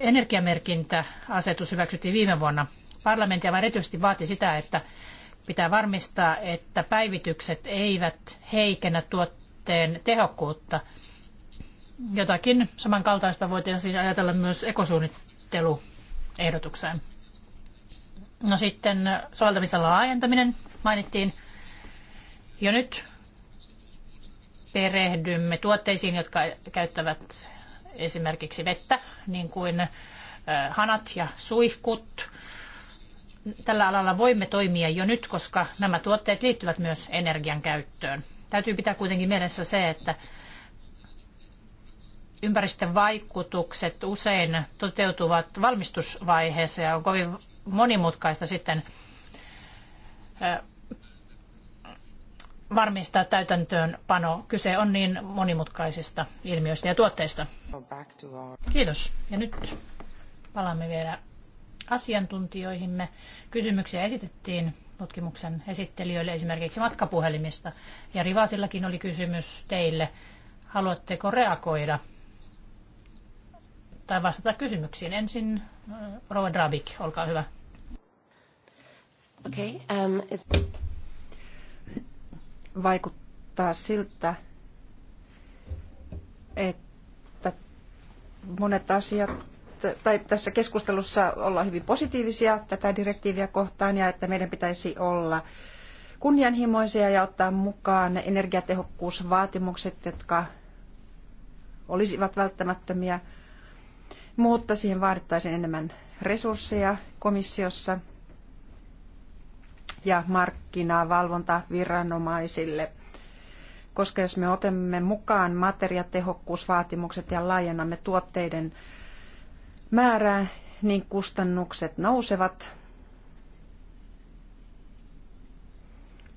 Energiamerkintäasetus hyväksyttiin viime vuonna. Parlamentti aivan erityisesti vaati sitä, että pitää varmistaa, että päivitykset eivät heikennä tuotteen tehokkuutta. Jotakin samankaltaista voitaisiin siis ajatella myös ekosuunnitteluehdotukseen. No sitten soveltavissa laajentaminen mainittiin. Jo nyt perehdymme tuotteisiin, jotka käyttävät esimerkiksi vettä, niin kuin hanat ja suihkut. Tällä alalla voimme toimia jo nyt, koska nämä tuotteet liittyvät myös energian käyttöön. Täytyy pitää kuitenkin mielessä se, että ympäristövaikutukset usein toteutuvat valmistusvaiheessa ja on kovin monimutkaista sitten varmistaa täytäntöönpano. Kyse on niin monimutkaisista ilmiöistä ja tuotteista. Kiitos. Ja nyt palaamme vielä asiantuntijoihimme. Kysymyksiä esitettiin tutkimuksen esittelijöille esimerkiksi matkapuhelimista. Ja Rivasillakin oli kysymys teille. Haluatteko reagoida tai vastata kysymyksiin. Ensin äh, Rova Drabik, olkaa hyvä. Okay, um, ähm, it's... Vaikuttaa siltä, että monet asiat tai tässä keskustelussa ollaan hyvin positiivisia tätä direktiiviä kohtaan ja että meidän pitäisi olla kunnianhimoisia ja ottaa mukaan energiatehokkuusvaatimukset, jotka olisivat välttämättömiä – mutta siihen vaadittaisiin enemmän resursseja komissiossa ja markkinavalvontaviranomaisille. Koska jos me otamme mukaan materiatehokkuusvaatimukset ja laajennamme tuotteiden määrää, niin kustannukset nousevat.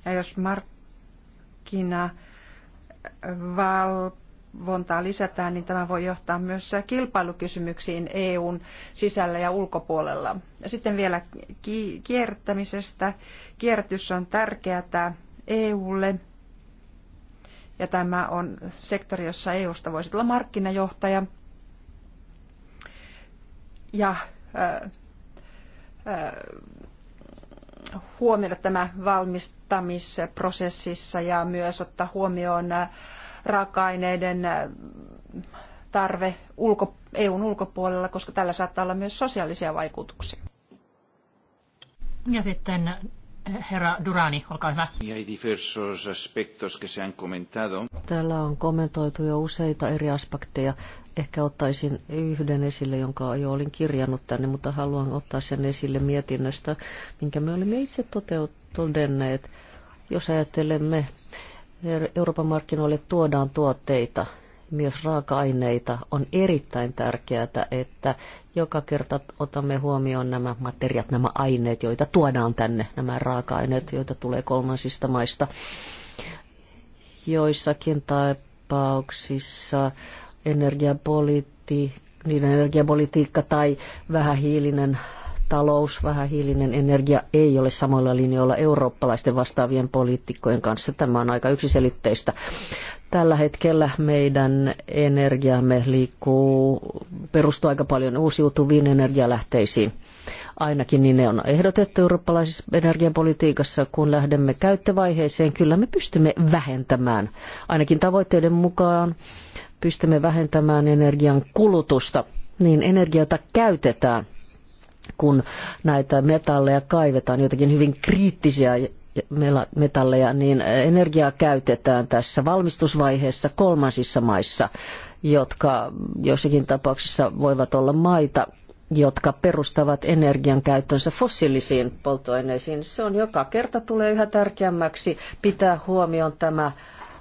Ja jos markkina valvontaa lisätään, niin tämä voi johtaa myös kilpailukysymyksiin EUn sisällä ja ulkopuolella. Ja sitten vielä kierrättämisestä. Kierrätys on tärkeää EUlle ja tämä on sektori, jossa EUsta voisi olla markkinajohtaja. Ja äh, äh, huomioida tämä valmistamisprosessissa ja myös ottaa huomioon äh, raaka-aineiden äh, tarve ulko, EUn ulkopuolella, koska tällä saattaa olla myös sosiaalisia vaikutuksia. Ja sitten äh, herra Durani, olkaa hyvä. Täällä on kommentoitu jo useita eri aspekteja. Ehkä ottaisin yhden esille, jonka jo olin kirjannut tänne, mutta haluan ottaa sen esille mietinnöstä, minkä me olimme itse toteutuneet. Jos ajattelemme Euroopan markkinoille tuodaan tuotteita, myös raaka-aineita, on erittäin tärkeää, että joka kerta otamme huomioon nämä materiaat, nämä aineet, joita tuodaan tänne, nämä raaka-aineet, joita tulee kolmansista maista. Joissakin tapauksissa energiapolitiikka, niiden energiapolitiikka tai vähähiilinen talous, vähähiilinen energia ei ole samoilla linjoilla eurooppalaisten vastaavien poliitikkojen kanssa. Tämä on aika yksiselitteistä. Tällä hetkellä meidän energiamme liikkuu, perustuu aika paljon uusiutuviin energialähteisiin. Ainakin niin ne on ehdotettu eurooppalaisessa energiapolitiikassa, kun lähdemme käyttövaiheeseen, kyllä me pystymme vähentämään, ainakin tavoitteiden mukaan pystymme vähentämään energian kulutusta, niin energiata käytetään kun näitä metalleja kaivetaan, jotenkin hyvin kriittisiä metalleja, niin energiaa käytetään tässä valmistusvaiheessa kolmansissa maissa, jotka jossakin tapauksissa voivat olla maita, jotka perustavat energian käyttönsä fossiilisiin polttoaineisiin. Se on joka kerta tulee yhä tärkeämmäksi pitää huomioon tämä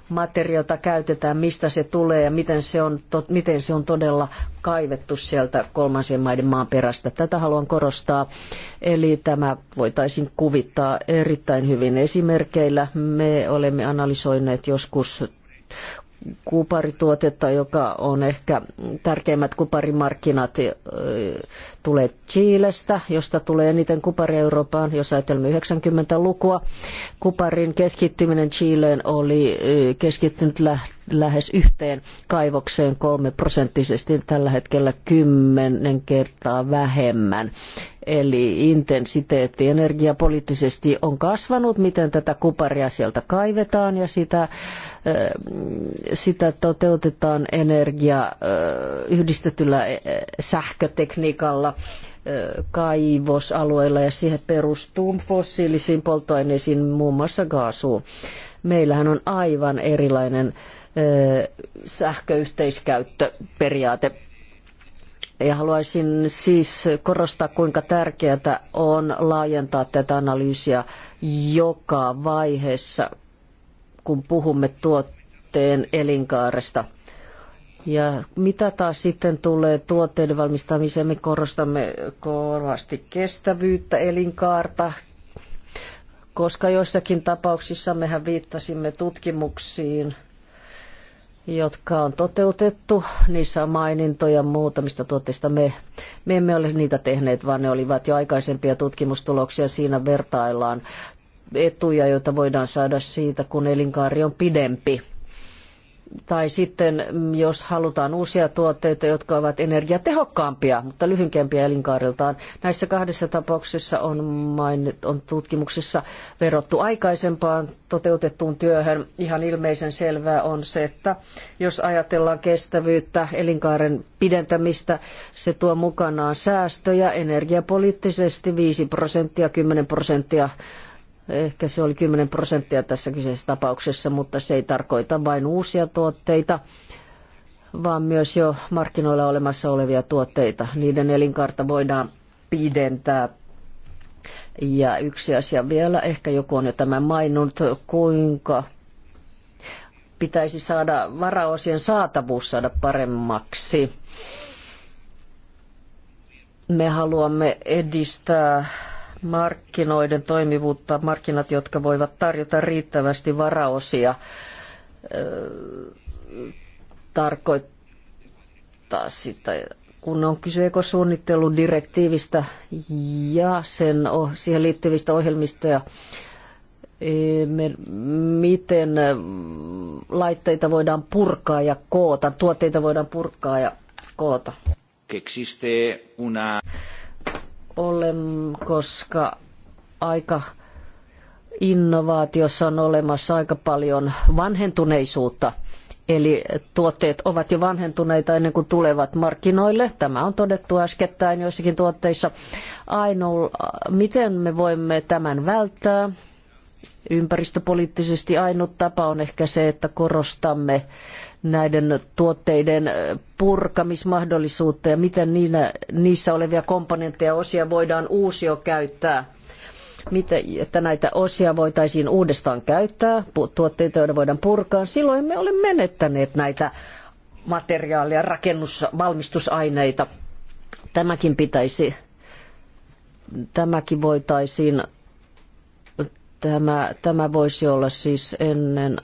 materiaalia käytetään, mistä se tulee ja miten se on, to, miten se on todella kaivettu sieltä kolmansien maiden maan Tätä haluan korostaa. Eli tämä voitaisiin kuvittaa erittäin hyvin esimerkkeillä. Me olemme analysoineet joskus kuparituotetta, joka on ehkä tärkeimmät kuparimarkkinat, tulee Chiilestä, josta tulee eniten kupari Eurooppaan, jos ajatellaan 90-lukua. Kuparin keskittyminen Chileen oli keskittynyt läht lähes yhteen kaivokseen kolme prosenttisesti tällä hetkellä kymmenen kertaa vähemmän. Eli intensiteetti energiapoliittisesti on kasvanut, miten tätä kuparia sieltä kaivetaan ja sitä, sitä toteutetaan energia yhdistetyllä sähkötekniikalla kaivosalueilla ja siihen perustuu fossiilisiin polttoaineisiin, muun muassa kaasuun. Meillähän on aivan erilainen sähköyhteiskäyttöperiaate. Ja haluaisin siis korostaa, kuinka tärkeää on laajentaa tätä analyysiä joka vaiheessa, kun puhumme tuotteen elinkaaresta. Ja mitä taas sitten tulee tuotteiden valmistamiseen, me korostamme kovasti kestävyyttä, elinkaarta, koska joissakin tapauksissa mehän viittasimme tutkimuksiin – jotka on toteutettu. Niissä on mainintoja muutamista tuotteista. Me, me emme ole niitä tehneet, vaan ne olivat jo aikaisempia tutkimustuloksia. Siinä vertaillaan etuja, joita voidaan saada siitä, kun elinkaari on pidempi tai sitten jos halutaan uusia tuotteita, jotka ovat energiatehokkaampia, mutta lyhyempiä elinkaariltaan. Näissä kahdessa tapauksessa on, mainit, on tutkimuksissa verottu aikaisempaan toteutettuun työhön. Ihan ilmeisen selvää on se, että jos ajatellaan kestävyyttä, elinkaaren pidentämistä, se tuo mukanaan säästöjä energiapoliittisesti 5 prosenttia, 10 prosenttia Ehkä se oli 10 prosenttia tässä kyseisessä tapauksessa, mutta se ei tarkoita vain uusia tuotteita, vaan myös jo markkinoilla olemassa olevia tuotteita. Niiden elinkaarta voidaan pidentää. Ja yksi asia vielä, ehkä joku on jo tämän maininnut, kuinka pitäisi saada varaosien saatavuus saada paremmaksi. Me haluamme edistää markkinoiden toimivuutta, markkinat, jotka voivat tarjota riittävästi varaosia, tarkoittaa sitä, kun on kyse ekosuunnitteludirektiivistä ja sen, siihen liittyvistä ohjelmista ja e, miten laitteita voidaan purkaa ja koota, tuotteita voidaan purkaa ja koota. Que existe una ole, koska aika innovaatiossa on olemassa aika paljon vanhentuneisuutta. Eli tuotteet ovat jo vanhentuneita ennen kuin tulevat markkinoille. Tämä on todettu äskettäin joissakin tuotteissa. Ainoa, miten me voimme tämän välttää? Ympäristöpoliittisesti ainut tapa on ehkä se, että korostamme näiden tuotteiden purkamismahdollisuutta ja miten niinä, niissä olevia komponentteja ja osia voidaan uusio käyttää. Miten, että näitä osia voitaisiin uudestaan käyttää, tuotteita, joita voidaan purkaa. Silloin me olemme menettäneet näitä materiaaleja, rakennusvalmistusaineita. Tämäkin pitäisi, tämäkin voitaisiin tämä, tämä voisi olla siis ennen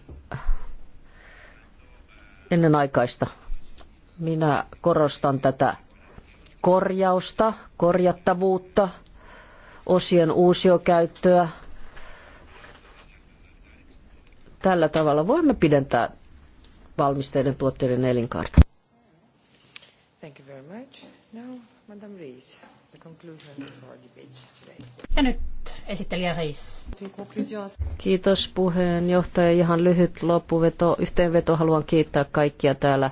ennenaikaista. Minä korostan tätä korjausta, korjattavuutta, osien uusiokäyttöä. Tällä tavalla voimme pidentää valmisteiden tuotteiden elinkaarta. Thank you very much. Now, Madame Rees, the conclusion of our debate today. Ja nyt esittelijä Reis. Kiitos puheenjohtaja. Ihan lyhyt loppuveto. Yhteenveto haluan kiittää kaikkia täällä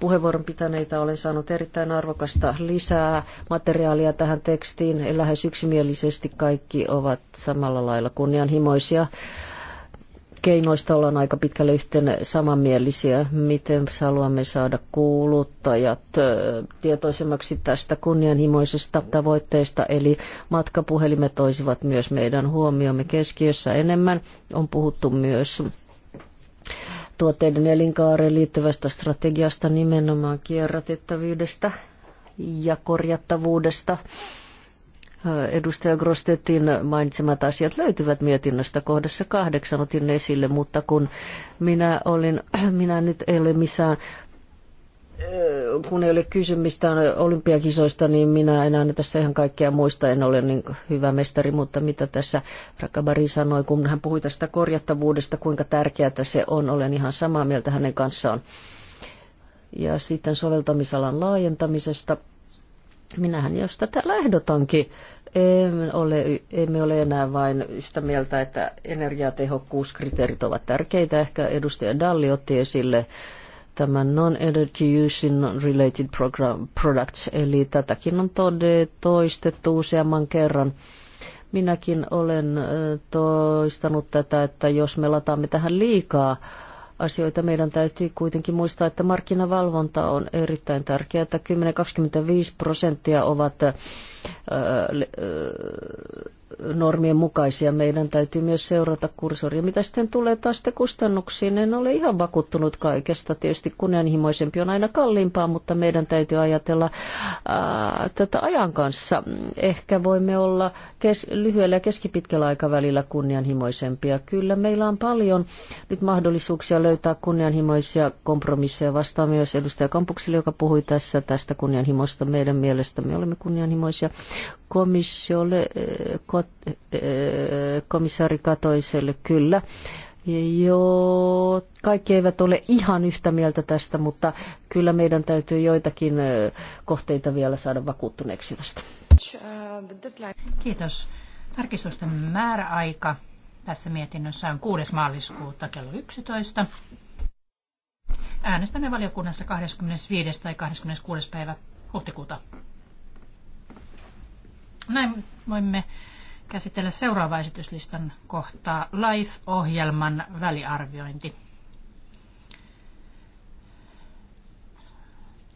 puheenvuoron pitäneitä. Olen saanut erittäin arvokasta lisää materiaalia tähän tekstiin. Lähes yksimielisesti kaikki ovat samalla lailla kunnianhimoisia keinoista ollaan aika pitkälle yhteen samanmielisiä, miten haluamme saada kuuluttajat tietoisemmaksi tästä kunnianhimoisesta tavoitteesta, eli matkapuhelimet olisivat myös meidän huomiomme keskiössä enemmän. On puhuttu myös tuotteiden elinkaareen liittyvästä strategiasta, nimenomaan kierrätettävyydestä ja korjattavuudesta. Edustaja Grostetin mainitsemat asiat löytyvät mietinnöstä kohdassa kahdeksan otin esille, mutta kun minä olin, minä nyt ei ole missään äh, kun ei ole kysymistä olympiakisoista, niin minä en aina tässä ihan kaikkea muista, en ole niin hyvä mestari, mutta mitä tässä Rakabari sanoi, kun hän puhui tästä korjattavuudesta, kuinka tärkeää se on, olen ihan samaa mieltä hänen kanssaan. Ja sitten soveltamisalan laajentamisesta. Minähän josta täällä lähdotankin emme ole, emme ole enää vain yhtä mieltä, että energiatehokkuuskriteerit ovat tärkeitä. Ehkä edustaja Dalli otti esille tämän non-energy using related program, products, eli tätäkin on toistettu useamman kerran. Minäkin olen toistanut tätä, että jos me lataamme tähän liikaa asioita. Meidän täytyy kuitenkin muistaa, että markkinavalvonta on erittäin tärkeää, että 10-25 prosenttia ovat normien mukaisia. Meidän täytyy myös seurata kursoria. Mitä sitten tulee taas te kustannuksiin, en ole ihan vakuuttunut kaikesta. Tietysti kunnianhimoisempi on aina kalliimpaa, mutta meidän täytyy ajatella ää, tätä ajan kanssa. Ehkä voimme olla kes- lyhyellä ja keskipitkällä aikavälillä kunnianhimoisempia. Kyllä meillä on paljon nyt mahdollisuuksia löytää kunnianhimoisia kompromisseja. Vastaan myös edustaja Kampukselle, joka puhui tässä tästä kunnianhimoista, Meidän me olemme kunnianhimoisia komissiolle, komissaari Katoiselle kyllä. Joo, kaikki eivät ole ihan yhtä mieltä tästä, mutta kyllä meidän täytyy joitakin kohteita vielä saada vakuuttuneeksi tästä. Kiitos. Tarkistusten määräaika tässä mietinnössä on 6. maaliskuuta kello 11. Äänestämme valiokunnassa 25. tai 26. päivä huhtikuuta. Näin voimme käsitellä seuraava esityslistan kohtaa LIFE-ohjelman väliarviointi.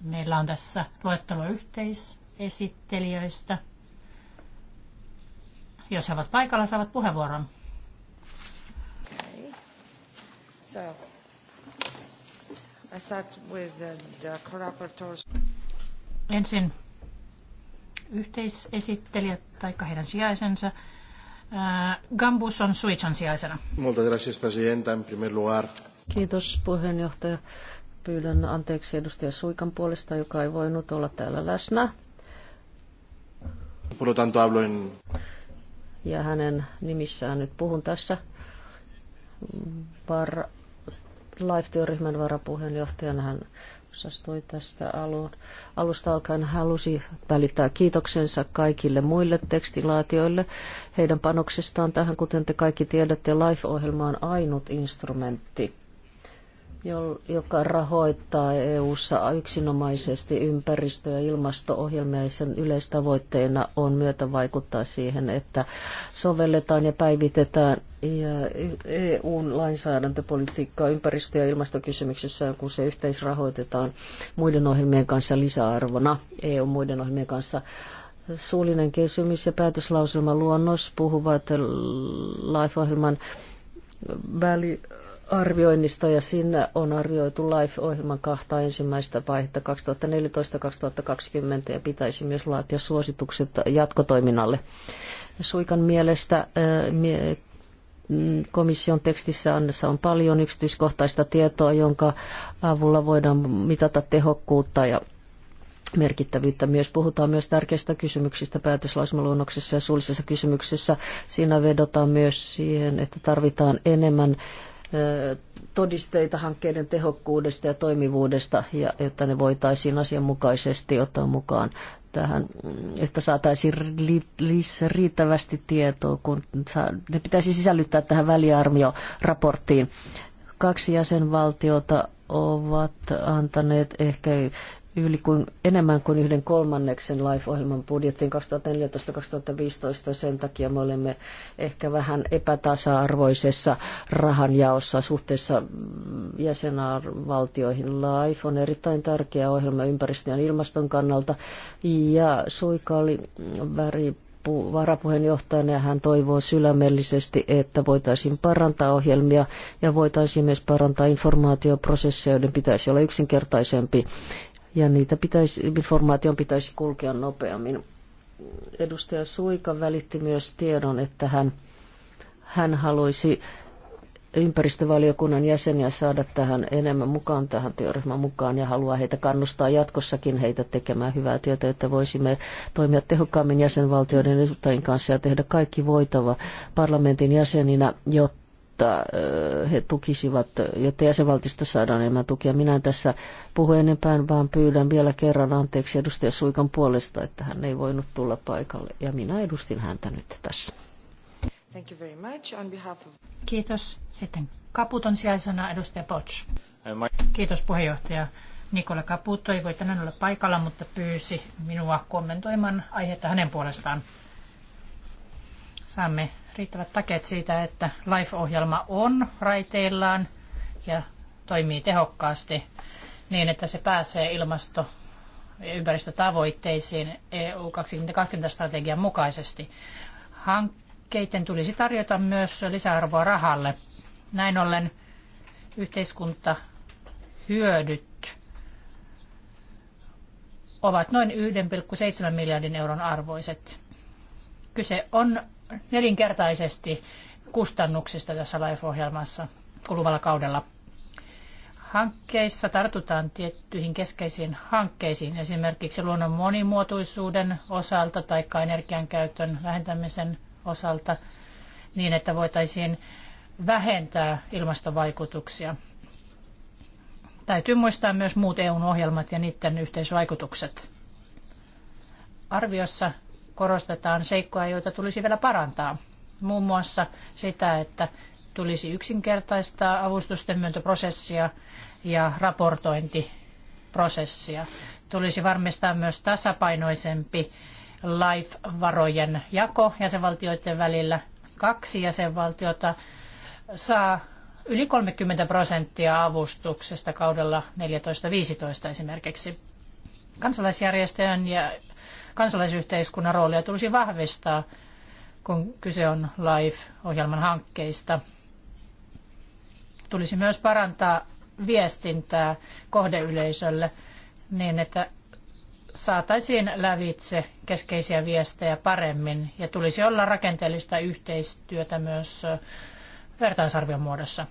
Meillä on tässä luettelo yhteisesittelijöistä. Jos he ovat paikalla, saavat puheenvuoron. Okay. So, I start with the, the Ensin yhteisesittelijät tai heidän sijaisensa. Äh, Gambus on Suitsan sijaisena. Molta gracias, presidenta, en primer lugar. Kiitos puheenjohtaja. Pyydän anteeksi edustaja Suikan puolesta, joka ei voinut olla täällä läsnä. Por lo tanto hablo en... Ja hänen nimissään nyt puhun tässä. Var... Life-työryhmän varapuheenjohtajana hän osastoi tästä alun, alusta alkaen halusi välittää kiitoksensa kaikille muille tekstilaatioille heidän panoksestaan tähän. Kuten te kaikki tiedätte, LIFE-ohjelma on ainut instrumentti, joka rahoittaa EU-ssa yksinomaisesti ympäristö- ja ilmasto-ohjelmia ja sen yleistavoitteena on myötä vaikuttaa siihen, että sovelletaan ja päivitetään EUn lainsäädäntöpolitiikkaa ympäristö- ja ilmastokysymyksessä, kun se yhteisrahoitetaan muiden ohjelmien kanssa lisäarvona EUn muiden ohjelmien kanssa suullinen kysymys ja päätöslauselma luonnos puhuvat life-ohjelman väli, arvioinnista ja sinne on arvioitu LIFE-ohjelman kahta ensimmäistä vaihetta 2014-2020 ja pitäisi myös laatia suositukset jatkotoiminnalle. Suikan mielestä äh, komission tekstissä annessa on paljon yksityiskohtaista tietoa, jonka avulla voidaan mitata tehokkuutta ja merkittävyyttä. Myös puhutaan myös tärkeistä kysymyksistä päätöslausumaluonnoksessa ja suullisessa kysymyksessä. Siinä vedotaan myös siihen, että tarvitaan enemmän todisteita hankkeiden tehokkuudesta ja toimivuudesta, ja että ne voitaisiin asianmukaisesti ottaa mukaan tähän, että saataisiin riittävästi tietoa, kun ne pitäisi sisällyttää tähän väliarvioraporttiin. Kaksi jäsenvaltiota ovat antaneet ehkä yli kuin, enemmän kuin yhden kolmanneksen LIFE-ohjelman budjettiin 2014-2015. Sen takia me olemme ehkä vähän epätasa-arvoisessa rahanjaossa suhteessa jäsenvaltioihin. LIFE on erittäin tärkeä ohjelma ympäristön ja ilmaston kannalta. Ja Suika oli väri varapuheenjohtajana ja hän toivoo sylämellisesti, että voitaisiin parantaa ohjelmia ja voitaisiin myös parantaa informaatioprosesseja, joiden pitäisi olla yksinkertaisempi ja niitä pitäisi, informaation pitäisi kulkea nopeammin. Edustaja Suika välitti myös tiedon, että hän, hän haluaisi ympäristövaliokunnan jäseniä saada tähän enemmän mukaan, tähän työryhmän mukaan ja haluaa heitä kannustaa jatkossakin heitä tekemään hyvää työtä, että voisimme toimia tehokkaammin jäsenvaltioiden edustajien kanssa ja tehdä kaikki voitava parlamentin jäseninä, jotta jotta he tukisivat, jotta jäsenvaltiosta saadaan enemmän tukea. Minä en tässä puhu enempää, vaan pyydän vielä kerran anteeksi edustaja Suikan puolesta, että hän ei voinut tulla paikalle. Ja minä edustin häntä nyt tässä. Thank you very much. On behalf of... Kiitos. Sitten Kaputon sijaisena edustaja Potsch. Eh, Kiitos puheenjohtaja. Nikola Caputo ei voi tänään olla paikalla, mutta pyysi minua kommentoimaan aihetta hänen puolestaan. Saamme riittävät takeet siitä, että LIFE-ohjelma on raiteillaan ja toimii tehokkaasti niin, että se pääsee ilmasto- ja ympäristötavoitteisiin EU 2020-strategian mukaisesti. Hankkeiden tulisi tarjota myös lisäarvoa rahalle. Näin ollen yhteiskunta hyödyt ovat noin 1,7 miljardin euron arvoiset. Kyse on nelinkertaisesti kustannuksista tässä LIFE-ohjelmassa kuluvalla kaudella. Hankkeissa tartutaan tiettyihin keskeisiin hankkeisiin, esimerkiksi luonnon monimuotoisuuden osalta tai energiankäytön vähentämisen osalta, niin että voitaisiin vähentää ilmastovaikutuksia. Täytyy muistaa myös muut EUn ohjelmat ja niiden yhteisvaikutukset. Arviossa korostetaan seikkoja, joita tulisi vielä parantaa. Muun muassa sitä, että tulisi yksinkertaistaa avustusten myöntöprosessia ja raportointiprosessia. Tulisi varmistaa myös tasapainoisempi LIFE-varojen jako jäsenvaltioiden välillä. Kaksi jäsenvaltiota saa yli 30 prosenttia avustuksesta kaudella 14-15 esimerkiksi. Kansalaisjärjestöjen ja kansalaisyhteiskunnan roolia tulisi vahvistaa, kun kyse on LIFE-ohjelman hankkeista. Tulisi myös parantaa viestintää kohdeyleisölle niin, että saataisiin lävitse keskeisiä viestejä paremmin ja tulisi olla rakenteellista yhteistyötä myös vertaisarvion muodossa.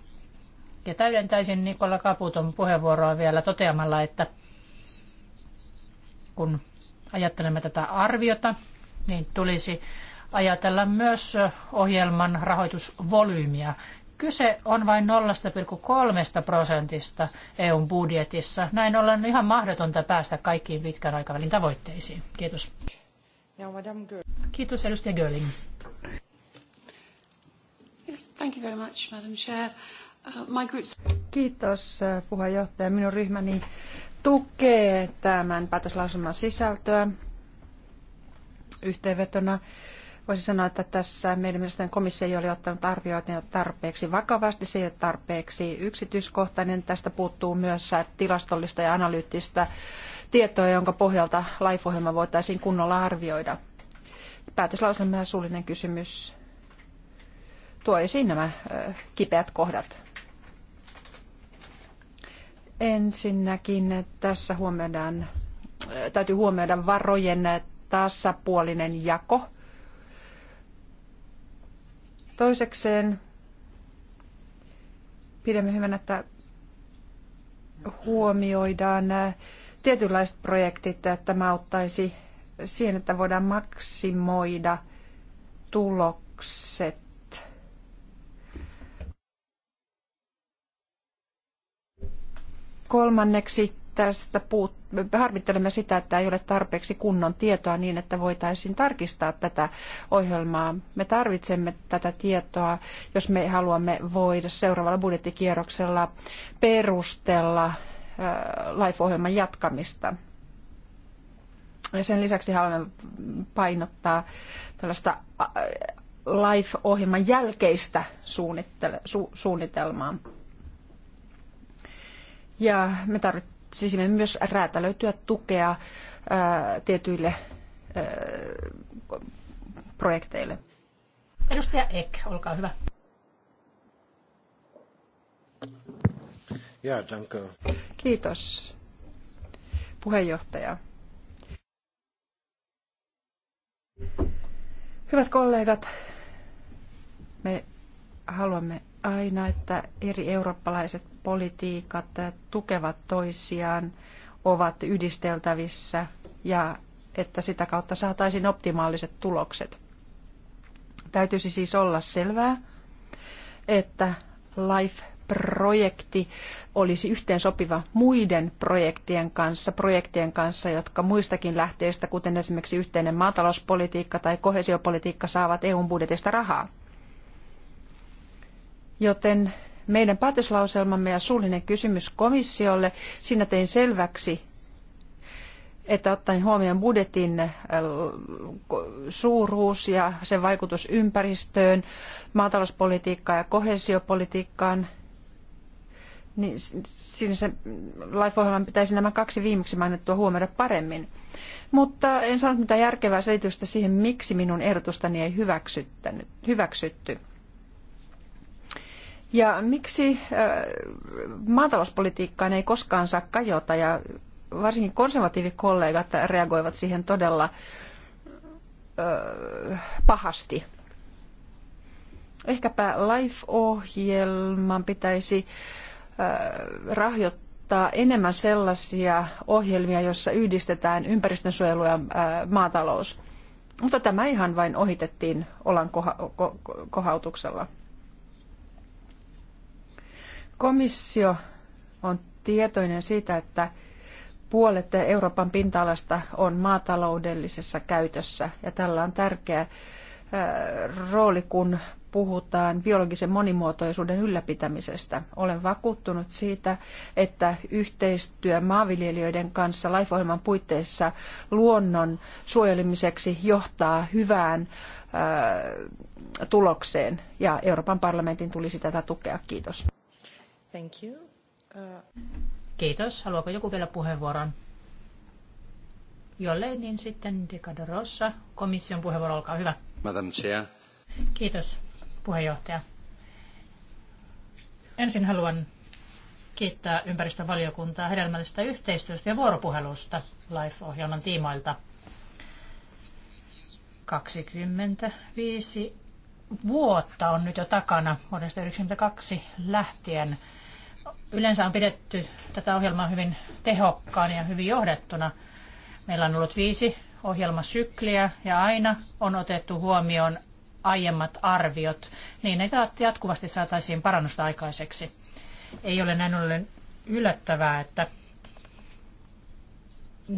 Ja täydentäisin Nikola Kaputon puheenvuoroa vielä toteamalla, että kun ajattelemme tätä arviota, niin tulisi ajatella myös ohjelman rahoitusvolyymiä. Kyse on vain 0,3 prosentista EUn budjetissa. Näin ollen ihan mahdotonta päästä kaikkiin pitkän aikavälin tavoitteisiin. Kiitos. Kiitos edustaja Görling. Thank you very much, Madam Chair. Uh, my Kiitos uh, puheenjohtaja. Minun ryhmäni tukee tämän päätöslauselman sisältöä. Yhteenvetona voisi sanoa, että tässä meidän mielestäni komissio ei ole ottanut arvioita tarpeeksi vakavasti, se ei ole tarpeeksi yksityiskohtainen. Tästä puuttuu myös tilastollista ja analyyttistä tietoa, jonka pohjalta LIFE-ohjelma voitaisiin kunnolla arvioida. Päätöslauselma ja suullinen kysymys tuo esiin nämä kipeät kohdat. Ensinnäkin tässä huomioidaan, täytyy huomioida varojen tasapuolinen jako. Toisekseen pidämme hyvänä, että huomioidaan tietynlaiset projektit, että tämä auttaisi siihen, että voidaan maksimoida tulokset Kolmanneksi tästä puut, harmittelemme sitä, että ei ole tarpeeksi kunnon tietoa niin, että voitaisiin tarkistaa tätä ohjelmaa. Me tarvitsemme tätä tietoa, jos me haluamme voida seuraavalla budjettikierroksella perustella äh, LIFE-ohjelman jatkamista. Ja sen lisäksi haluamme painottaa tällaista äh, LIFE-ohjelman jälkeistä suunnitelmaa ja me tarvitsisimme myös räätälöityä tukea ää, äh, tietyille ää, äh, projekteille. Edustaja Ek, olkaa hyvä. Ja, danke. Kiitos, puheenjohtaja. Hyvät kollegat, me haluamme aina, että eri eurooppalaiset politiikat tukevat toisiaan, ovat yhdisteltävissä ja että sitä kautta saataisiin optimaaliset tulokset. Täytyisi siis olla selvää, että LIFE-projekti olisi yhteensopiva muiden projektien kanssa, projektien kanssa, jotka muistakin lähteistä, kuten esimerkiksi yhteinen maatalouspolitiikka tai kohesiopolitiikka, saavat EUn budjetista rahaa. Joten meidän päätöslauselmamme ja suullinen kysymys komissiolle, siinä tein selväksi, että ottaen huomioon budjetin äh, suuruus ja sen vaikutus ympäristöön, maatalouspolitiikkaan ja koheesiopolitiikkaan, niin siinä se LIFE-ohjelman pitäisi nämä kaksi viimeksi mainittua huomioida paremmin. Mutta en saanut mitään järkevää selitystä siihen, miksi minun ehdotustani ei hyväksytty. Ja miksi äh, maatalouspolitiikkaan ei koskaan saa kajota ja varsinkin konservatiivikollegat reagoivat siihen todella äh, pahasti. Ehkäpä LIFE-ohjelman pitäisi äh, rahoittaa enemmän sellaisia ohjelmia, joissa yhdistetään ympäristönsuojelu ja maatalous. Mutta tämä ihan vain ohitettiin olan kohautuksella. Komissio on tietoinen siitä, että puolet Euroopan pinta-alasta on maataloudellisessa käytössä ja tällä on tärkeä äh, rooli, kun puhutaan biologisen monimuotoisuuden ylläpitämisestä. Olen vakuuttunut siitä, että yhteistyö maanviljelijöiden kanssa laifohjelman puitteissa luonnon suojelemiseksi johtaa hyvään äh, tulokseen ja Euroopan parlamentin tulisi tätä tukea. Kiitos. Thank you. Uh... Kiitos. Haluaako joku vielä puheenvuoron? Jollei, niin sitten Ricardo Rossa, komission puheenvuoro, olkaa hyvä. Madam Chair. Kiitos, puheenjohtaja. Ensin haluan kiittää ympäristövaliokuntaa hedelmällisestä yhteistyöstä ja vuoropuhelusta LIFE-ohjelman tiimoilta. 25 vuotta on nyt jo takana vuodesta 1992 lähtien. Yleensä on pidetty tätä ohjelmaa hyvin tehokkaana ja hyvin johdettuna. Meillä on ollut viisi ohjelmasykliä ja aina on otettu huomioon aiemmat arviot, niin että jatkuvasti saataisiin parannusta aikaiseksi. Ei ole näin ollen yllättävää, että 14.20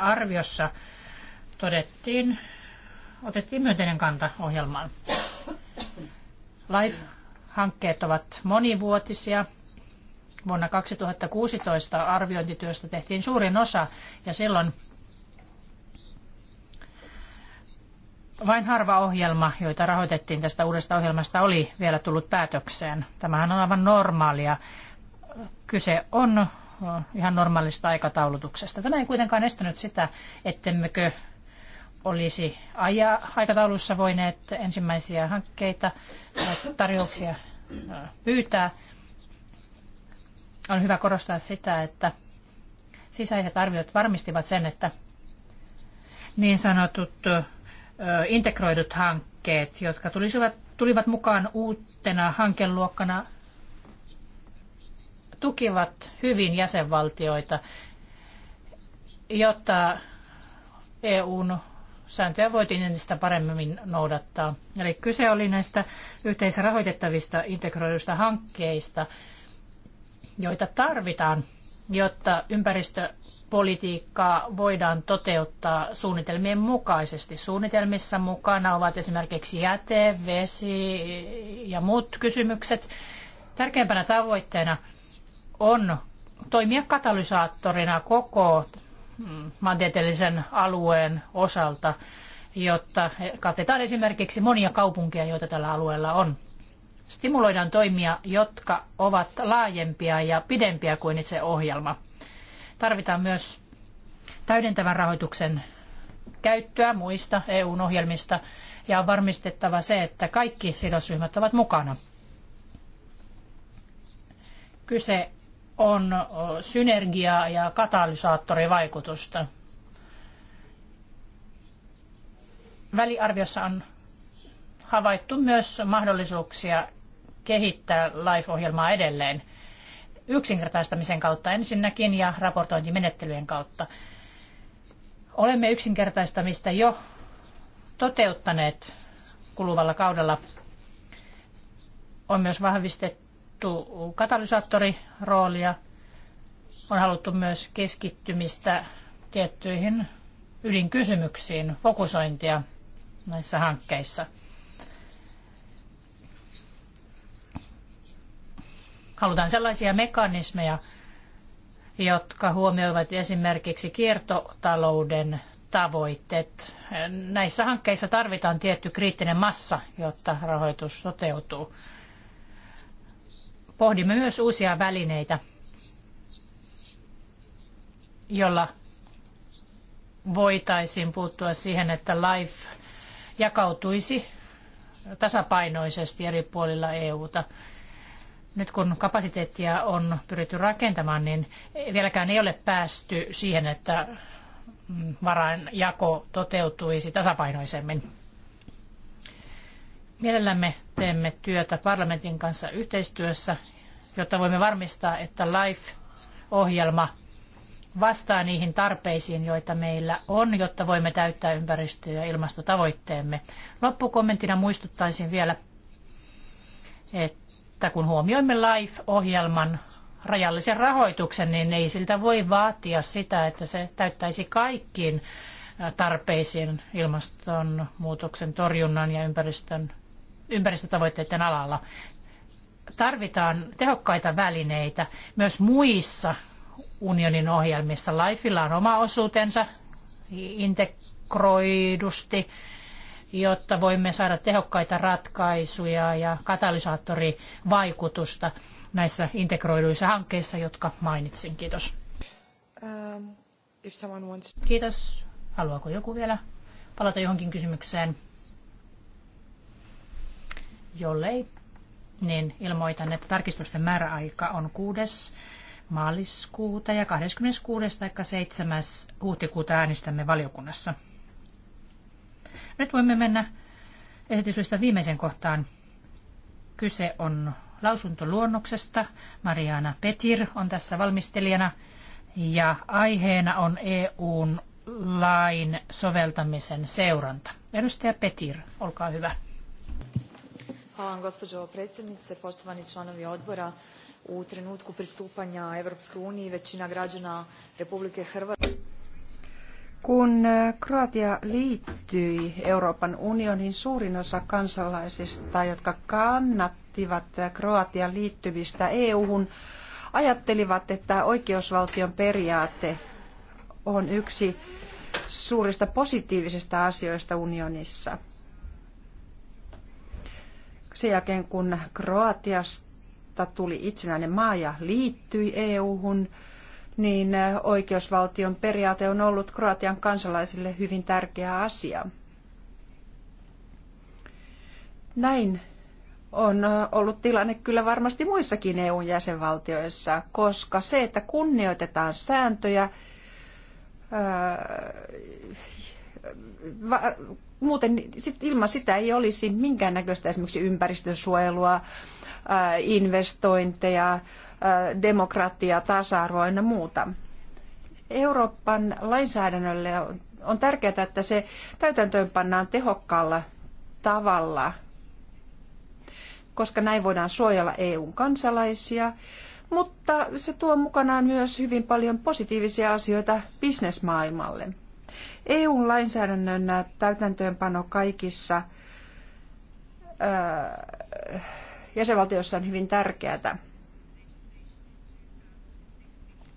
arviossa todettiin, otettiin myönteinen kanta ohjelmaan. Live Hankkeet ovat monivuotisia. Vuonna 2016 arviointityöstä tehtiin suurin osa ja silloin vain harva ohjelma, joita rahoitettiin tästä uudesta ohjelmasta, oli vielä tullut päätökseen. Tämähän on aivan normaalia. Kyse on ihan normaalista aikataulutuksesta. Tämä ei kuitenkaan estänyt sitä, ettemmekö olisi aja, aikataulussa voineet ensimmäisiä hankkeita tai tarjouksia pyytää. On hyvä korostaa sitä, että sisäiset arviot varmistivat sen, että niin sanotut integroidut hankkeet, jotka tulisivat, tulivat mukaan uutena hankeluokkana, tukivat hyvin jäsenvaltioita, jotta EUn sääntöjä voitiin entistä paremmin noudattaa. Eli kyse oli näistä yhteisrahoitettavista integroiduista hankkeista, joita tarvitaan, jotta ympäristöpolitiikkaa voidaan toteuttaa suunnitelmien mukaisesti. Suunnitelmissa mukana ovat esimerkiksi jäte, vesi ja muut kysymykset. Tärkeimpänä tavoitteena on toimia katalysaattorina koko Mm, maantieteellisen alueen osalta, jotta katetaan esimerkiksi monia kaupunkeja, joita tällä alueella on. Stimuloidaan toimia, jotka ovat laajempia ja pidempiä kuin itse ohjelma. Tarvitaan myös täydentävän rahoituksen käyttöä muista EU-ohjelmista ja on varmistettava se, että kaikki sidosryhmät ovat mukana. Kyse on synergiaa ja katalysaattorivaikutusta. Väliarviossa on havaittu myös mahdollisuuksia kehittää LIFE-ohjelmaa edelleen yksinkertaistamisen kautta ensinnäkin ja raportointimenettelyjen kautta. Olemme yksinkertaistamista jo toteuttaneet kuluvalla kaudella. On myös vahvistettu haluttu katalysaattoriroolia, on haluttu myös keskittymistä tiettyihin ydinkysymyksiin, fokusointia näissä hankkeissa. Halutaan sellaisia mekanismeja, jotka huomioivat esimerkiksi kiertotalouden tavoitteet. Näissä hankkeissa tarvitaan tietty kriittinen massa, jotta rahoitus toteutuu pohdimme myös uusia välineitä, jolla voitaisiin puuttua siihen, että life jakautuisi tasapainoisesti eri puolilla EUta. Nyt kun kapasiteettia on pyritty rakentamaan, niin vieläkään ei ole päästy siihen, että varainjako toteutuisi tasapainoisemmin. Mielellämme teemme työtä parlamentin kanssa yhteistyössä, jotta voimme varmistaa, että LIFE-ohjelma vastaa niihin tarpeisiin, joita meillä on, jotta voimme täyttää ympäristö- ja ilmastotavoitteemme. Loppukommenttina muistuttaisin vielä, että kun huomioimme LIFE-ohjelman rajallisen rahoituksen, niin ei siltä voi vaatia sitä, että se täyttäisi kaikkiin tarpeisiin ilmastonmuutoksen torjunnan ja ympäristön ympäristötavoitteiden alalla. Tarvitaan tehokkaita välineitä myös muissa unionin ohjelmissa. Lifeilla on oma osuutensa integroidusti, jotta voimme saada tehokkaita ratkaisuja ja katalysaattorivaikutusta näissä integroiduissa hankkeissa, jotka mainitsin. Kiitos. Um, Kiitos. Haluaako joku vielä palata johonkin kysymykseen? Jollei, niin ilmoitan, että tarkistusten määräaika on 6. maaliskuuta ja 26. tai 7. huhtikuuta äänestämme valiokunnassa. Nyt voimme mennä esityslistä viimeisen kohtaan. Kyse on lausuntoluonnoksesta. Mariana Petir on tässä valmistelijana ja aiheena on EUn lain soveltamisen seuranta. Edustaja Petir, olkaa hyvä. Hvala vam gospođo predsjednice, poštovani članovi odbora. U trenutku pristupanja Europskoj uniji većina građana Republike Hrvatske kun eh, Kroatia liittyi Euroopan unioniin, suurin osa kansalaisista, jotka kannattivat Kroatian liittymistä EU-hun, ajattelivat, että oikeusvaltion periaate on yksi suurista positiivisista asioista unionissa sen jälkeen, kun Kroatiasta tuli itsenäinen maa ja liittyi EU-hun, niin oikeusvaltion periaate on ollut Kroatian kansalaisille hyvin tärkeä asia. Näin on ollut tilanne kyllä varmasti muissakin EUn jäsenvaltioissa, koska se, että kunnioitetaan sääntöjä, muuten sit, ilman sitä ei olisi minkäännäköistä esimerkiksi ympäristösuojelua, äh, investointeja, äh, demokratiaa, tasa-arvoa ja muuta. Euroopan lainsäädännölle on tärkeää, että se täytäntöönpannaan tehokkaalla tavalla, koska näin voidaan suojella EUn kansalaisia, mutta se tuo mukanaan myös hyvin paljon positiivisia asioita bisnesmaailmalle. EU-lainsäädännön täytäntöönpano kaikissa jäsenvaltioissa on hyvin tärkeää.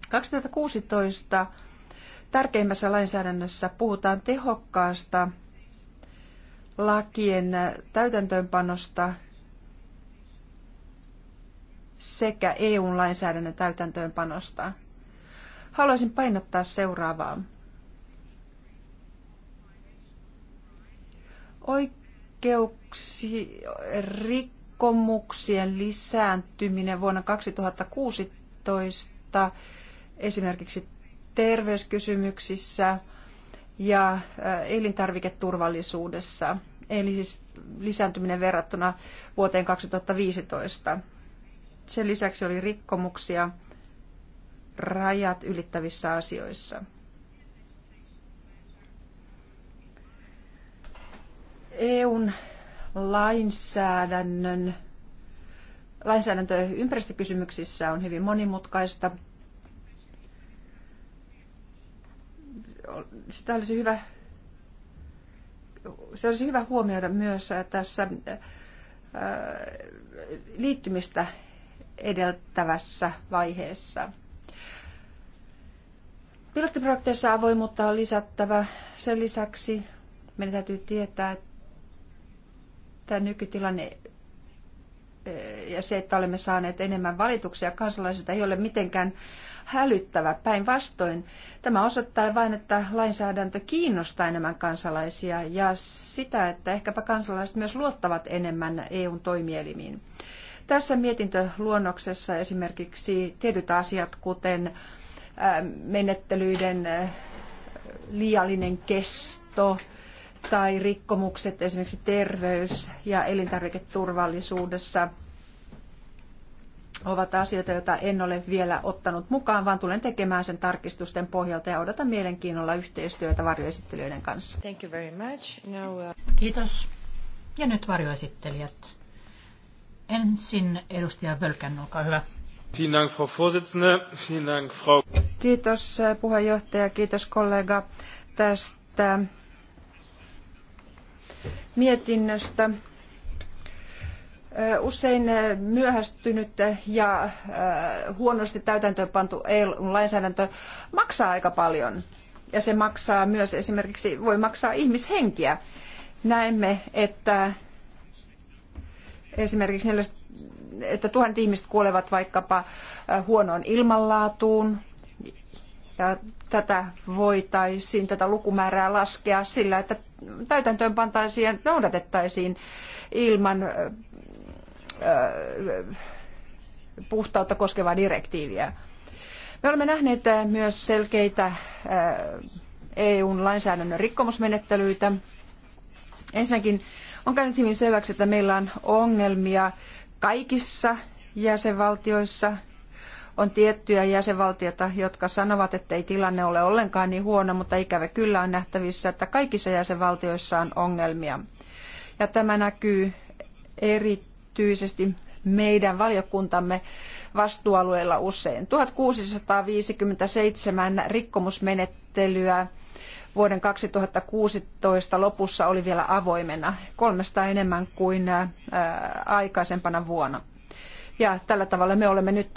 2016 tärkeimmässä lainsäädännössä puhutaan tehokkaasta lakien täytäntöönpanosta sekä eu lainsäädännön täytäntöönpanosta. Haluaisin painottaa seuraavaa. Oikeuksi rikkomuksien lisääntyminen vuonna 2016 esimerkiksi terveyskysymyksissä ja elintarviketurvallisuudessa, eli siis lisääntyminen verrattuna vuoteen 2015. Sen lisäksi oli rikkomuksia rajat ylittävissä asioissa. EUn lainsäädännön lainsäädäntö ympäristökysymyksissä on hyvin monimutkaista. Sitä olisi hyvä, se olisi hyvä huomioida myös tässä äh, liittymistä edeltävässä vaiheessa. Pilottiprojekteissa avoimuutta on lisättävä. Sen lisäksi meidän täytyy tietää, että tämä nykytilanne eh, ja se, että olemme saaneet enemmän valituksia kansalaisilta, ei ole mitenkään hälyttävä. Päinvastoin tämä osoittaa vain, että lainsäädäntö kiinnostaa enemmän kansalaisia ja sitä, että ehkäpä kansalaiset myös luottavat enemmän EUn toimielimiin. Tässä mietintöluonnoksessa esimerkiksi tietyt asiat, kuten eh, menettelyiden eh, liiallinen kesto, tai rikkomukset esimerkiksi terveys- ja elintarviketurvallisuudessa ovat asioita, joita en ole vielä ottanut mukaan, vaan tulen tekemään sen tarkistusten pohjalta ja odotan mielenkiinnolla yhteistyötä varjoesittelijöiden kanssa. Thank you very much. Now, uh... Kiitos. Ja nyt varjoesittelijät. Ensin edustaja Völkän, olkaa hyvä. Vielen Frau Vorsitzende. Vielen Frau... Kiitos äh, puheenjohtaja, kiitos kollega tästä mietinnöstä. Usein myöhästynyt ja huonosti täytäntöönpantu EU-lainsäädäntö maksaa aika paljon. Ja se maksaa myös esimerkiksi, voi maksaa ihmishenkiä. Näemme, että esimerkiksi että tuhannet ihmiset kuolevat vaikkapa huonoon ilmanlaatuun. Ja tätä voitaisiin, tätä lukumäärää laskea sillä, että täytäntöön pantaisiin ja noudatettaisiin ilman puhtautta koskevaa direktiiviä. Me olemme nähneet myös selkeitä EUn lainsäädännön rikkomusmenettelyitä. Ensinnäkin on käynyt hyvin selväksi, että meillä on ongelmia kaikissa jäsenvaltioissa on tiettyjä jäsenvaltioita, jotka sanovat, että ei tilanne ole ollenkaan niin huono, mutta ikävä kyllä on nähtävissä, että kaikissa jäsenvaltioissa on ongelmia. Ja tämä näkyy erityisesti meidän valiokuntamme vastuualueella usein. 1657 rikkomusmenettelyä vuoden 2016 lopussa oli vielä avoimena, 300 enemmän kuin aikaisempana vuonna. Ja tällä tavalla me olemme nyt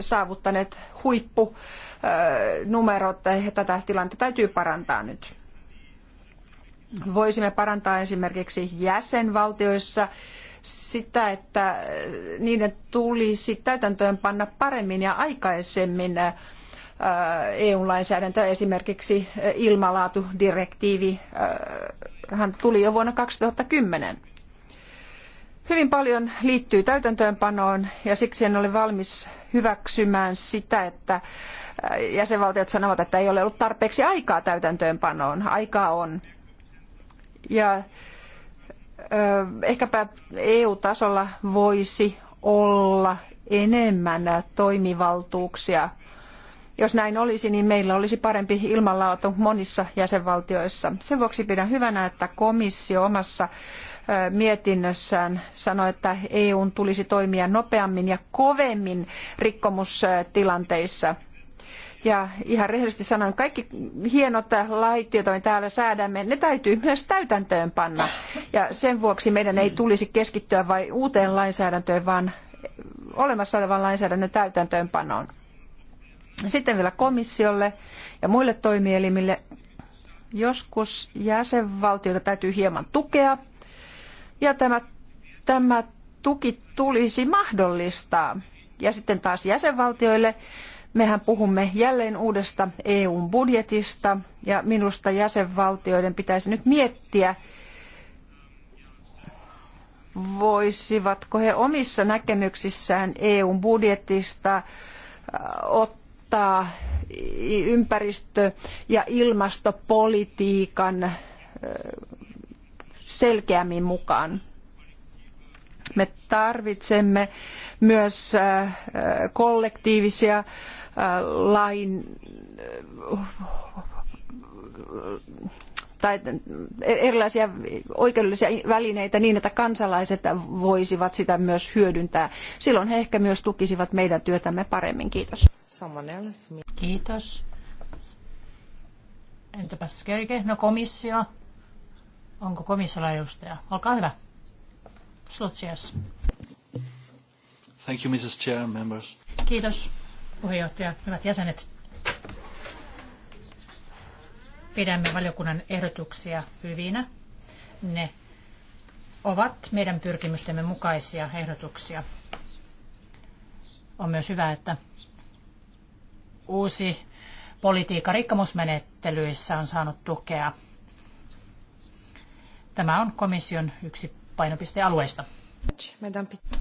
saavuttaneet huippunumerot. Tätä tilannetta täytyy parantaa nyt. Voisimme parantaa esimerkiksi jäsenvaltioissa sitä, että niiden tulisi täytäntöön panna paremmin ja aikaisemmin äh, EU-lainsäädäntö, esimerkiksi äh, ilmalaatudirektiivi, äh, hän tuli jo vuonna 2010. Hyvin paljon liittyy täytäntöönpanoon ja siksi en ole valmis hyväksymään sitä, että äh, jäsenvaltiot sanovat, että ei ole ollut tarpeeksi aikaa täytäntöönpanoon. Aikaa on. Ja äh, ehkäpä EU-tasolla voisi olla enemmän toimivaltuuksia. Jos näin olisi, niin meillä olisi parempi ilmanlaatu monissa jäsenvaltioissa. Sen vuoksi pidän hyvänä, että komissio omassa mietinnössään sanoi, että EUn tulisi toimia nopeammin ja kovemmin rikkomustilanteissa. Ja ihan rehellisesti sanoen, kaikki hienot lait, joita me täällä säädämme, ne täytyy myös täytäntöön panna. Ja sen vuoksi meidän ei tulisi keskittyä vain uuteen lainsäädäntöön, vaan olemassa olevan lainsäädännön täytäntöönpanoon. Sitten vielä komissiolle ja muille toimielimille. Joskus jäsenvaltioita täytyy hieman tukea ja tämä, tämä tuki tulisi mahdollistaa. Ja sitten taas jäsenvaltioille. Mehän puhumme jälleen uudesta EUn budjetista ja minusta jäsenvaltioiden pitäisi nyt miettiä, voisivatko he omissa näkemyksissään EUn budjetista äh, ottaa ympäristö- ja ilmastopolitiikan äh, selkeämmin mukaan. Me tarvitsemme myös äh, kollektiivisia äh, lain äh, tai erilaisia oikeudellisia välineitä niin, että kansalaiset voisivat sitä myös hyödyntää. Silloin he ehkä myös tukisivat meidän työtämme paremmin. Kiitos. Kiitos. Entäpäs Kerke? No komissio. Onko komissiolla edustaja? Olkaa hyvä. Thank you, Mrs. Chair, members. Kiitos, puheenjohtaja, hyvät jäsenet. Pidämme valiokunnan ehdotuksia hyvinä. Ne ovat meidän pyrkimystemme mukaisia ehdotuksia. On myös hyvä, että uusi politiikka rikkomusmenettelyissä on saanut tukea. Tämä on komission yksi painopistealueista.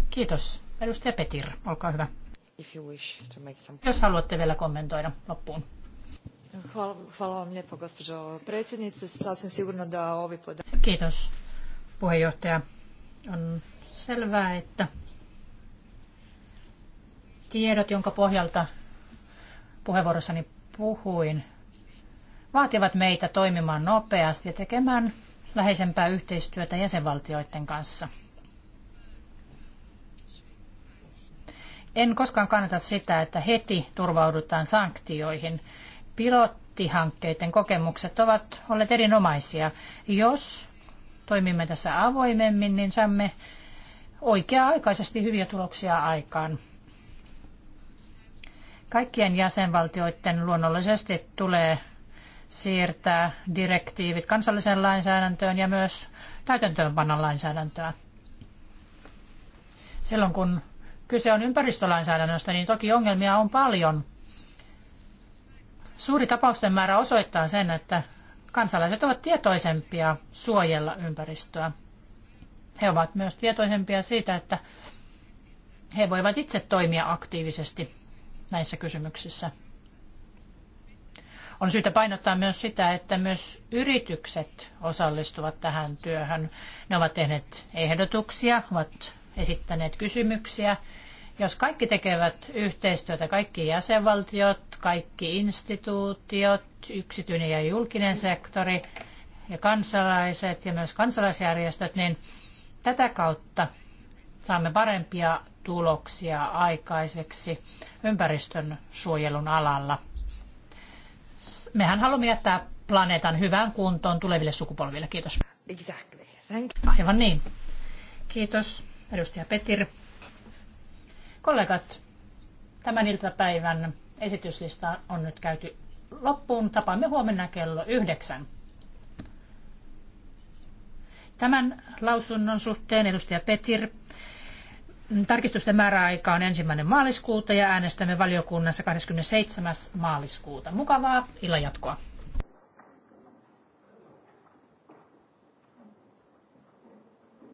Kiitos. Edustaja Petir, olkaa hyvä. Some... Jos haluatte vielä kommentoida loppuun. Kiitos puheenjohtaja. On selvää, että tiedot, jonka pohjalta puheenvuorossani puhuin, vaativat meitä toimimaan nopeasti ja tekemään läheisempää yhteistyötä jäsenvaltioiden kanssa. En koskaan kannata sitä, että heti turvaudutaan sanktioihin. Pilottihankkeiden kokemukset ovat olleet erinomaisia. Jos toimimme tässä avoimemmin, niin saamme oikea-aikaisesti hyviä tuloksia aikaan. Kaikkien jäsenvaltioiden luonnollisesti tulee siirtää direktiivit kansalliseen lainsäädäntöön ja myös täytäntöönpanna lainsäädäntöä. Silloin kun kyse on ympäristölainsäädännöstä, niin toki ongelmia on paljon. Suuri tapausten määrä osoittaa sen, että kansalaiset ovat tietoisempia suojella ympäristöä. He ovat myös tietoisempia siitä, että he voivat itse toimia aktiivisesti näissä kysymyksissä. On syytä painottaa myös sitä, että myös yritykset osallistuvat tähän työhön. Ne ovat tehneet ehdotuksia, ovat esittäneet kysymyksiä. Jos kaikki tekevät yhteistyötä, kaikki jäsenvaltiot, kaikki instituutiot, yksityinen ja julkinen sektori ja kansalaiset ja myös kansalaisjärjestöt, niin tätä kautta saamme parempia tuloksia aikaiseksi ympäristön suojelun alalla mehän haluamme jättää planeetan hyvään kuntoon tuleville sukupolville. Kiitos. Exactly. Thank you. Aivan niin. Kiitos, edustaja Petir. Kollegat, tämän iltapäivän esityslista on nyt käyty loppuun. Tapaamme huomenna kello yhdeksän. Tämän lausunnon suhteen edustaja Petir Tarkistusten määräaika on ensimmäinen maaliskuuta ja äänestämme valiokunnassa 27. maaliskuuta. Mukavaa illan jatkoa.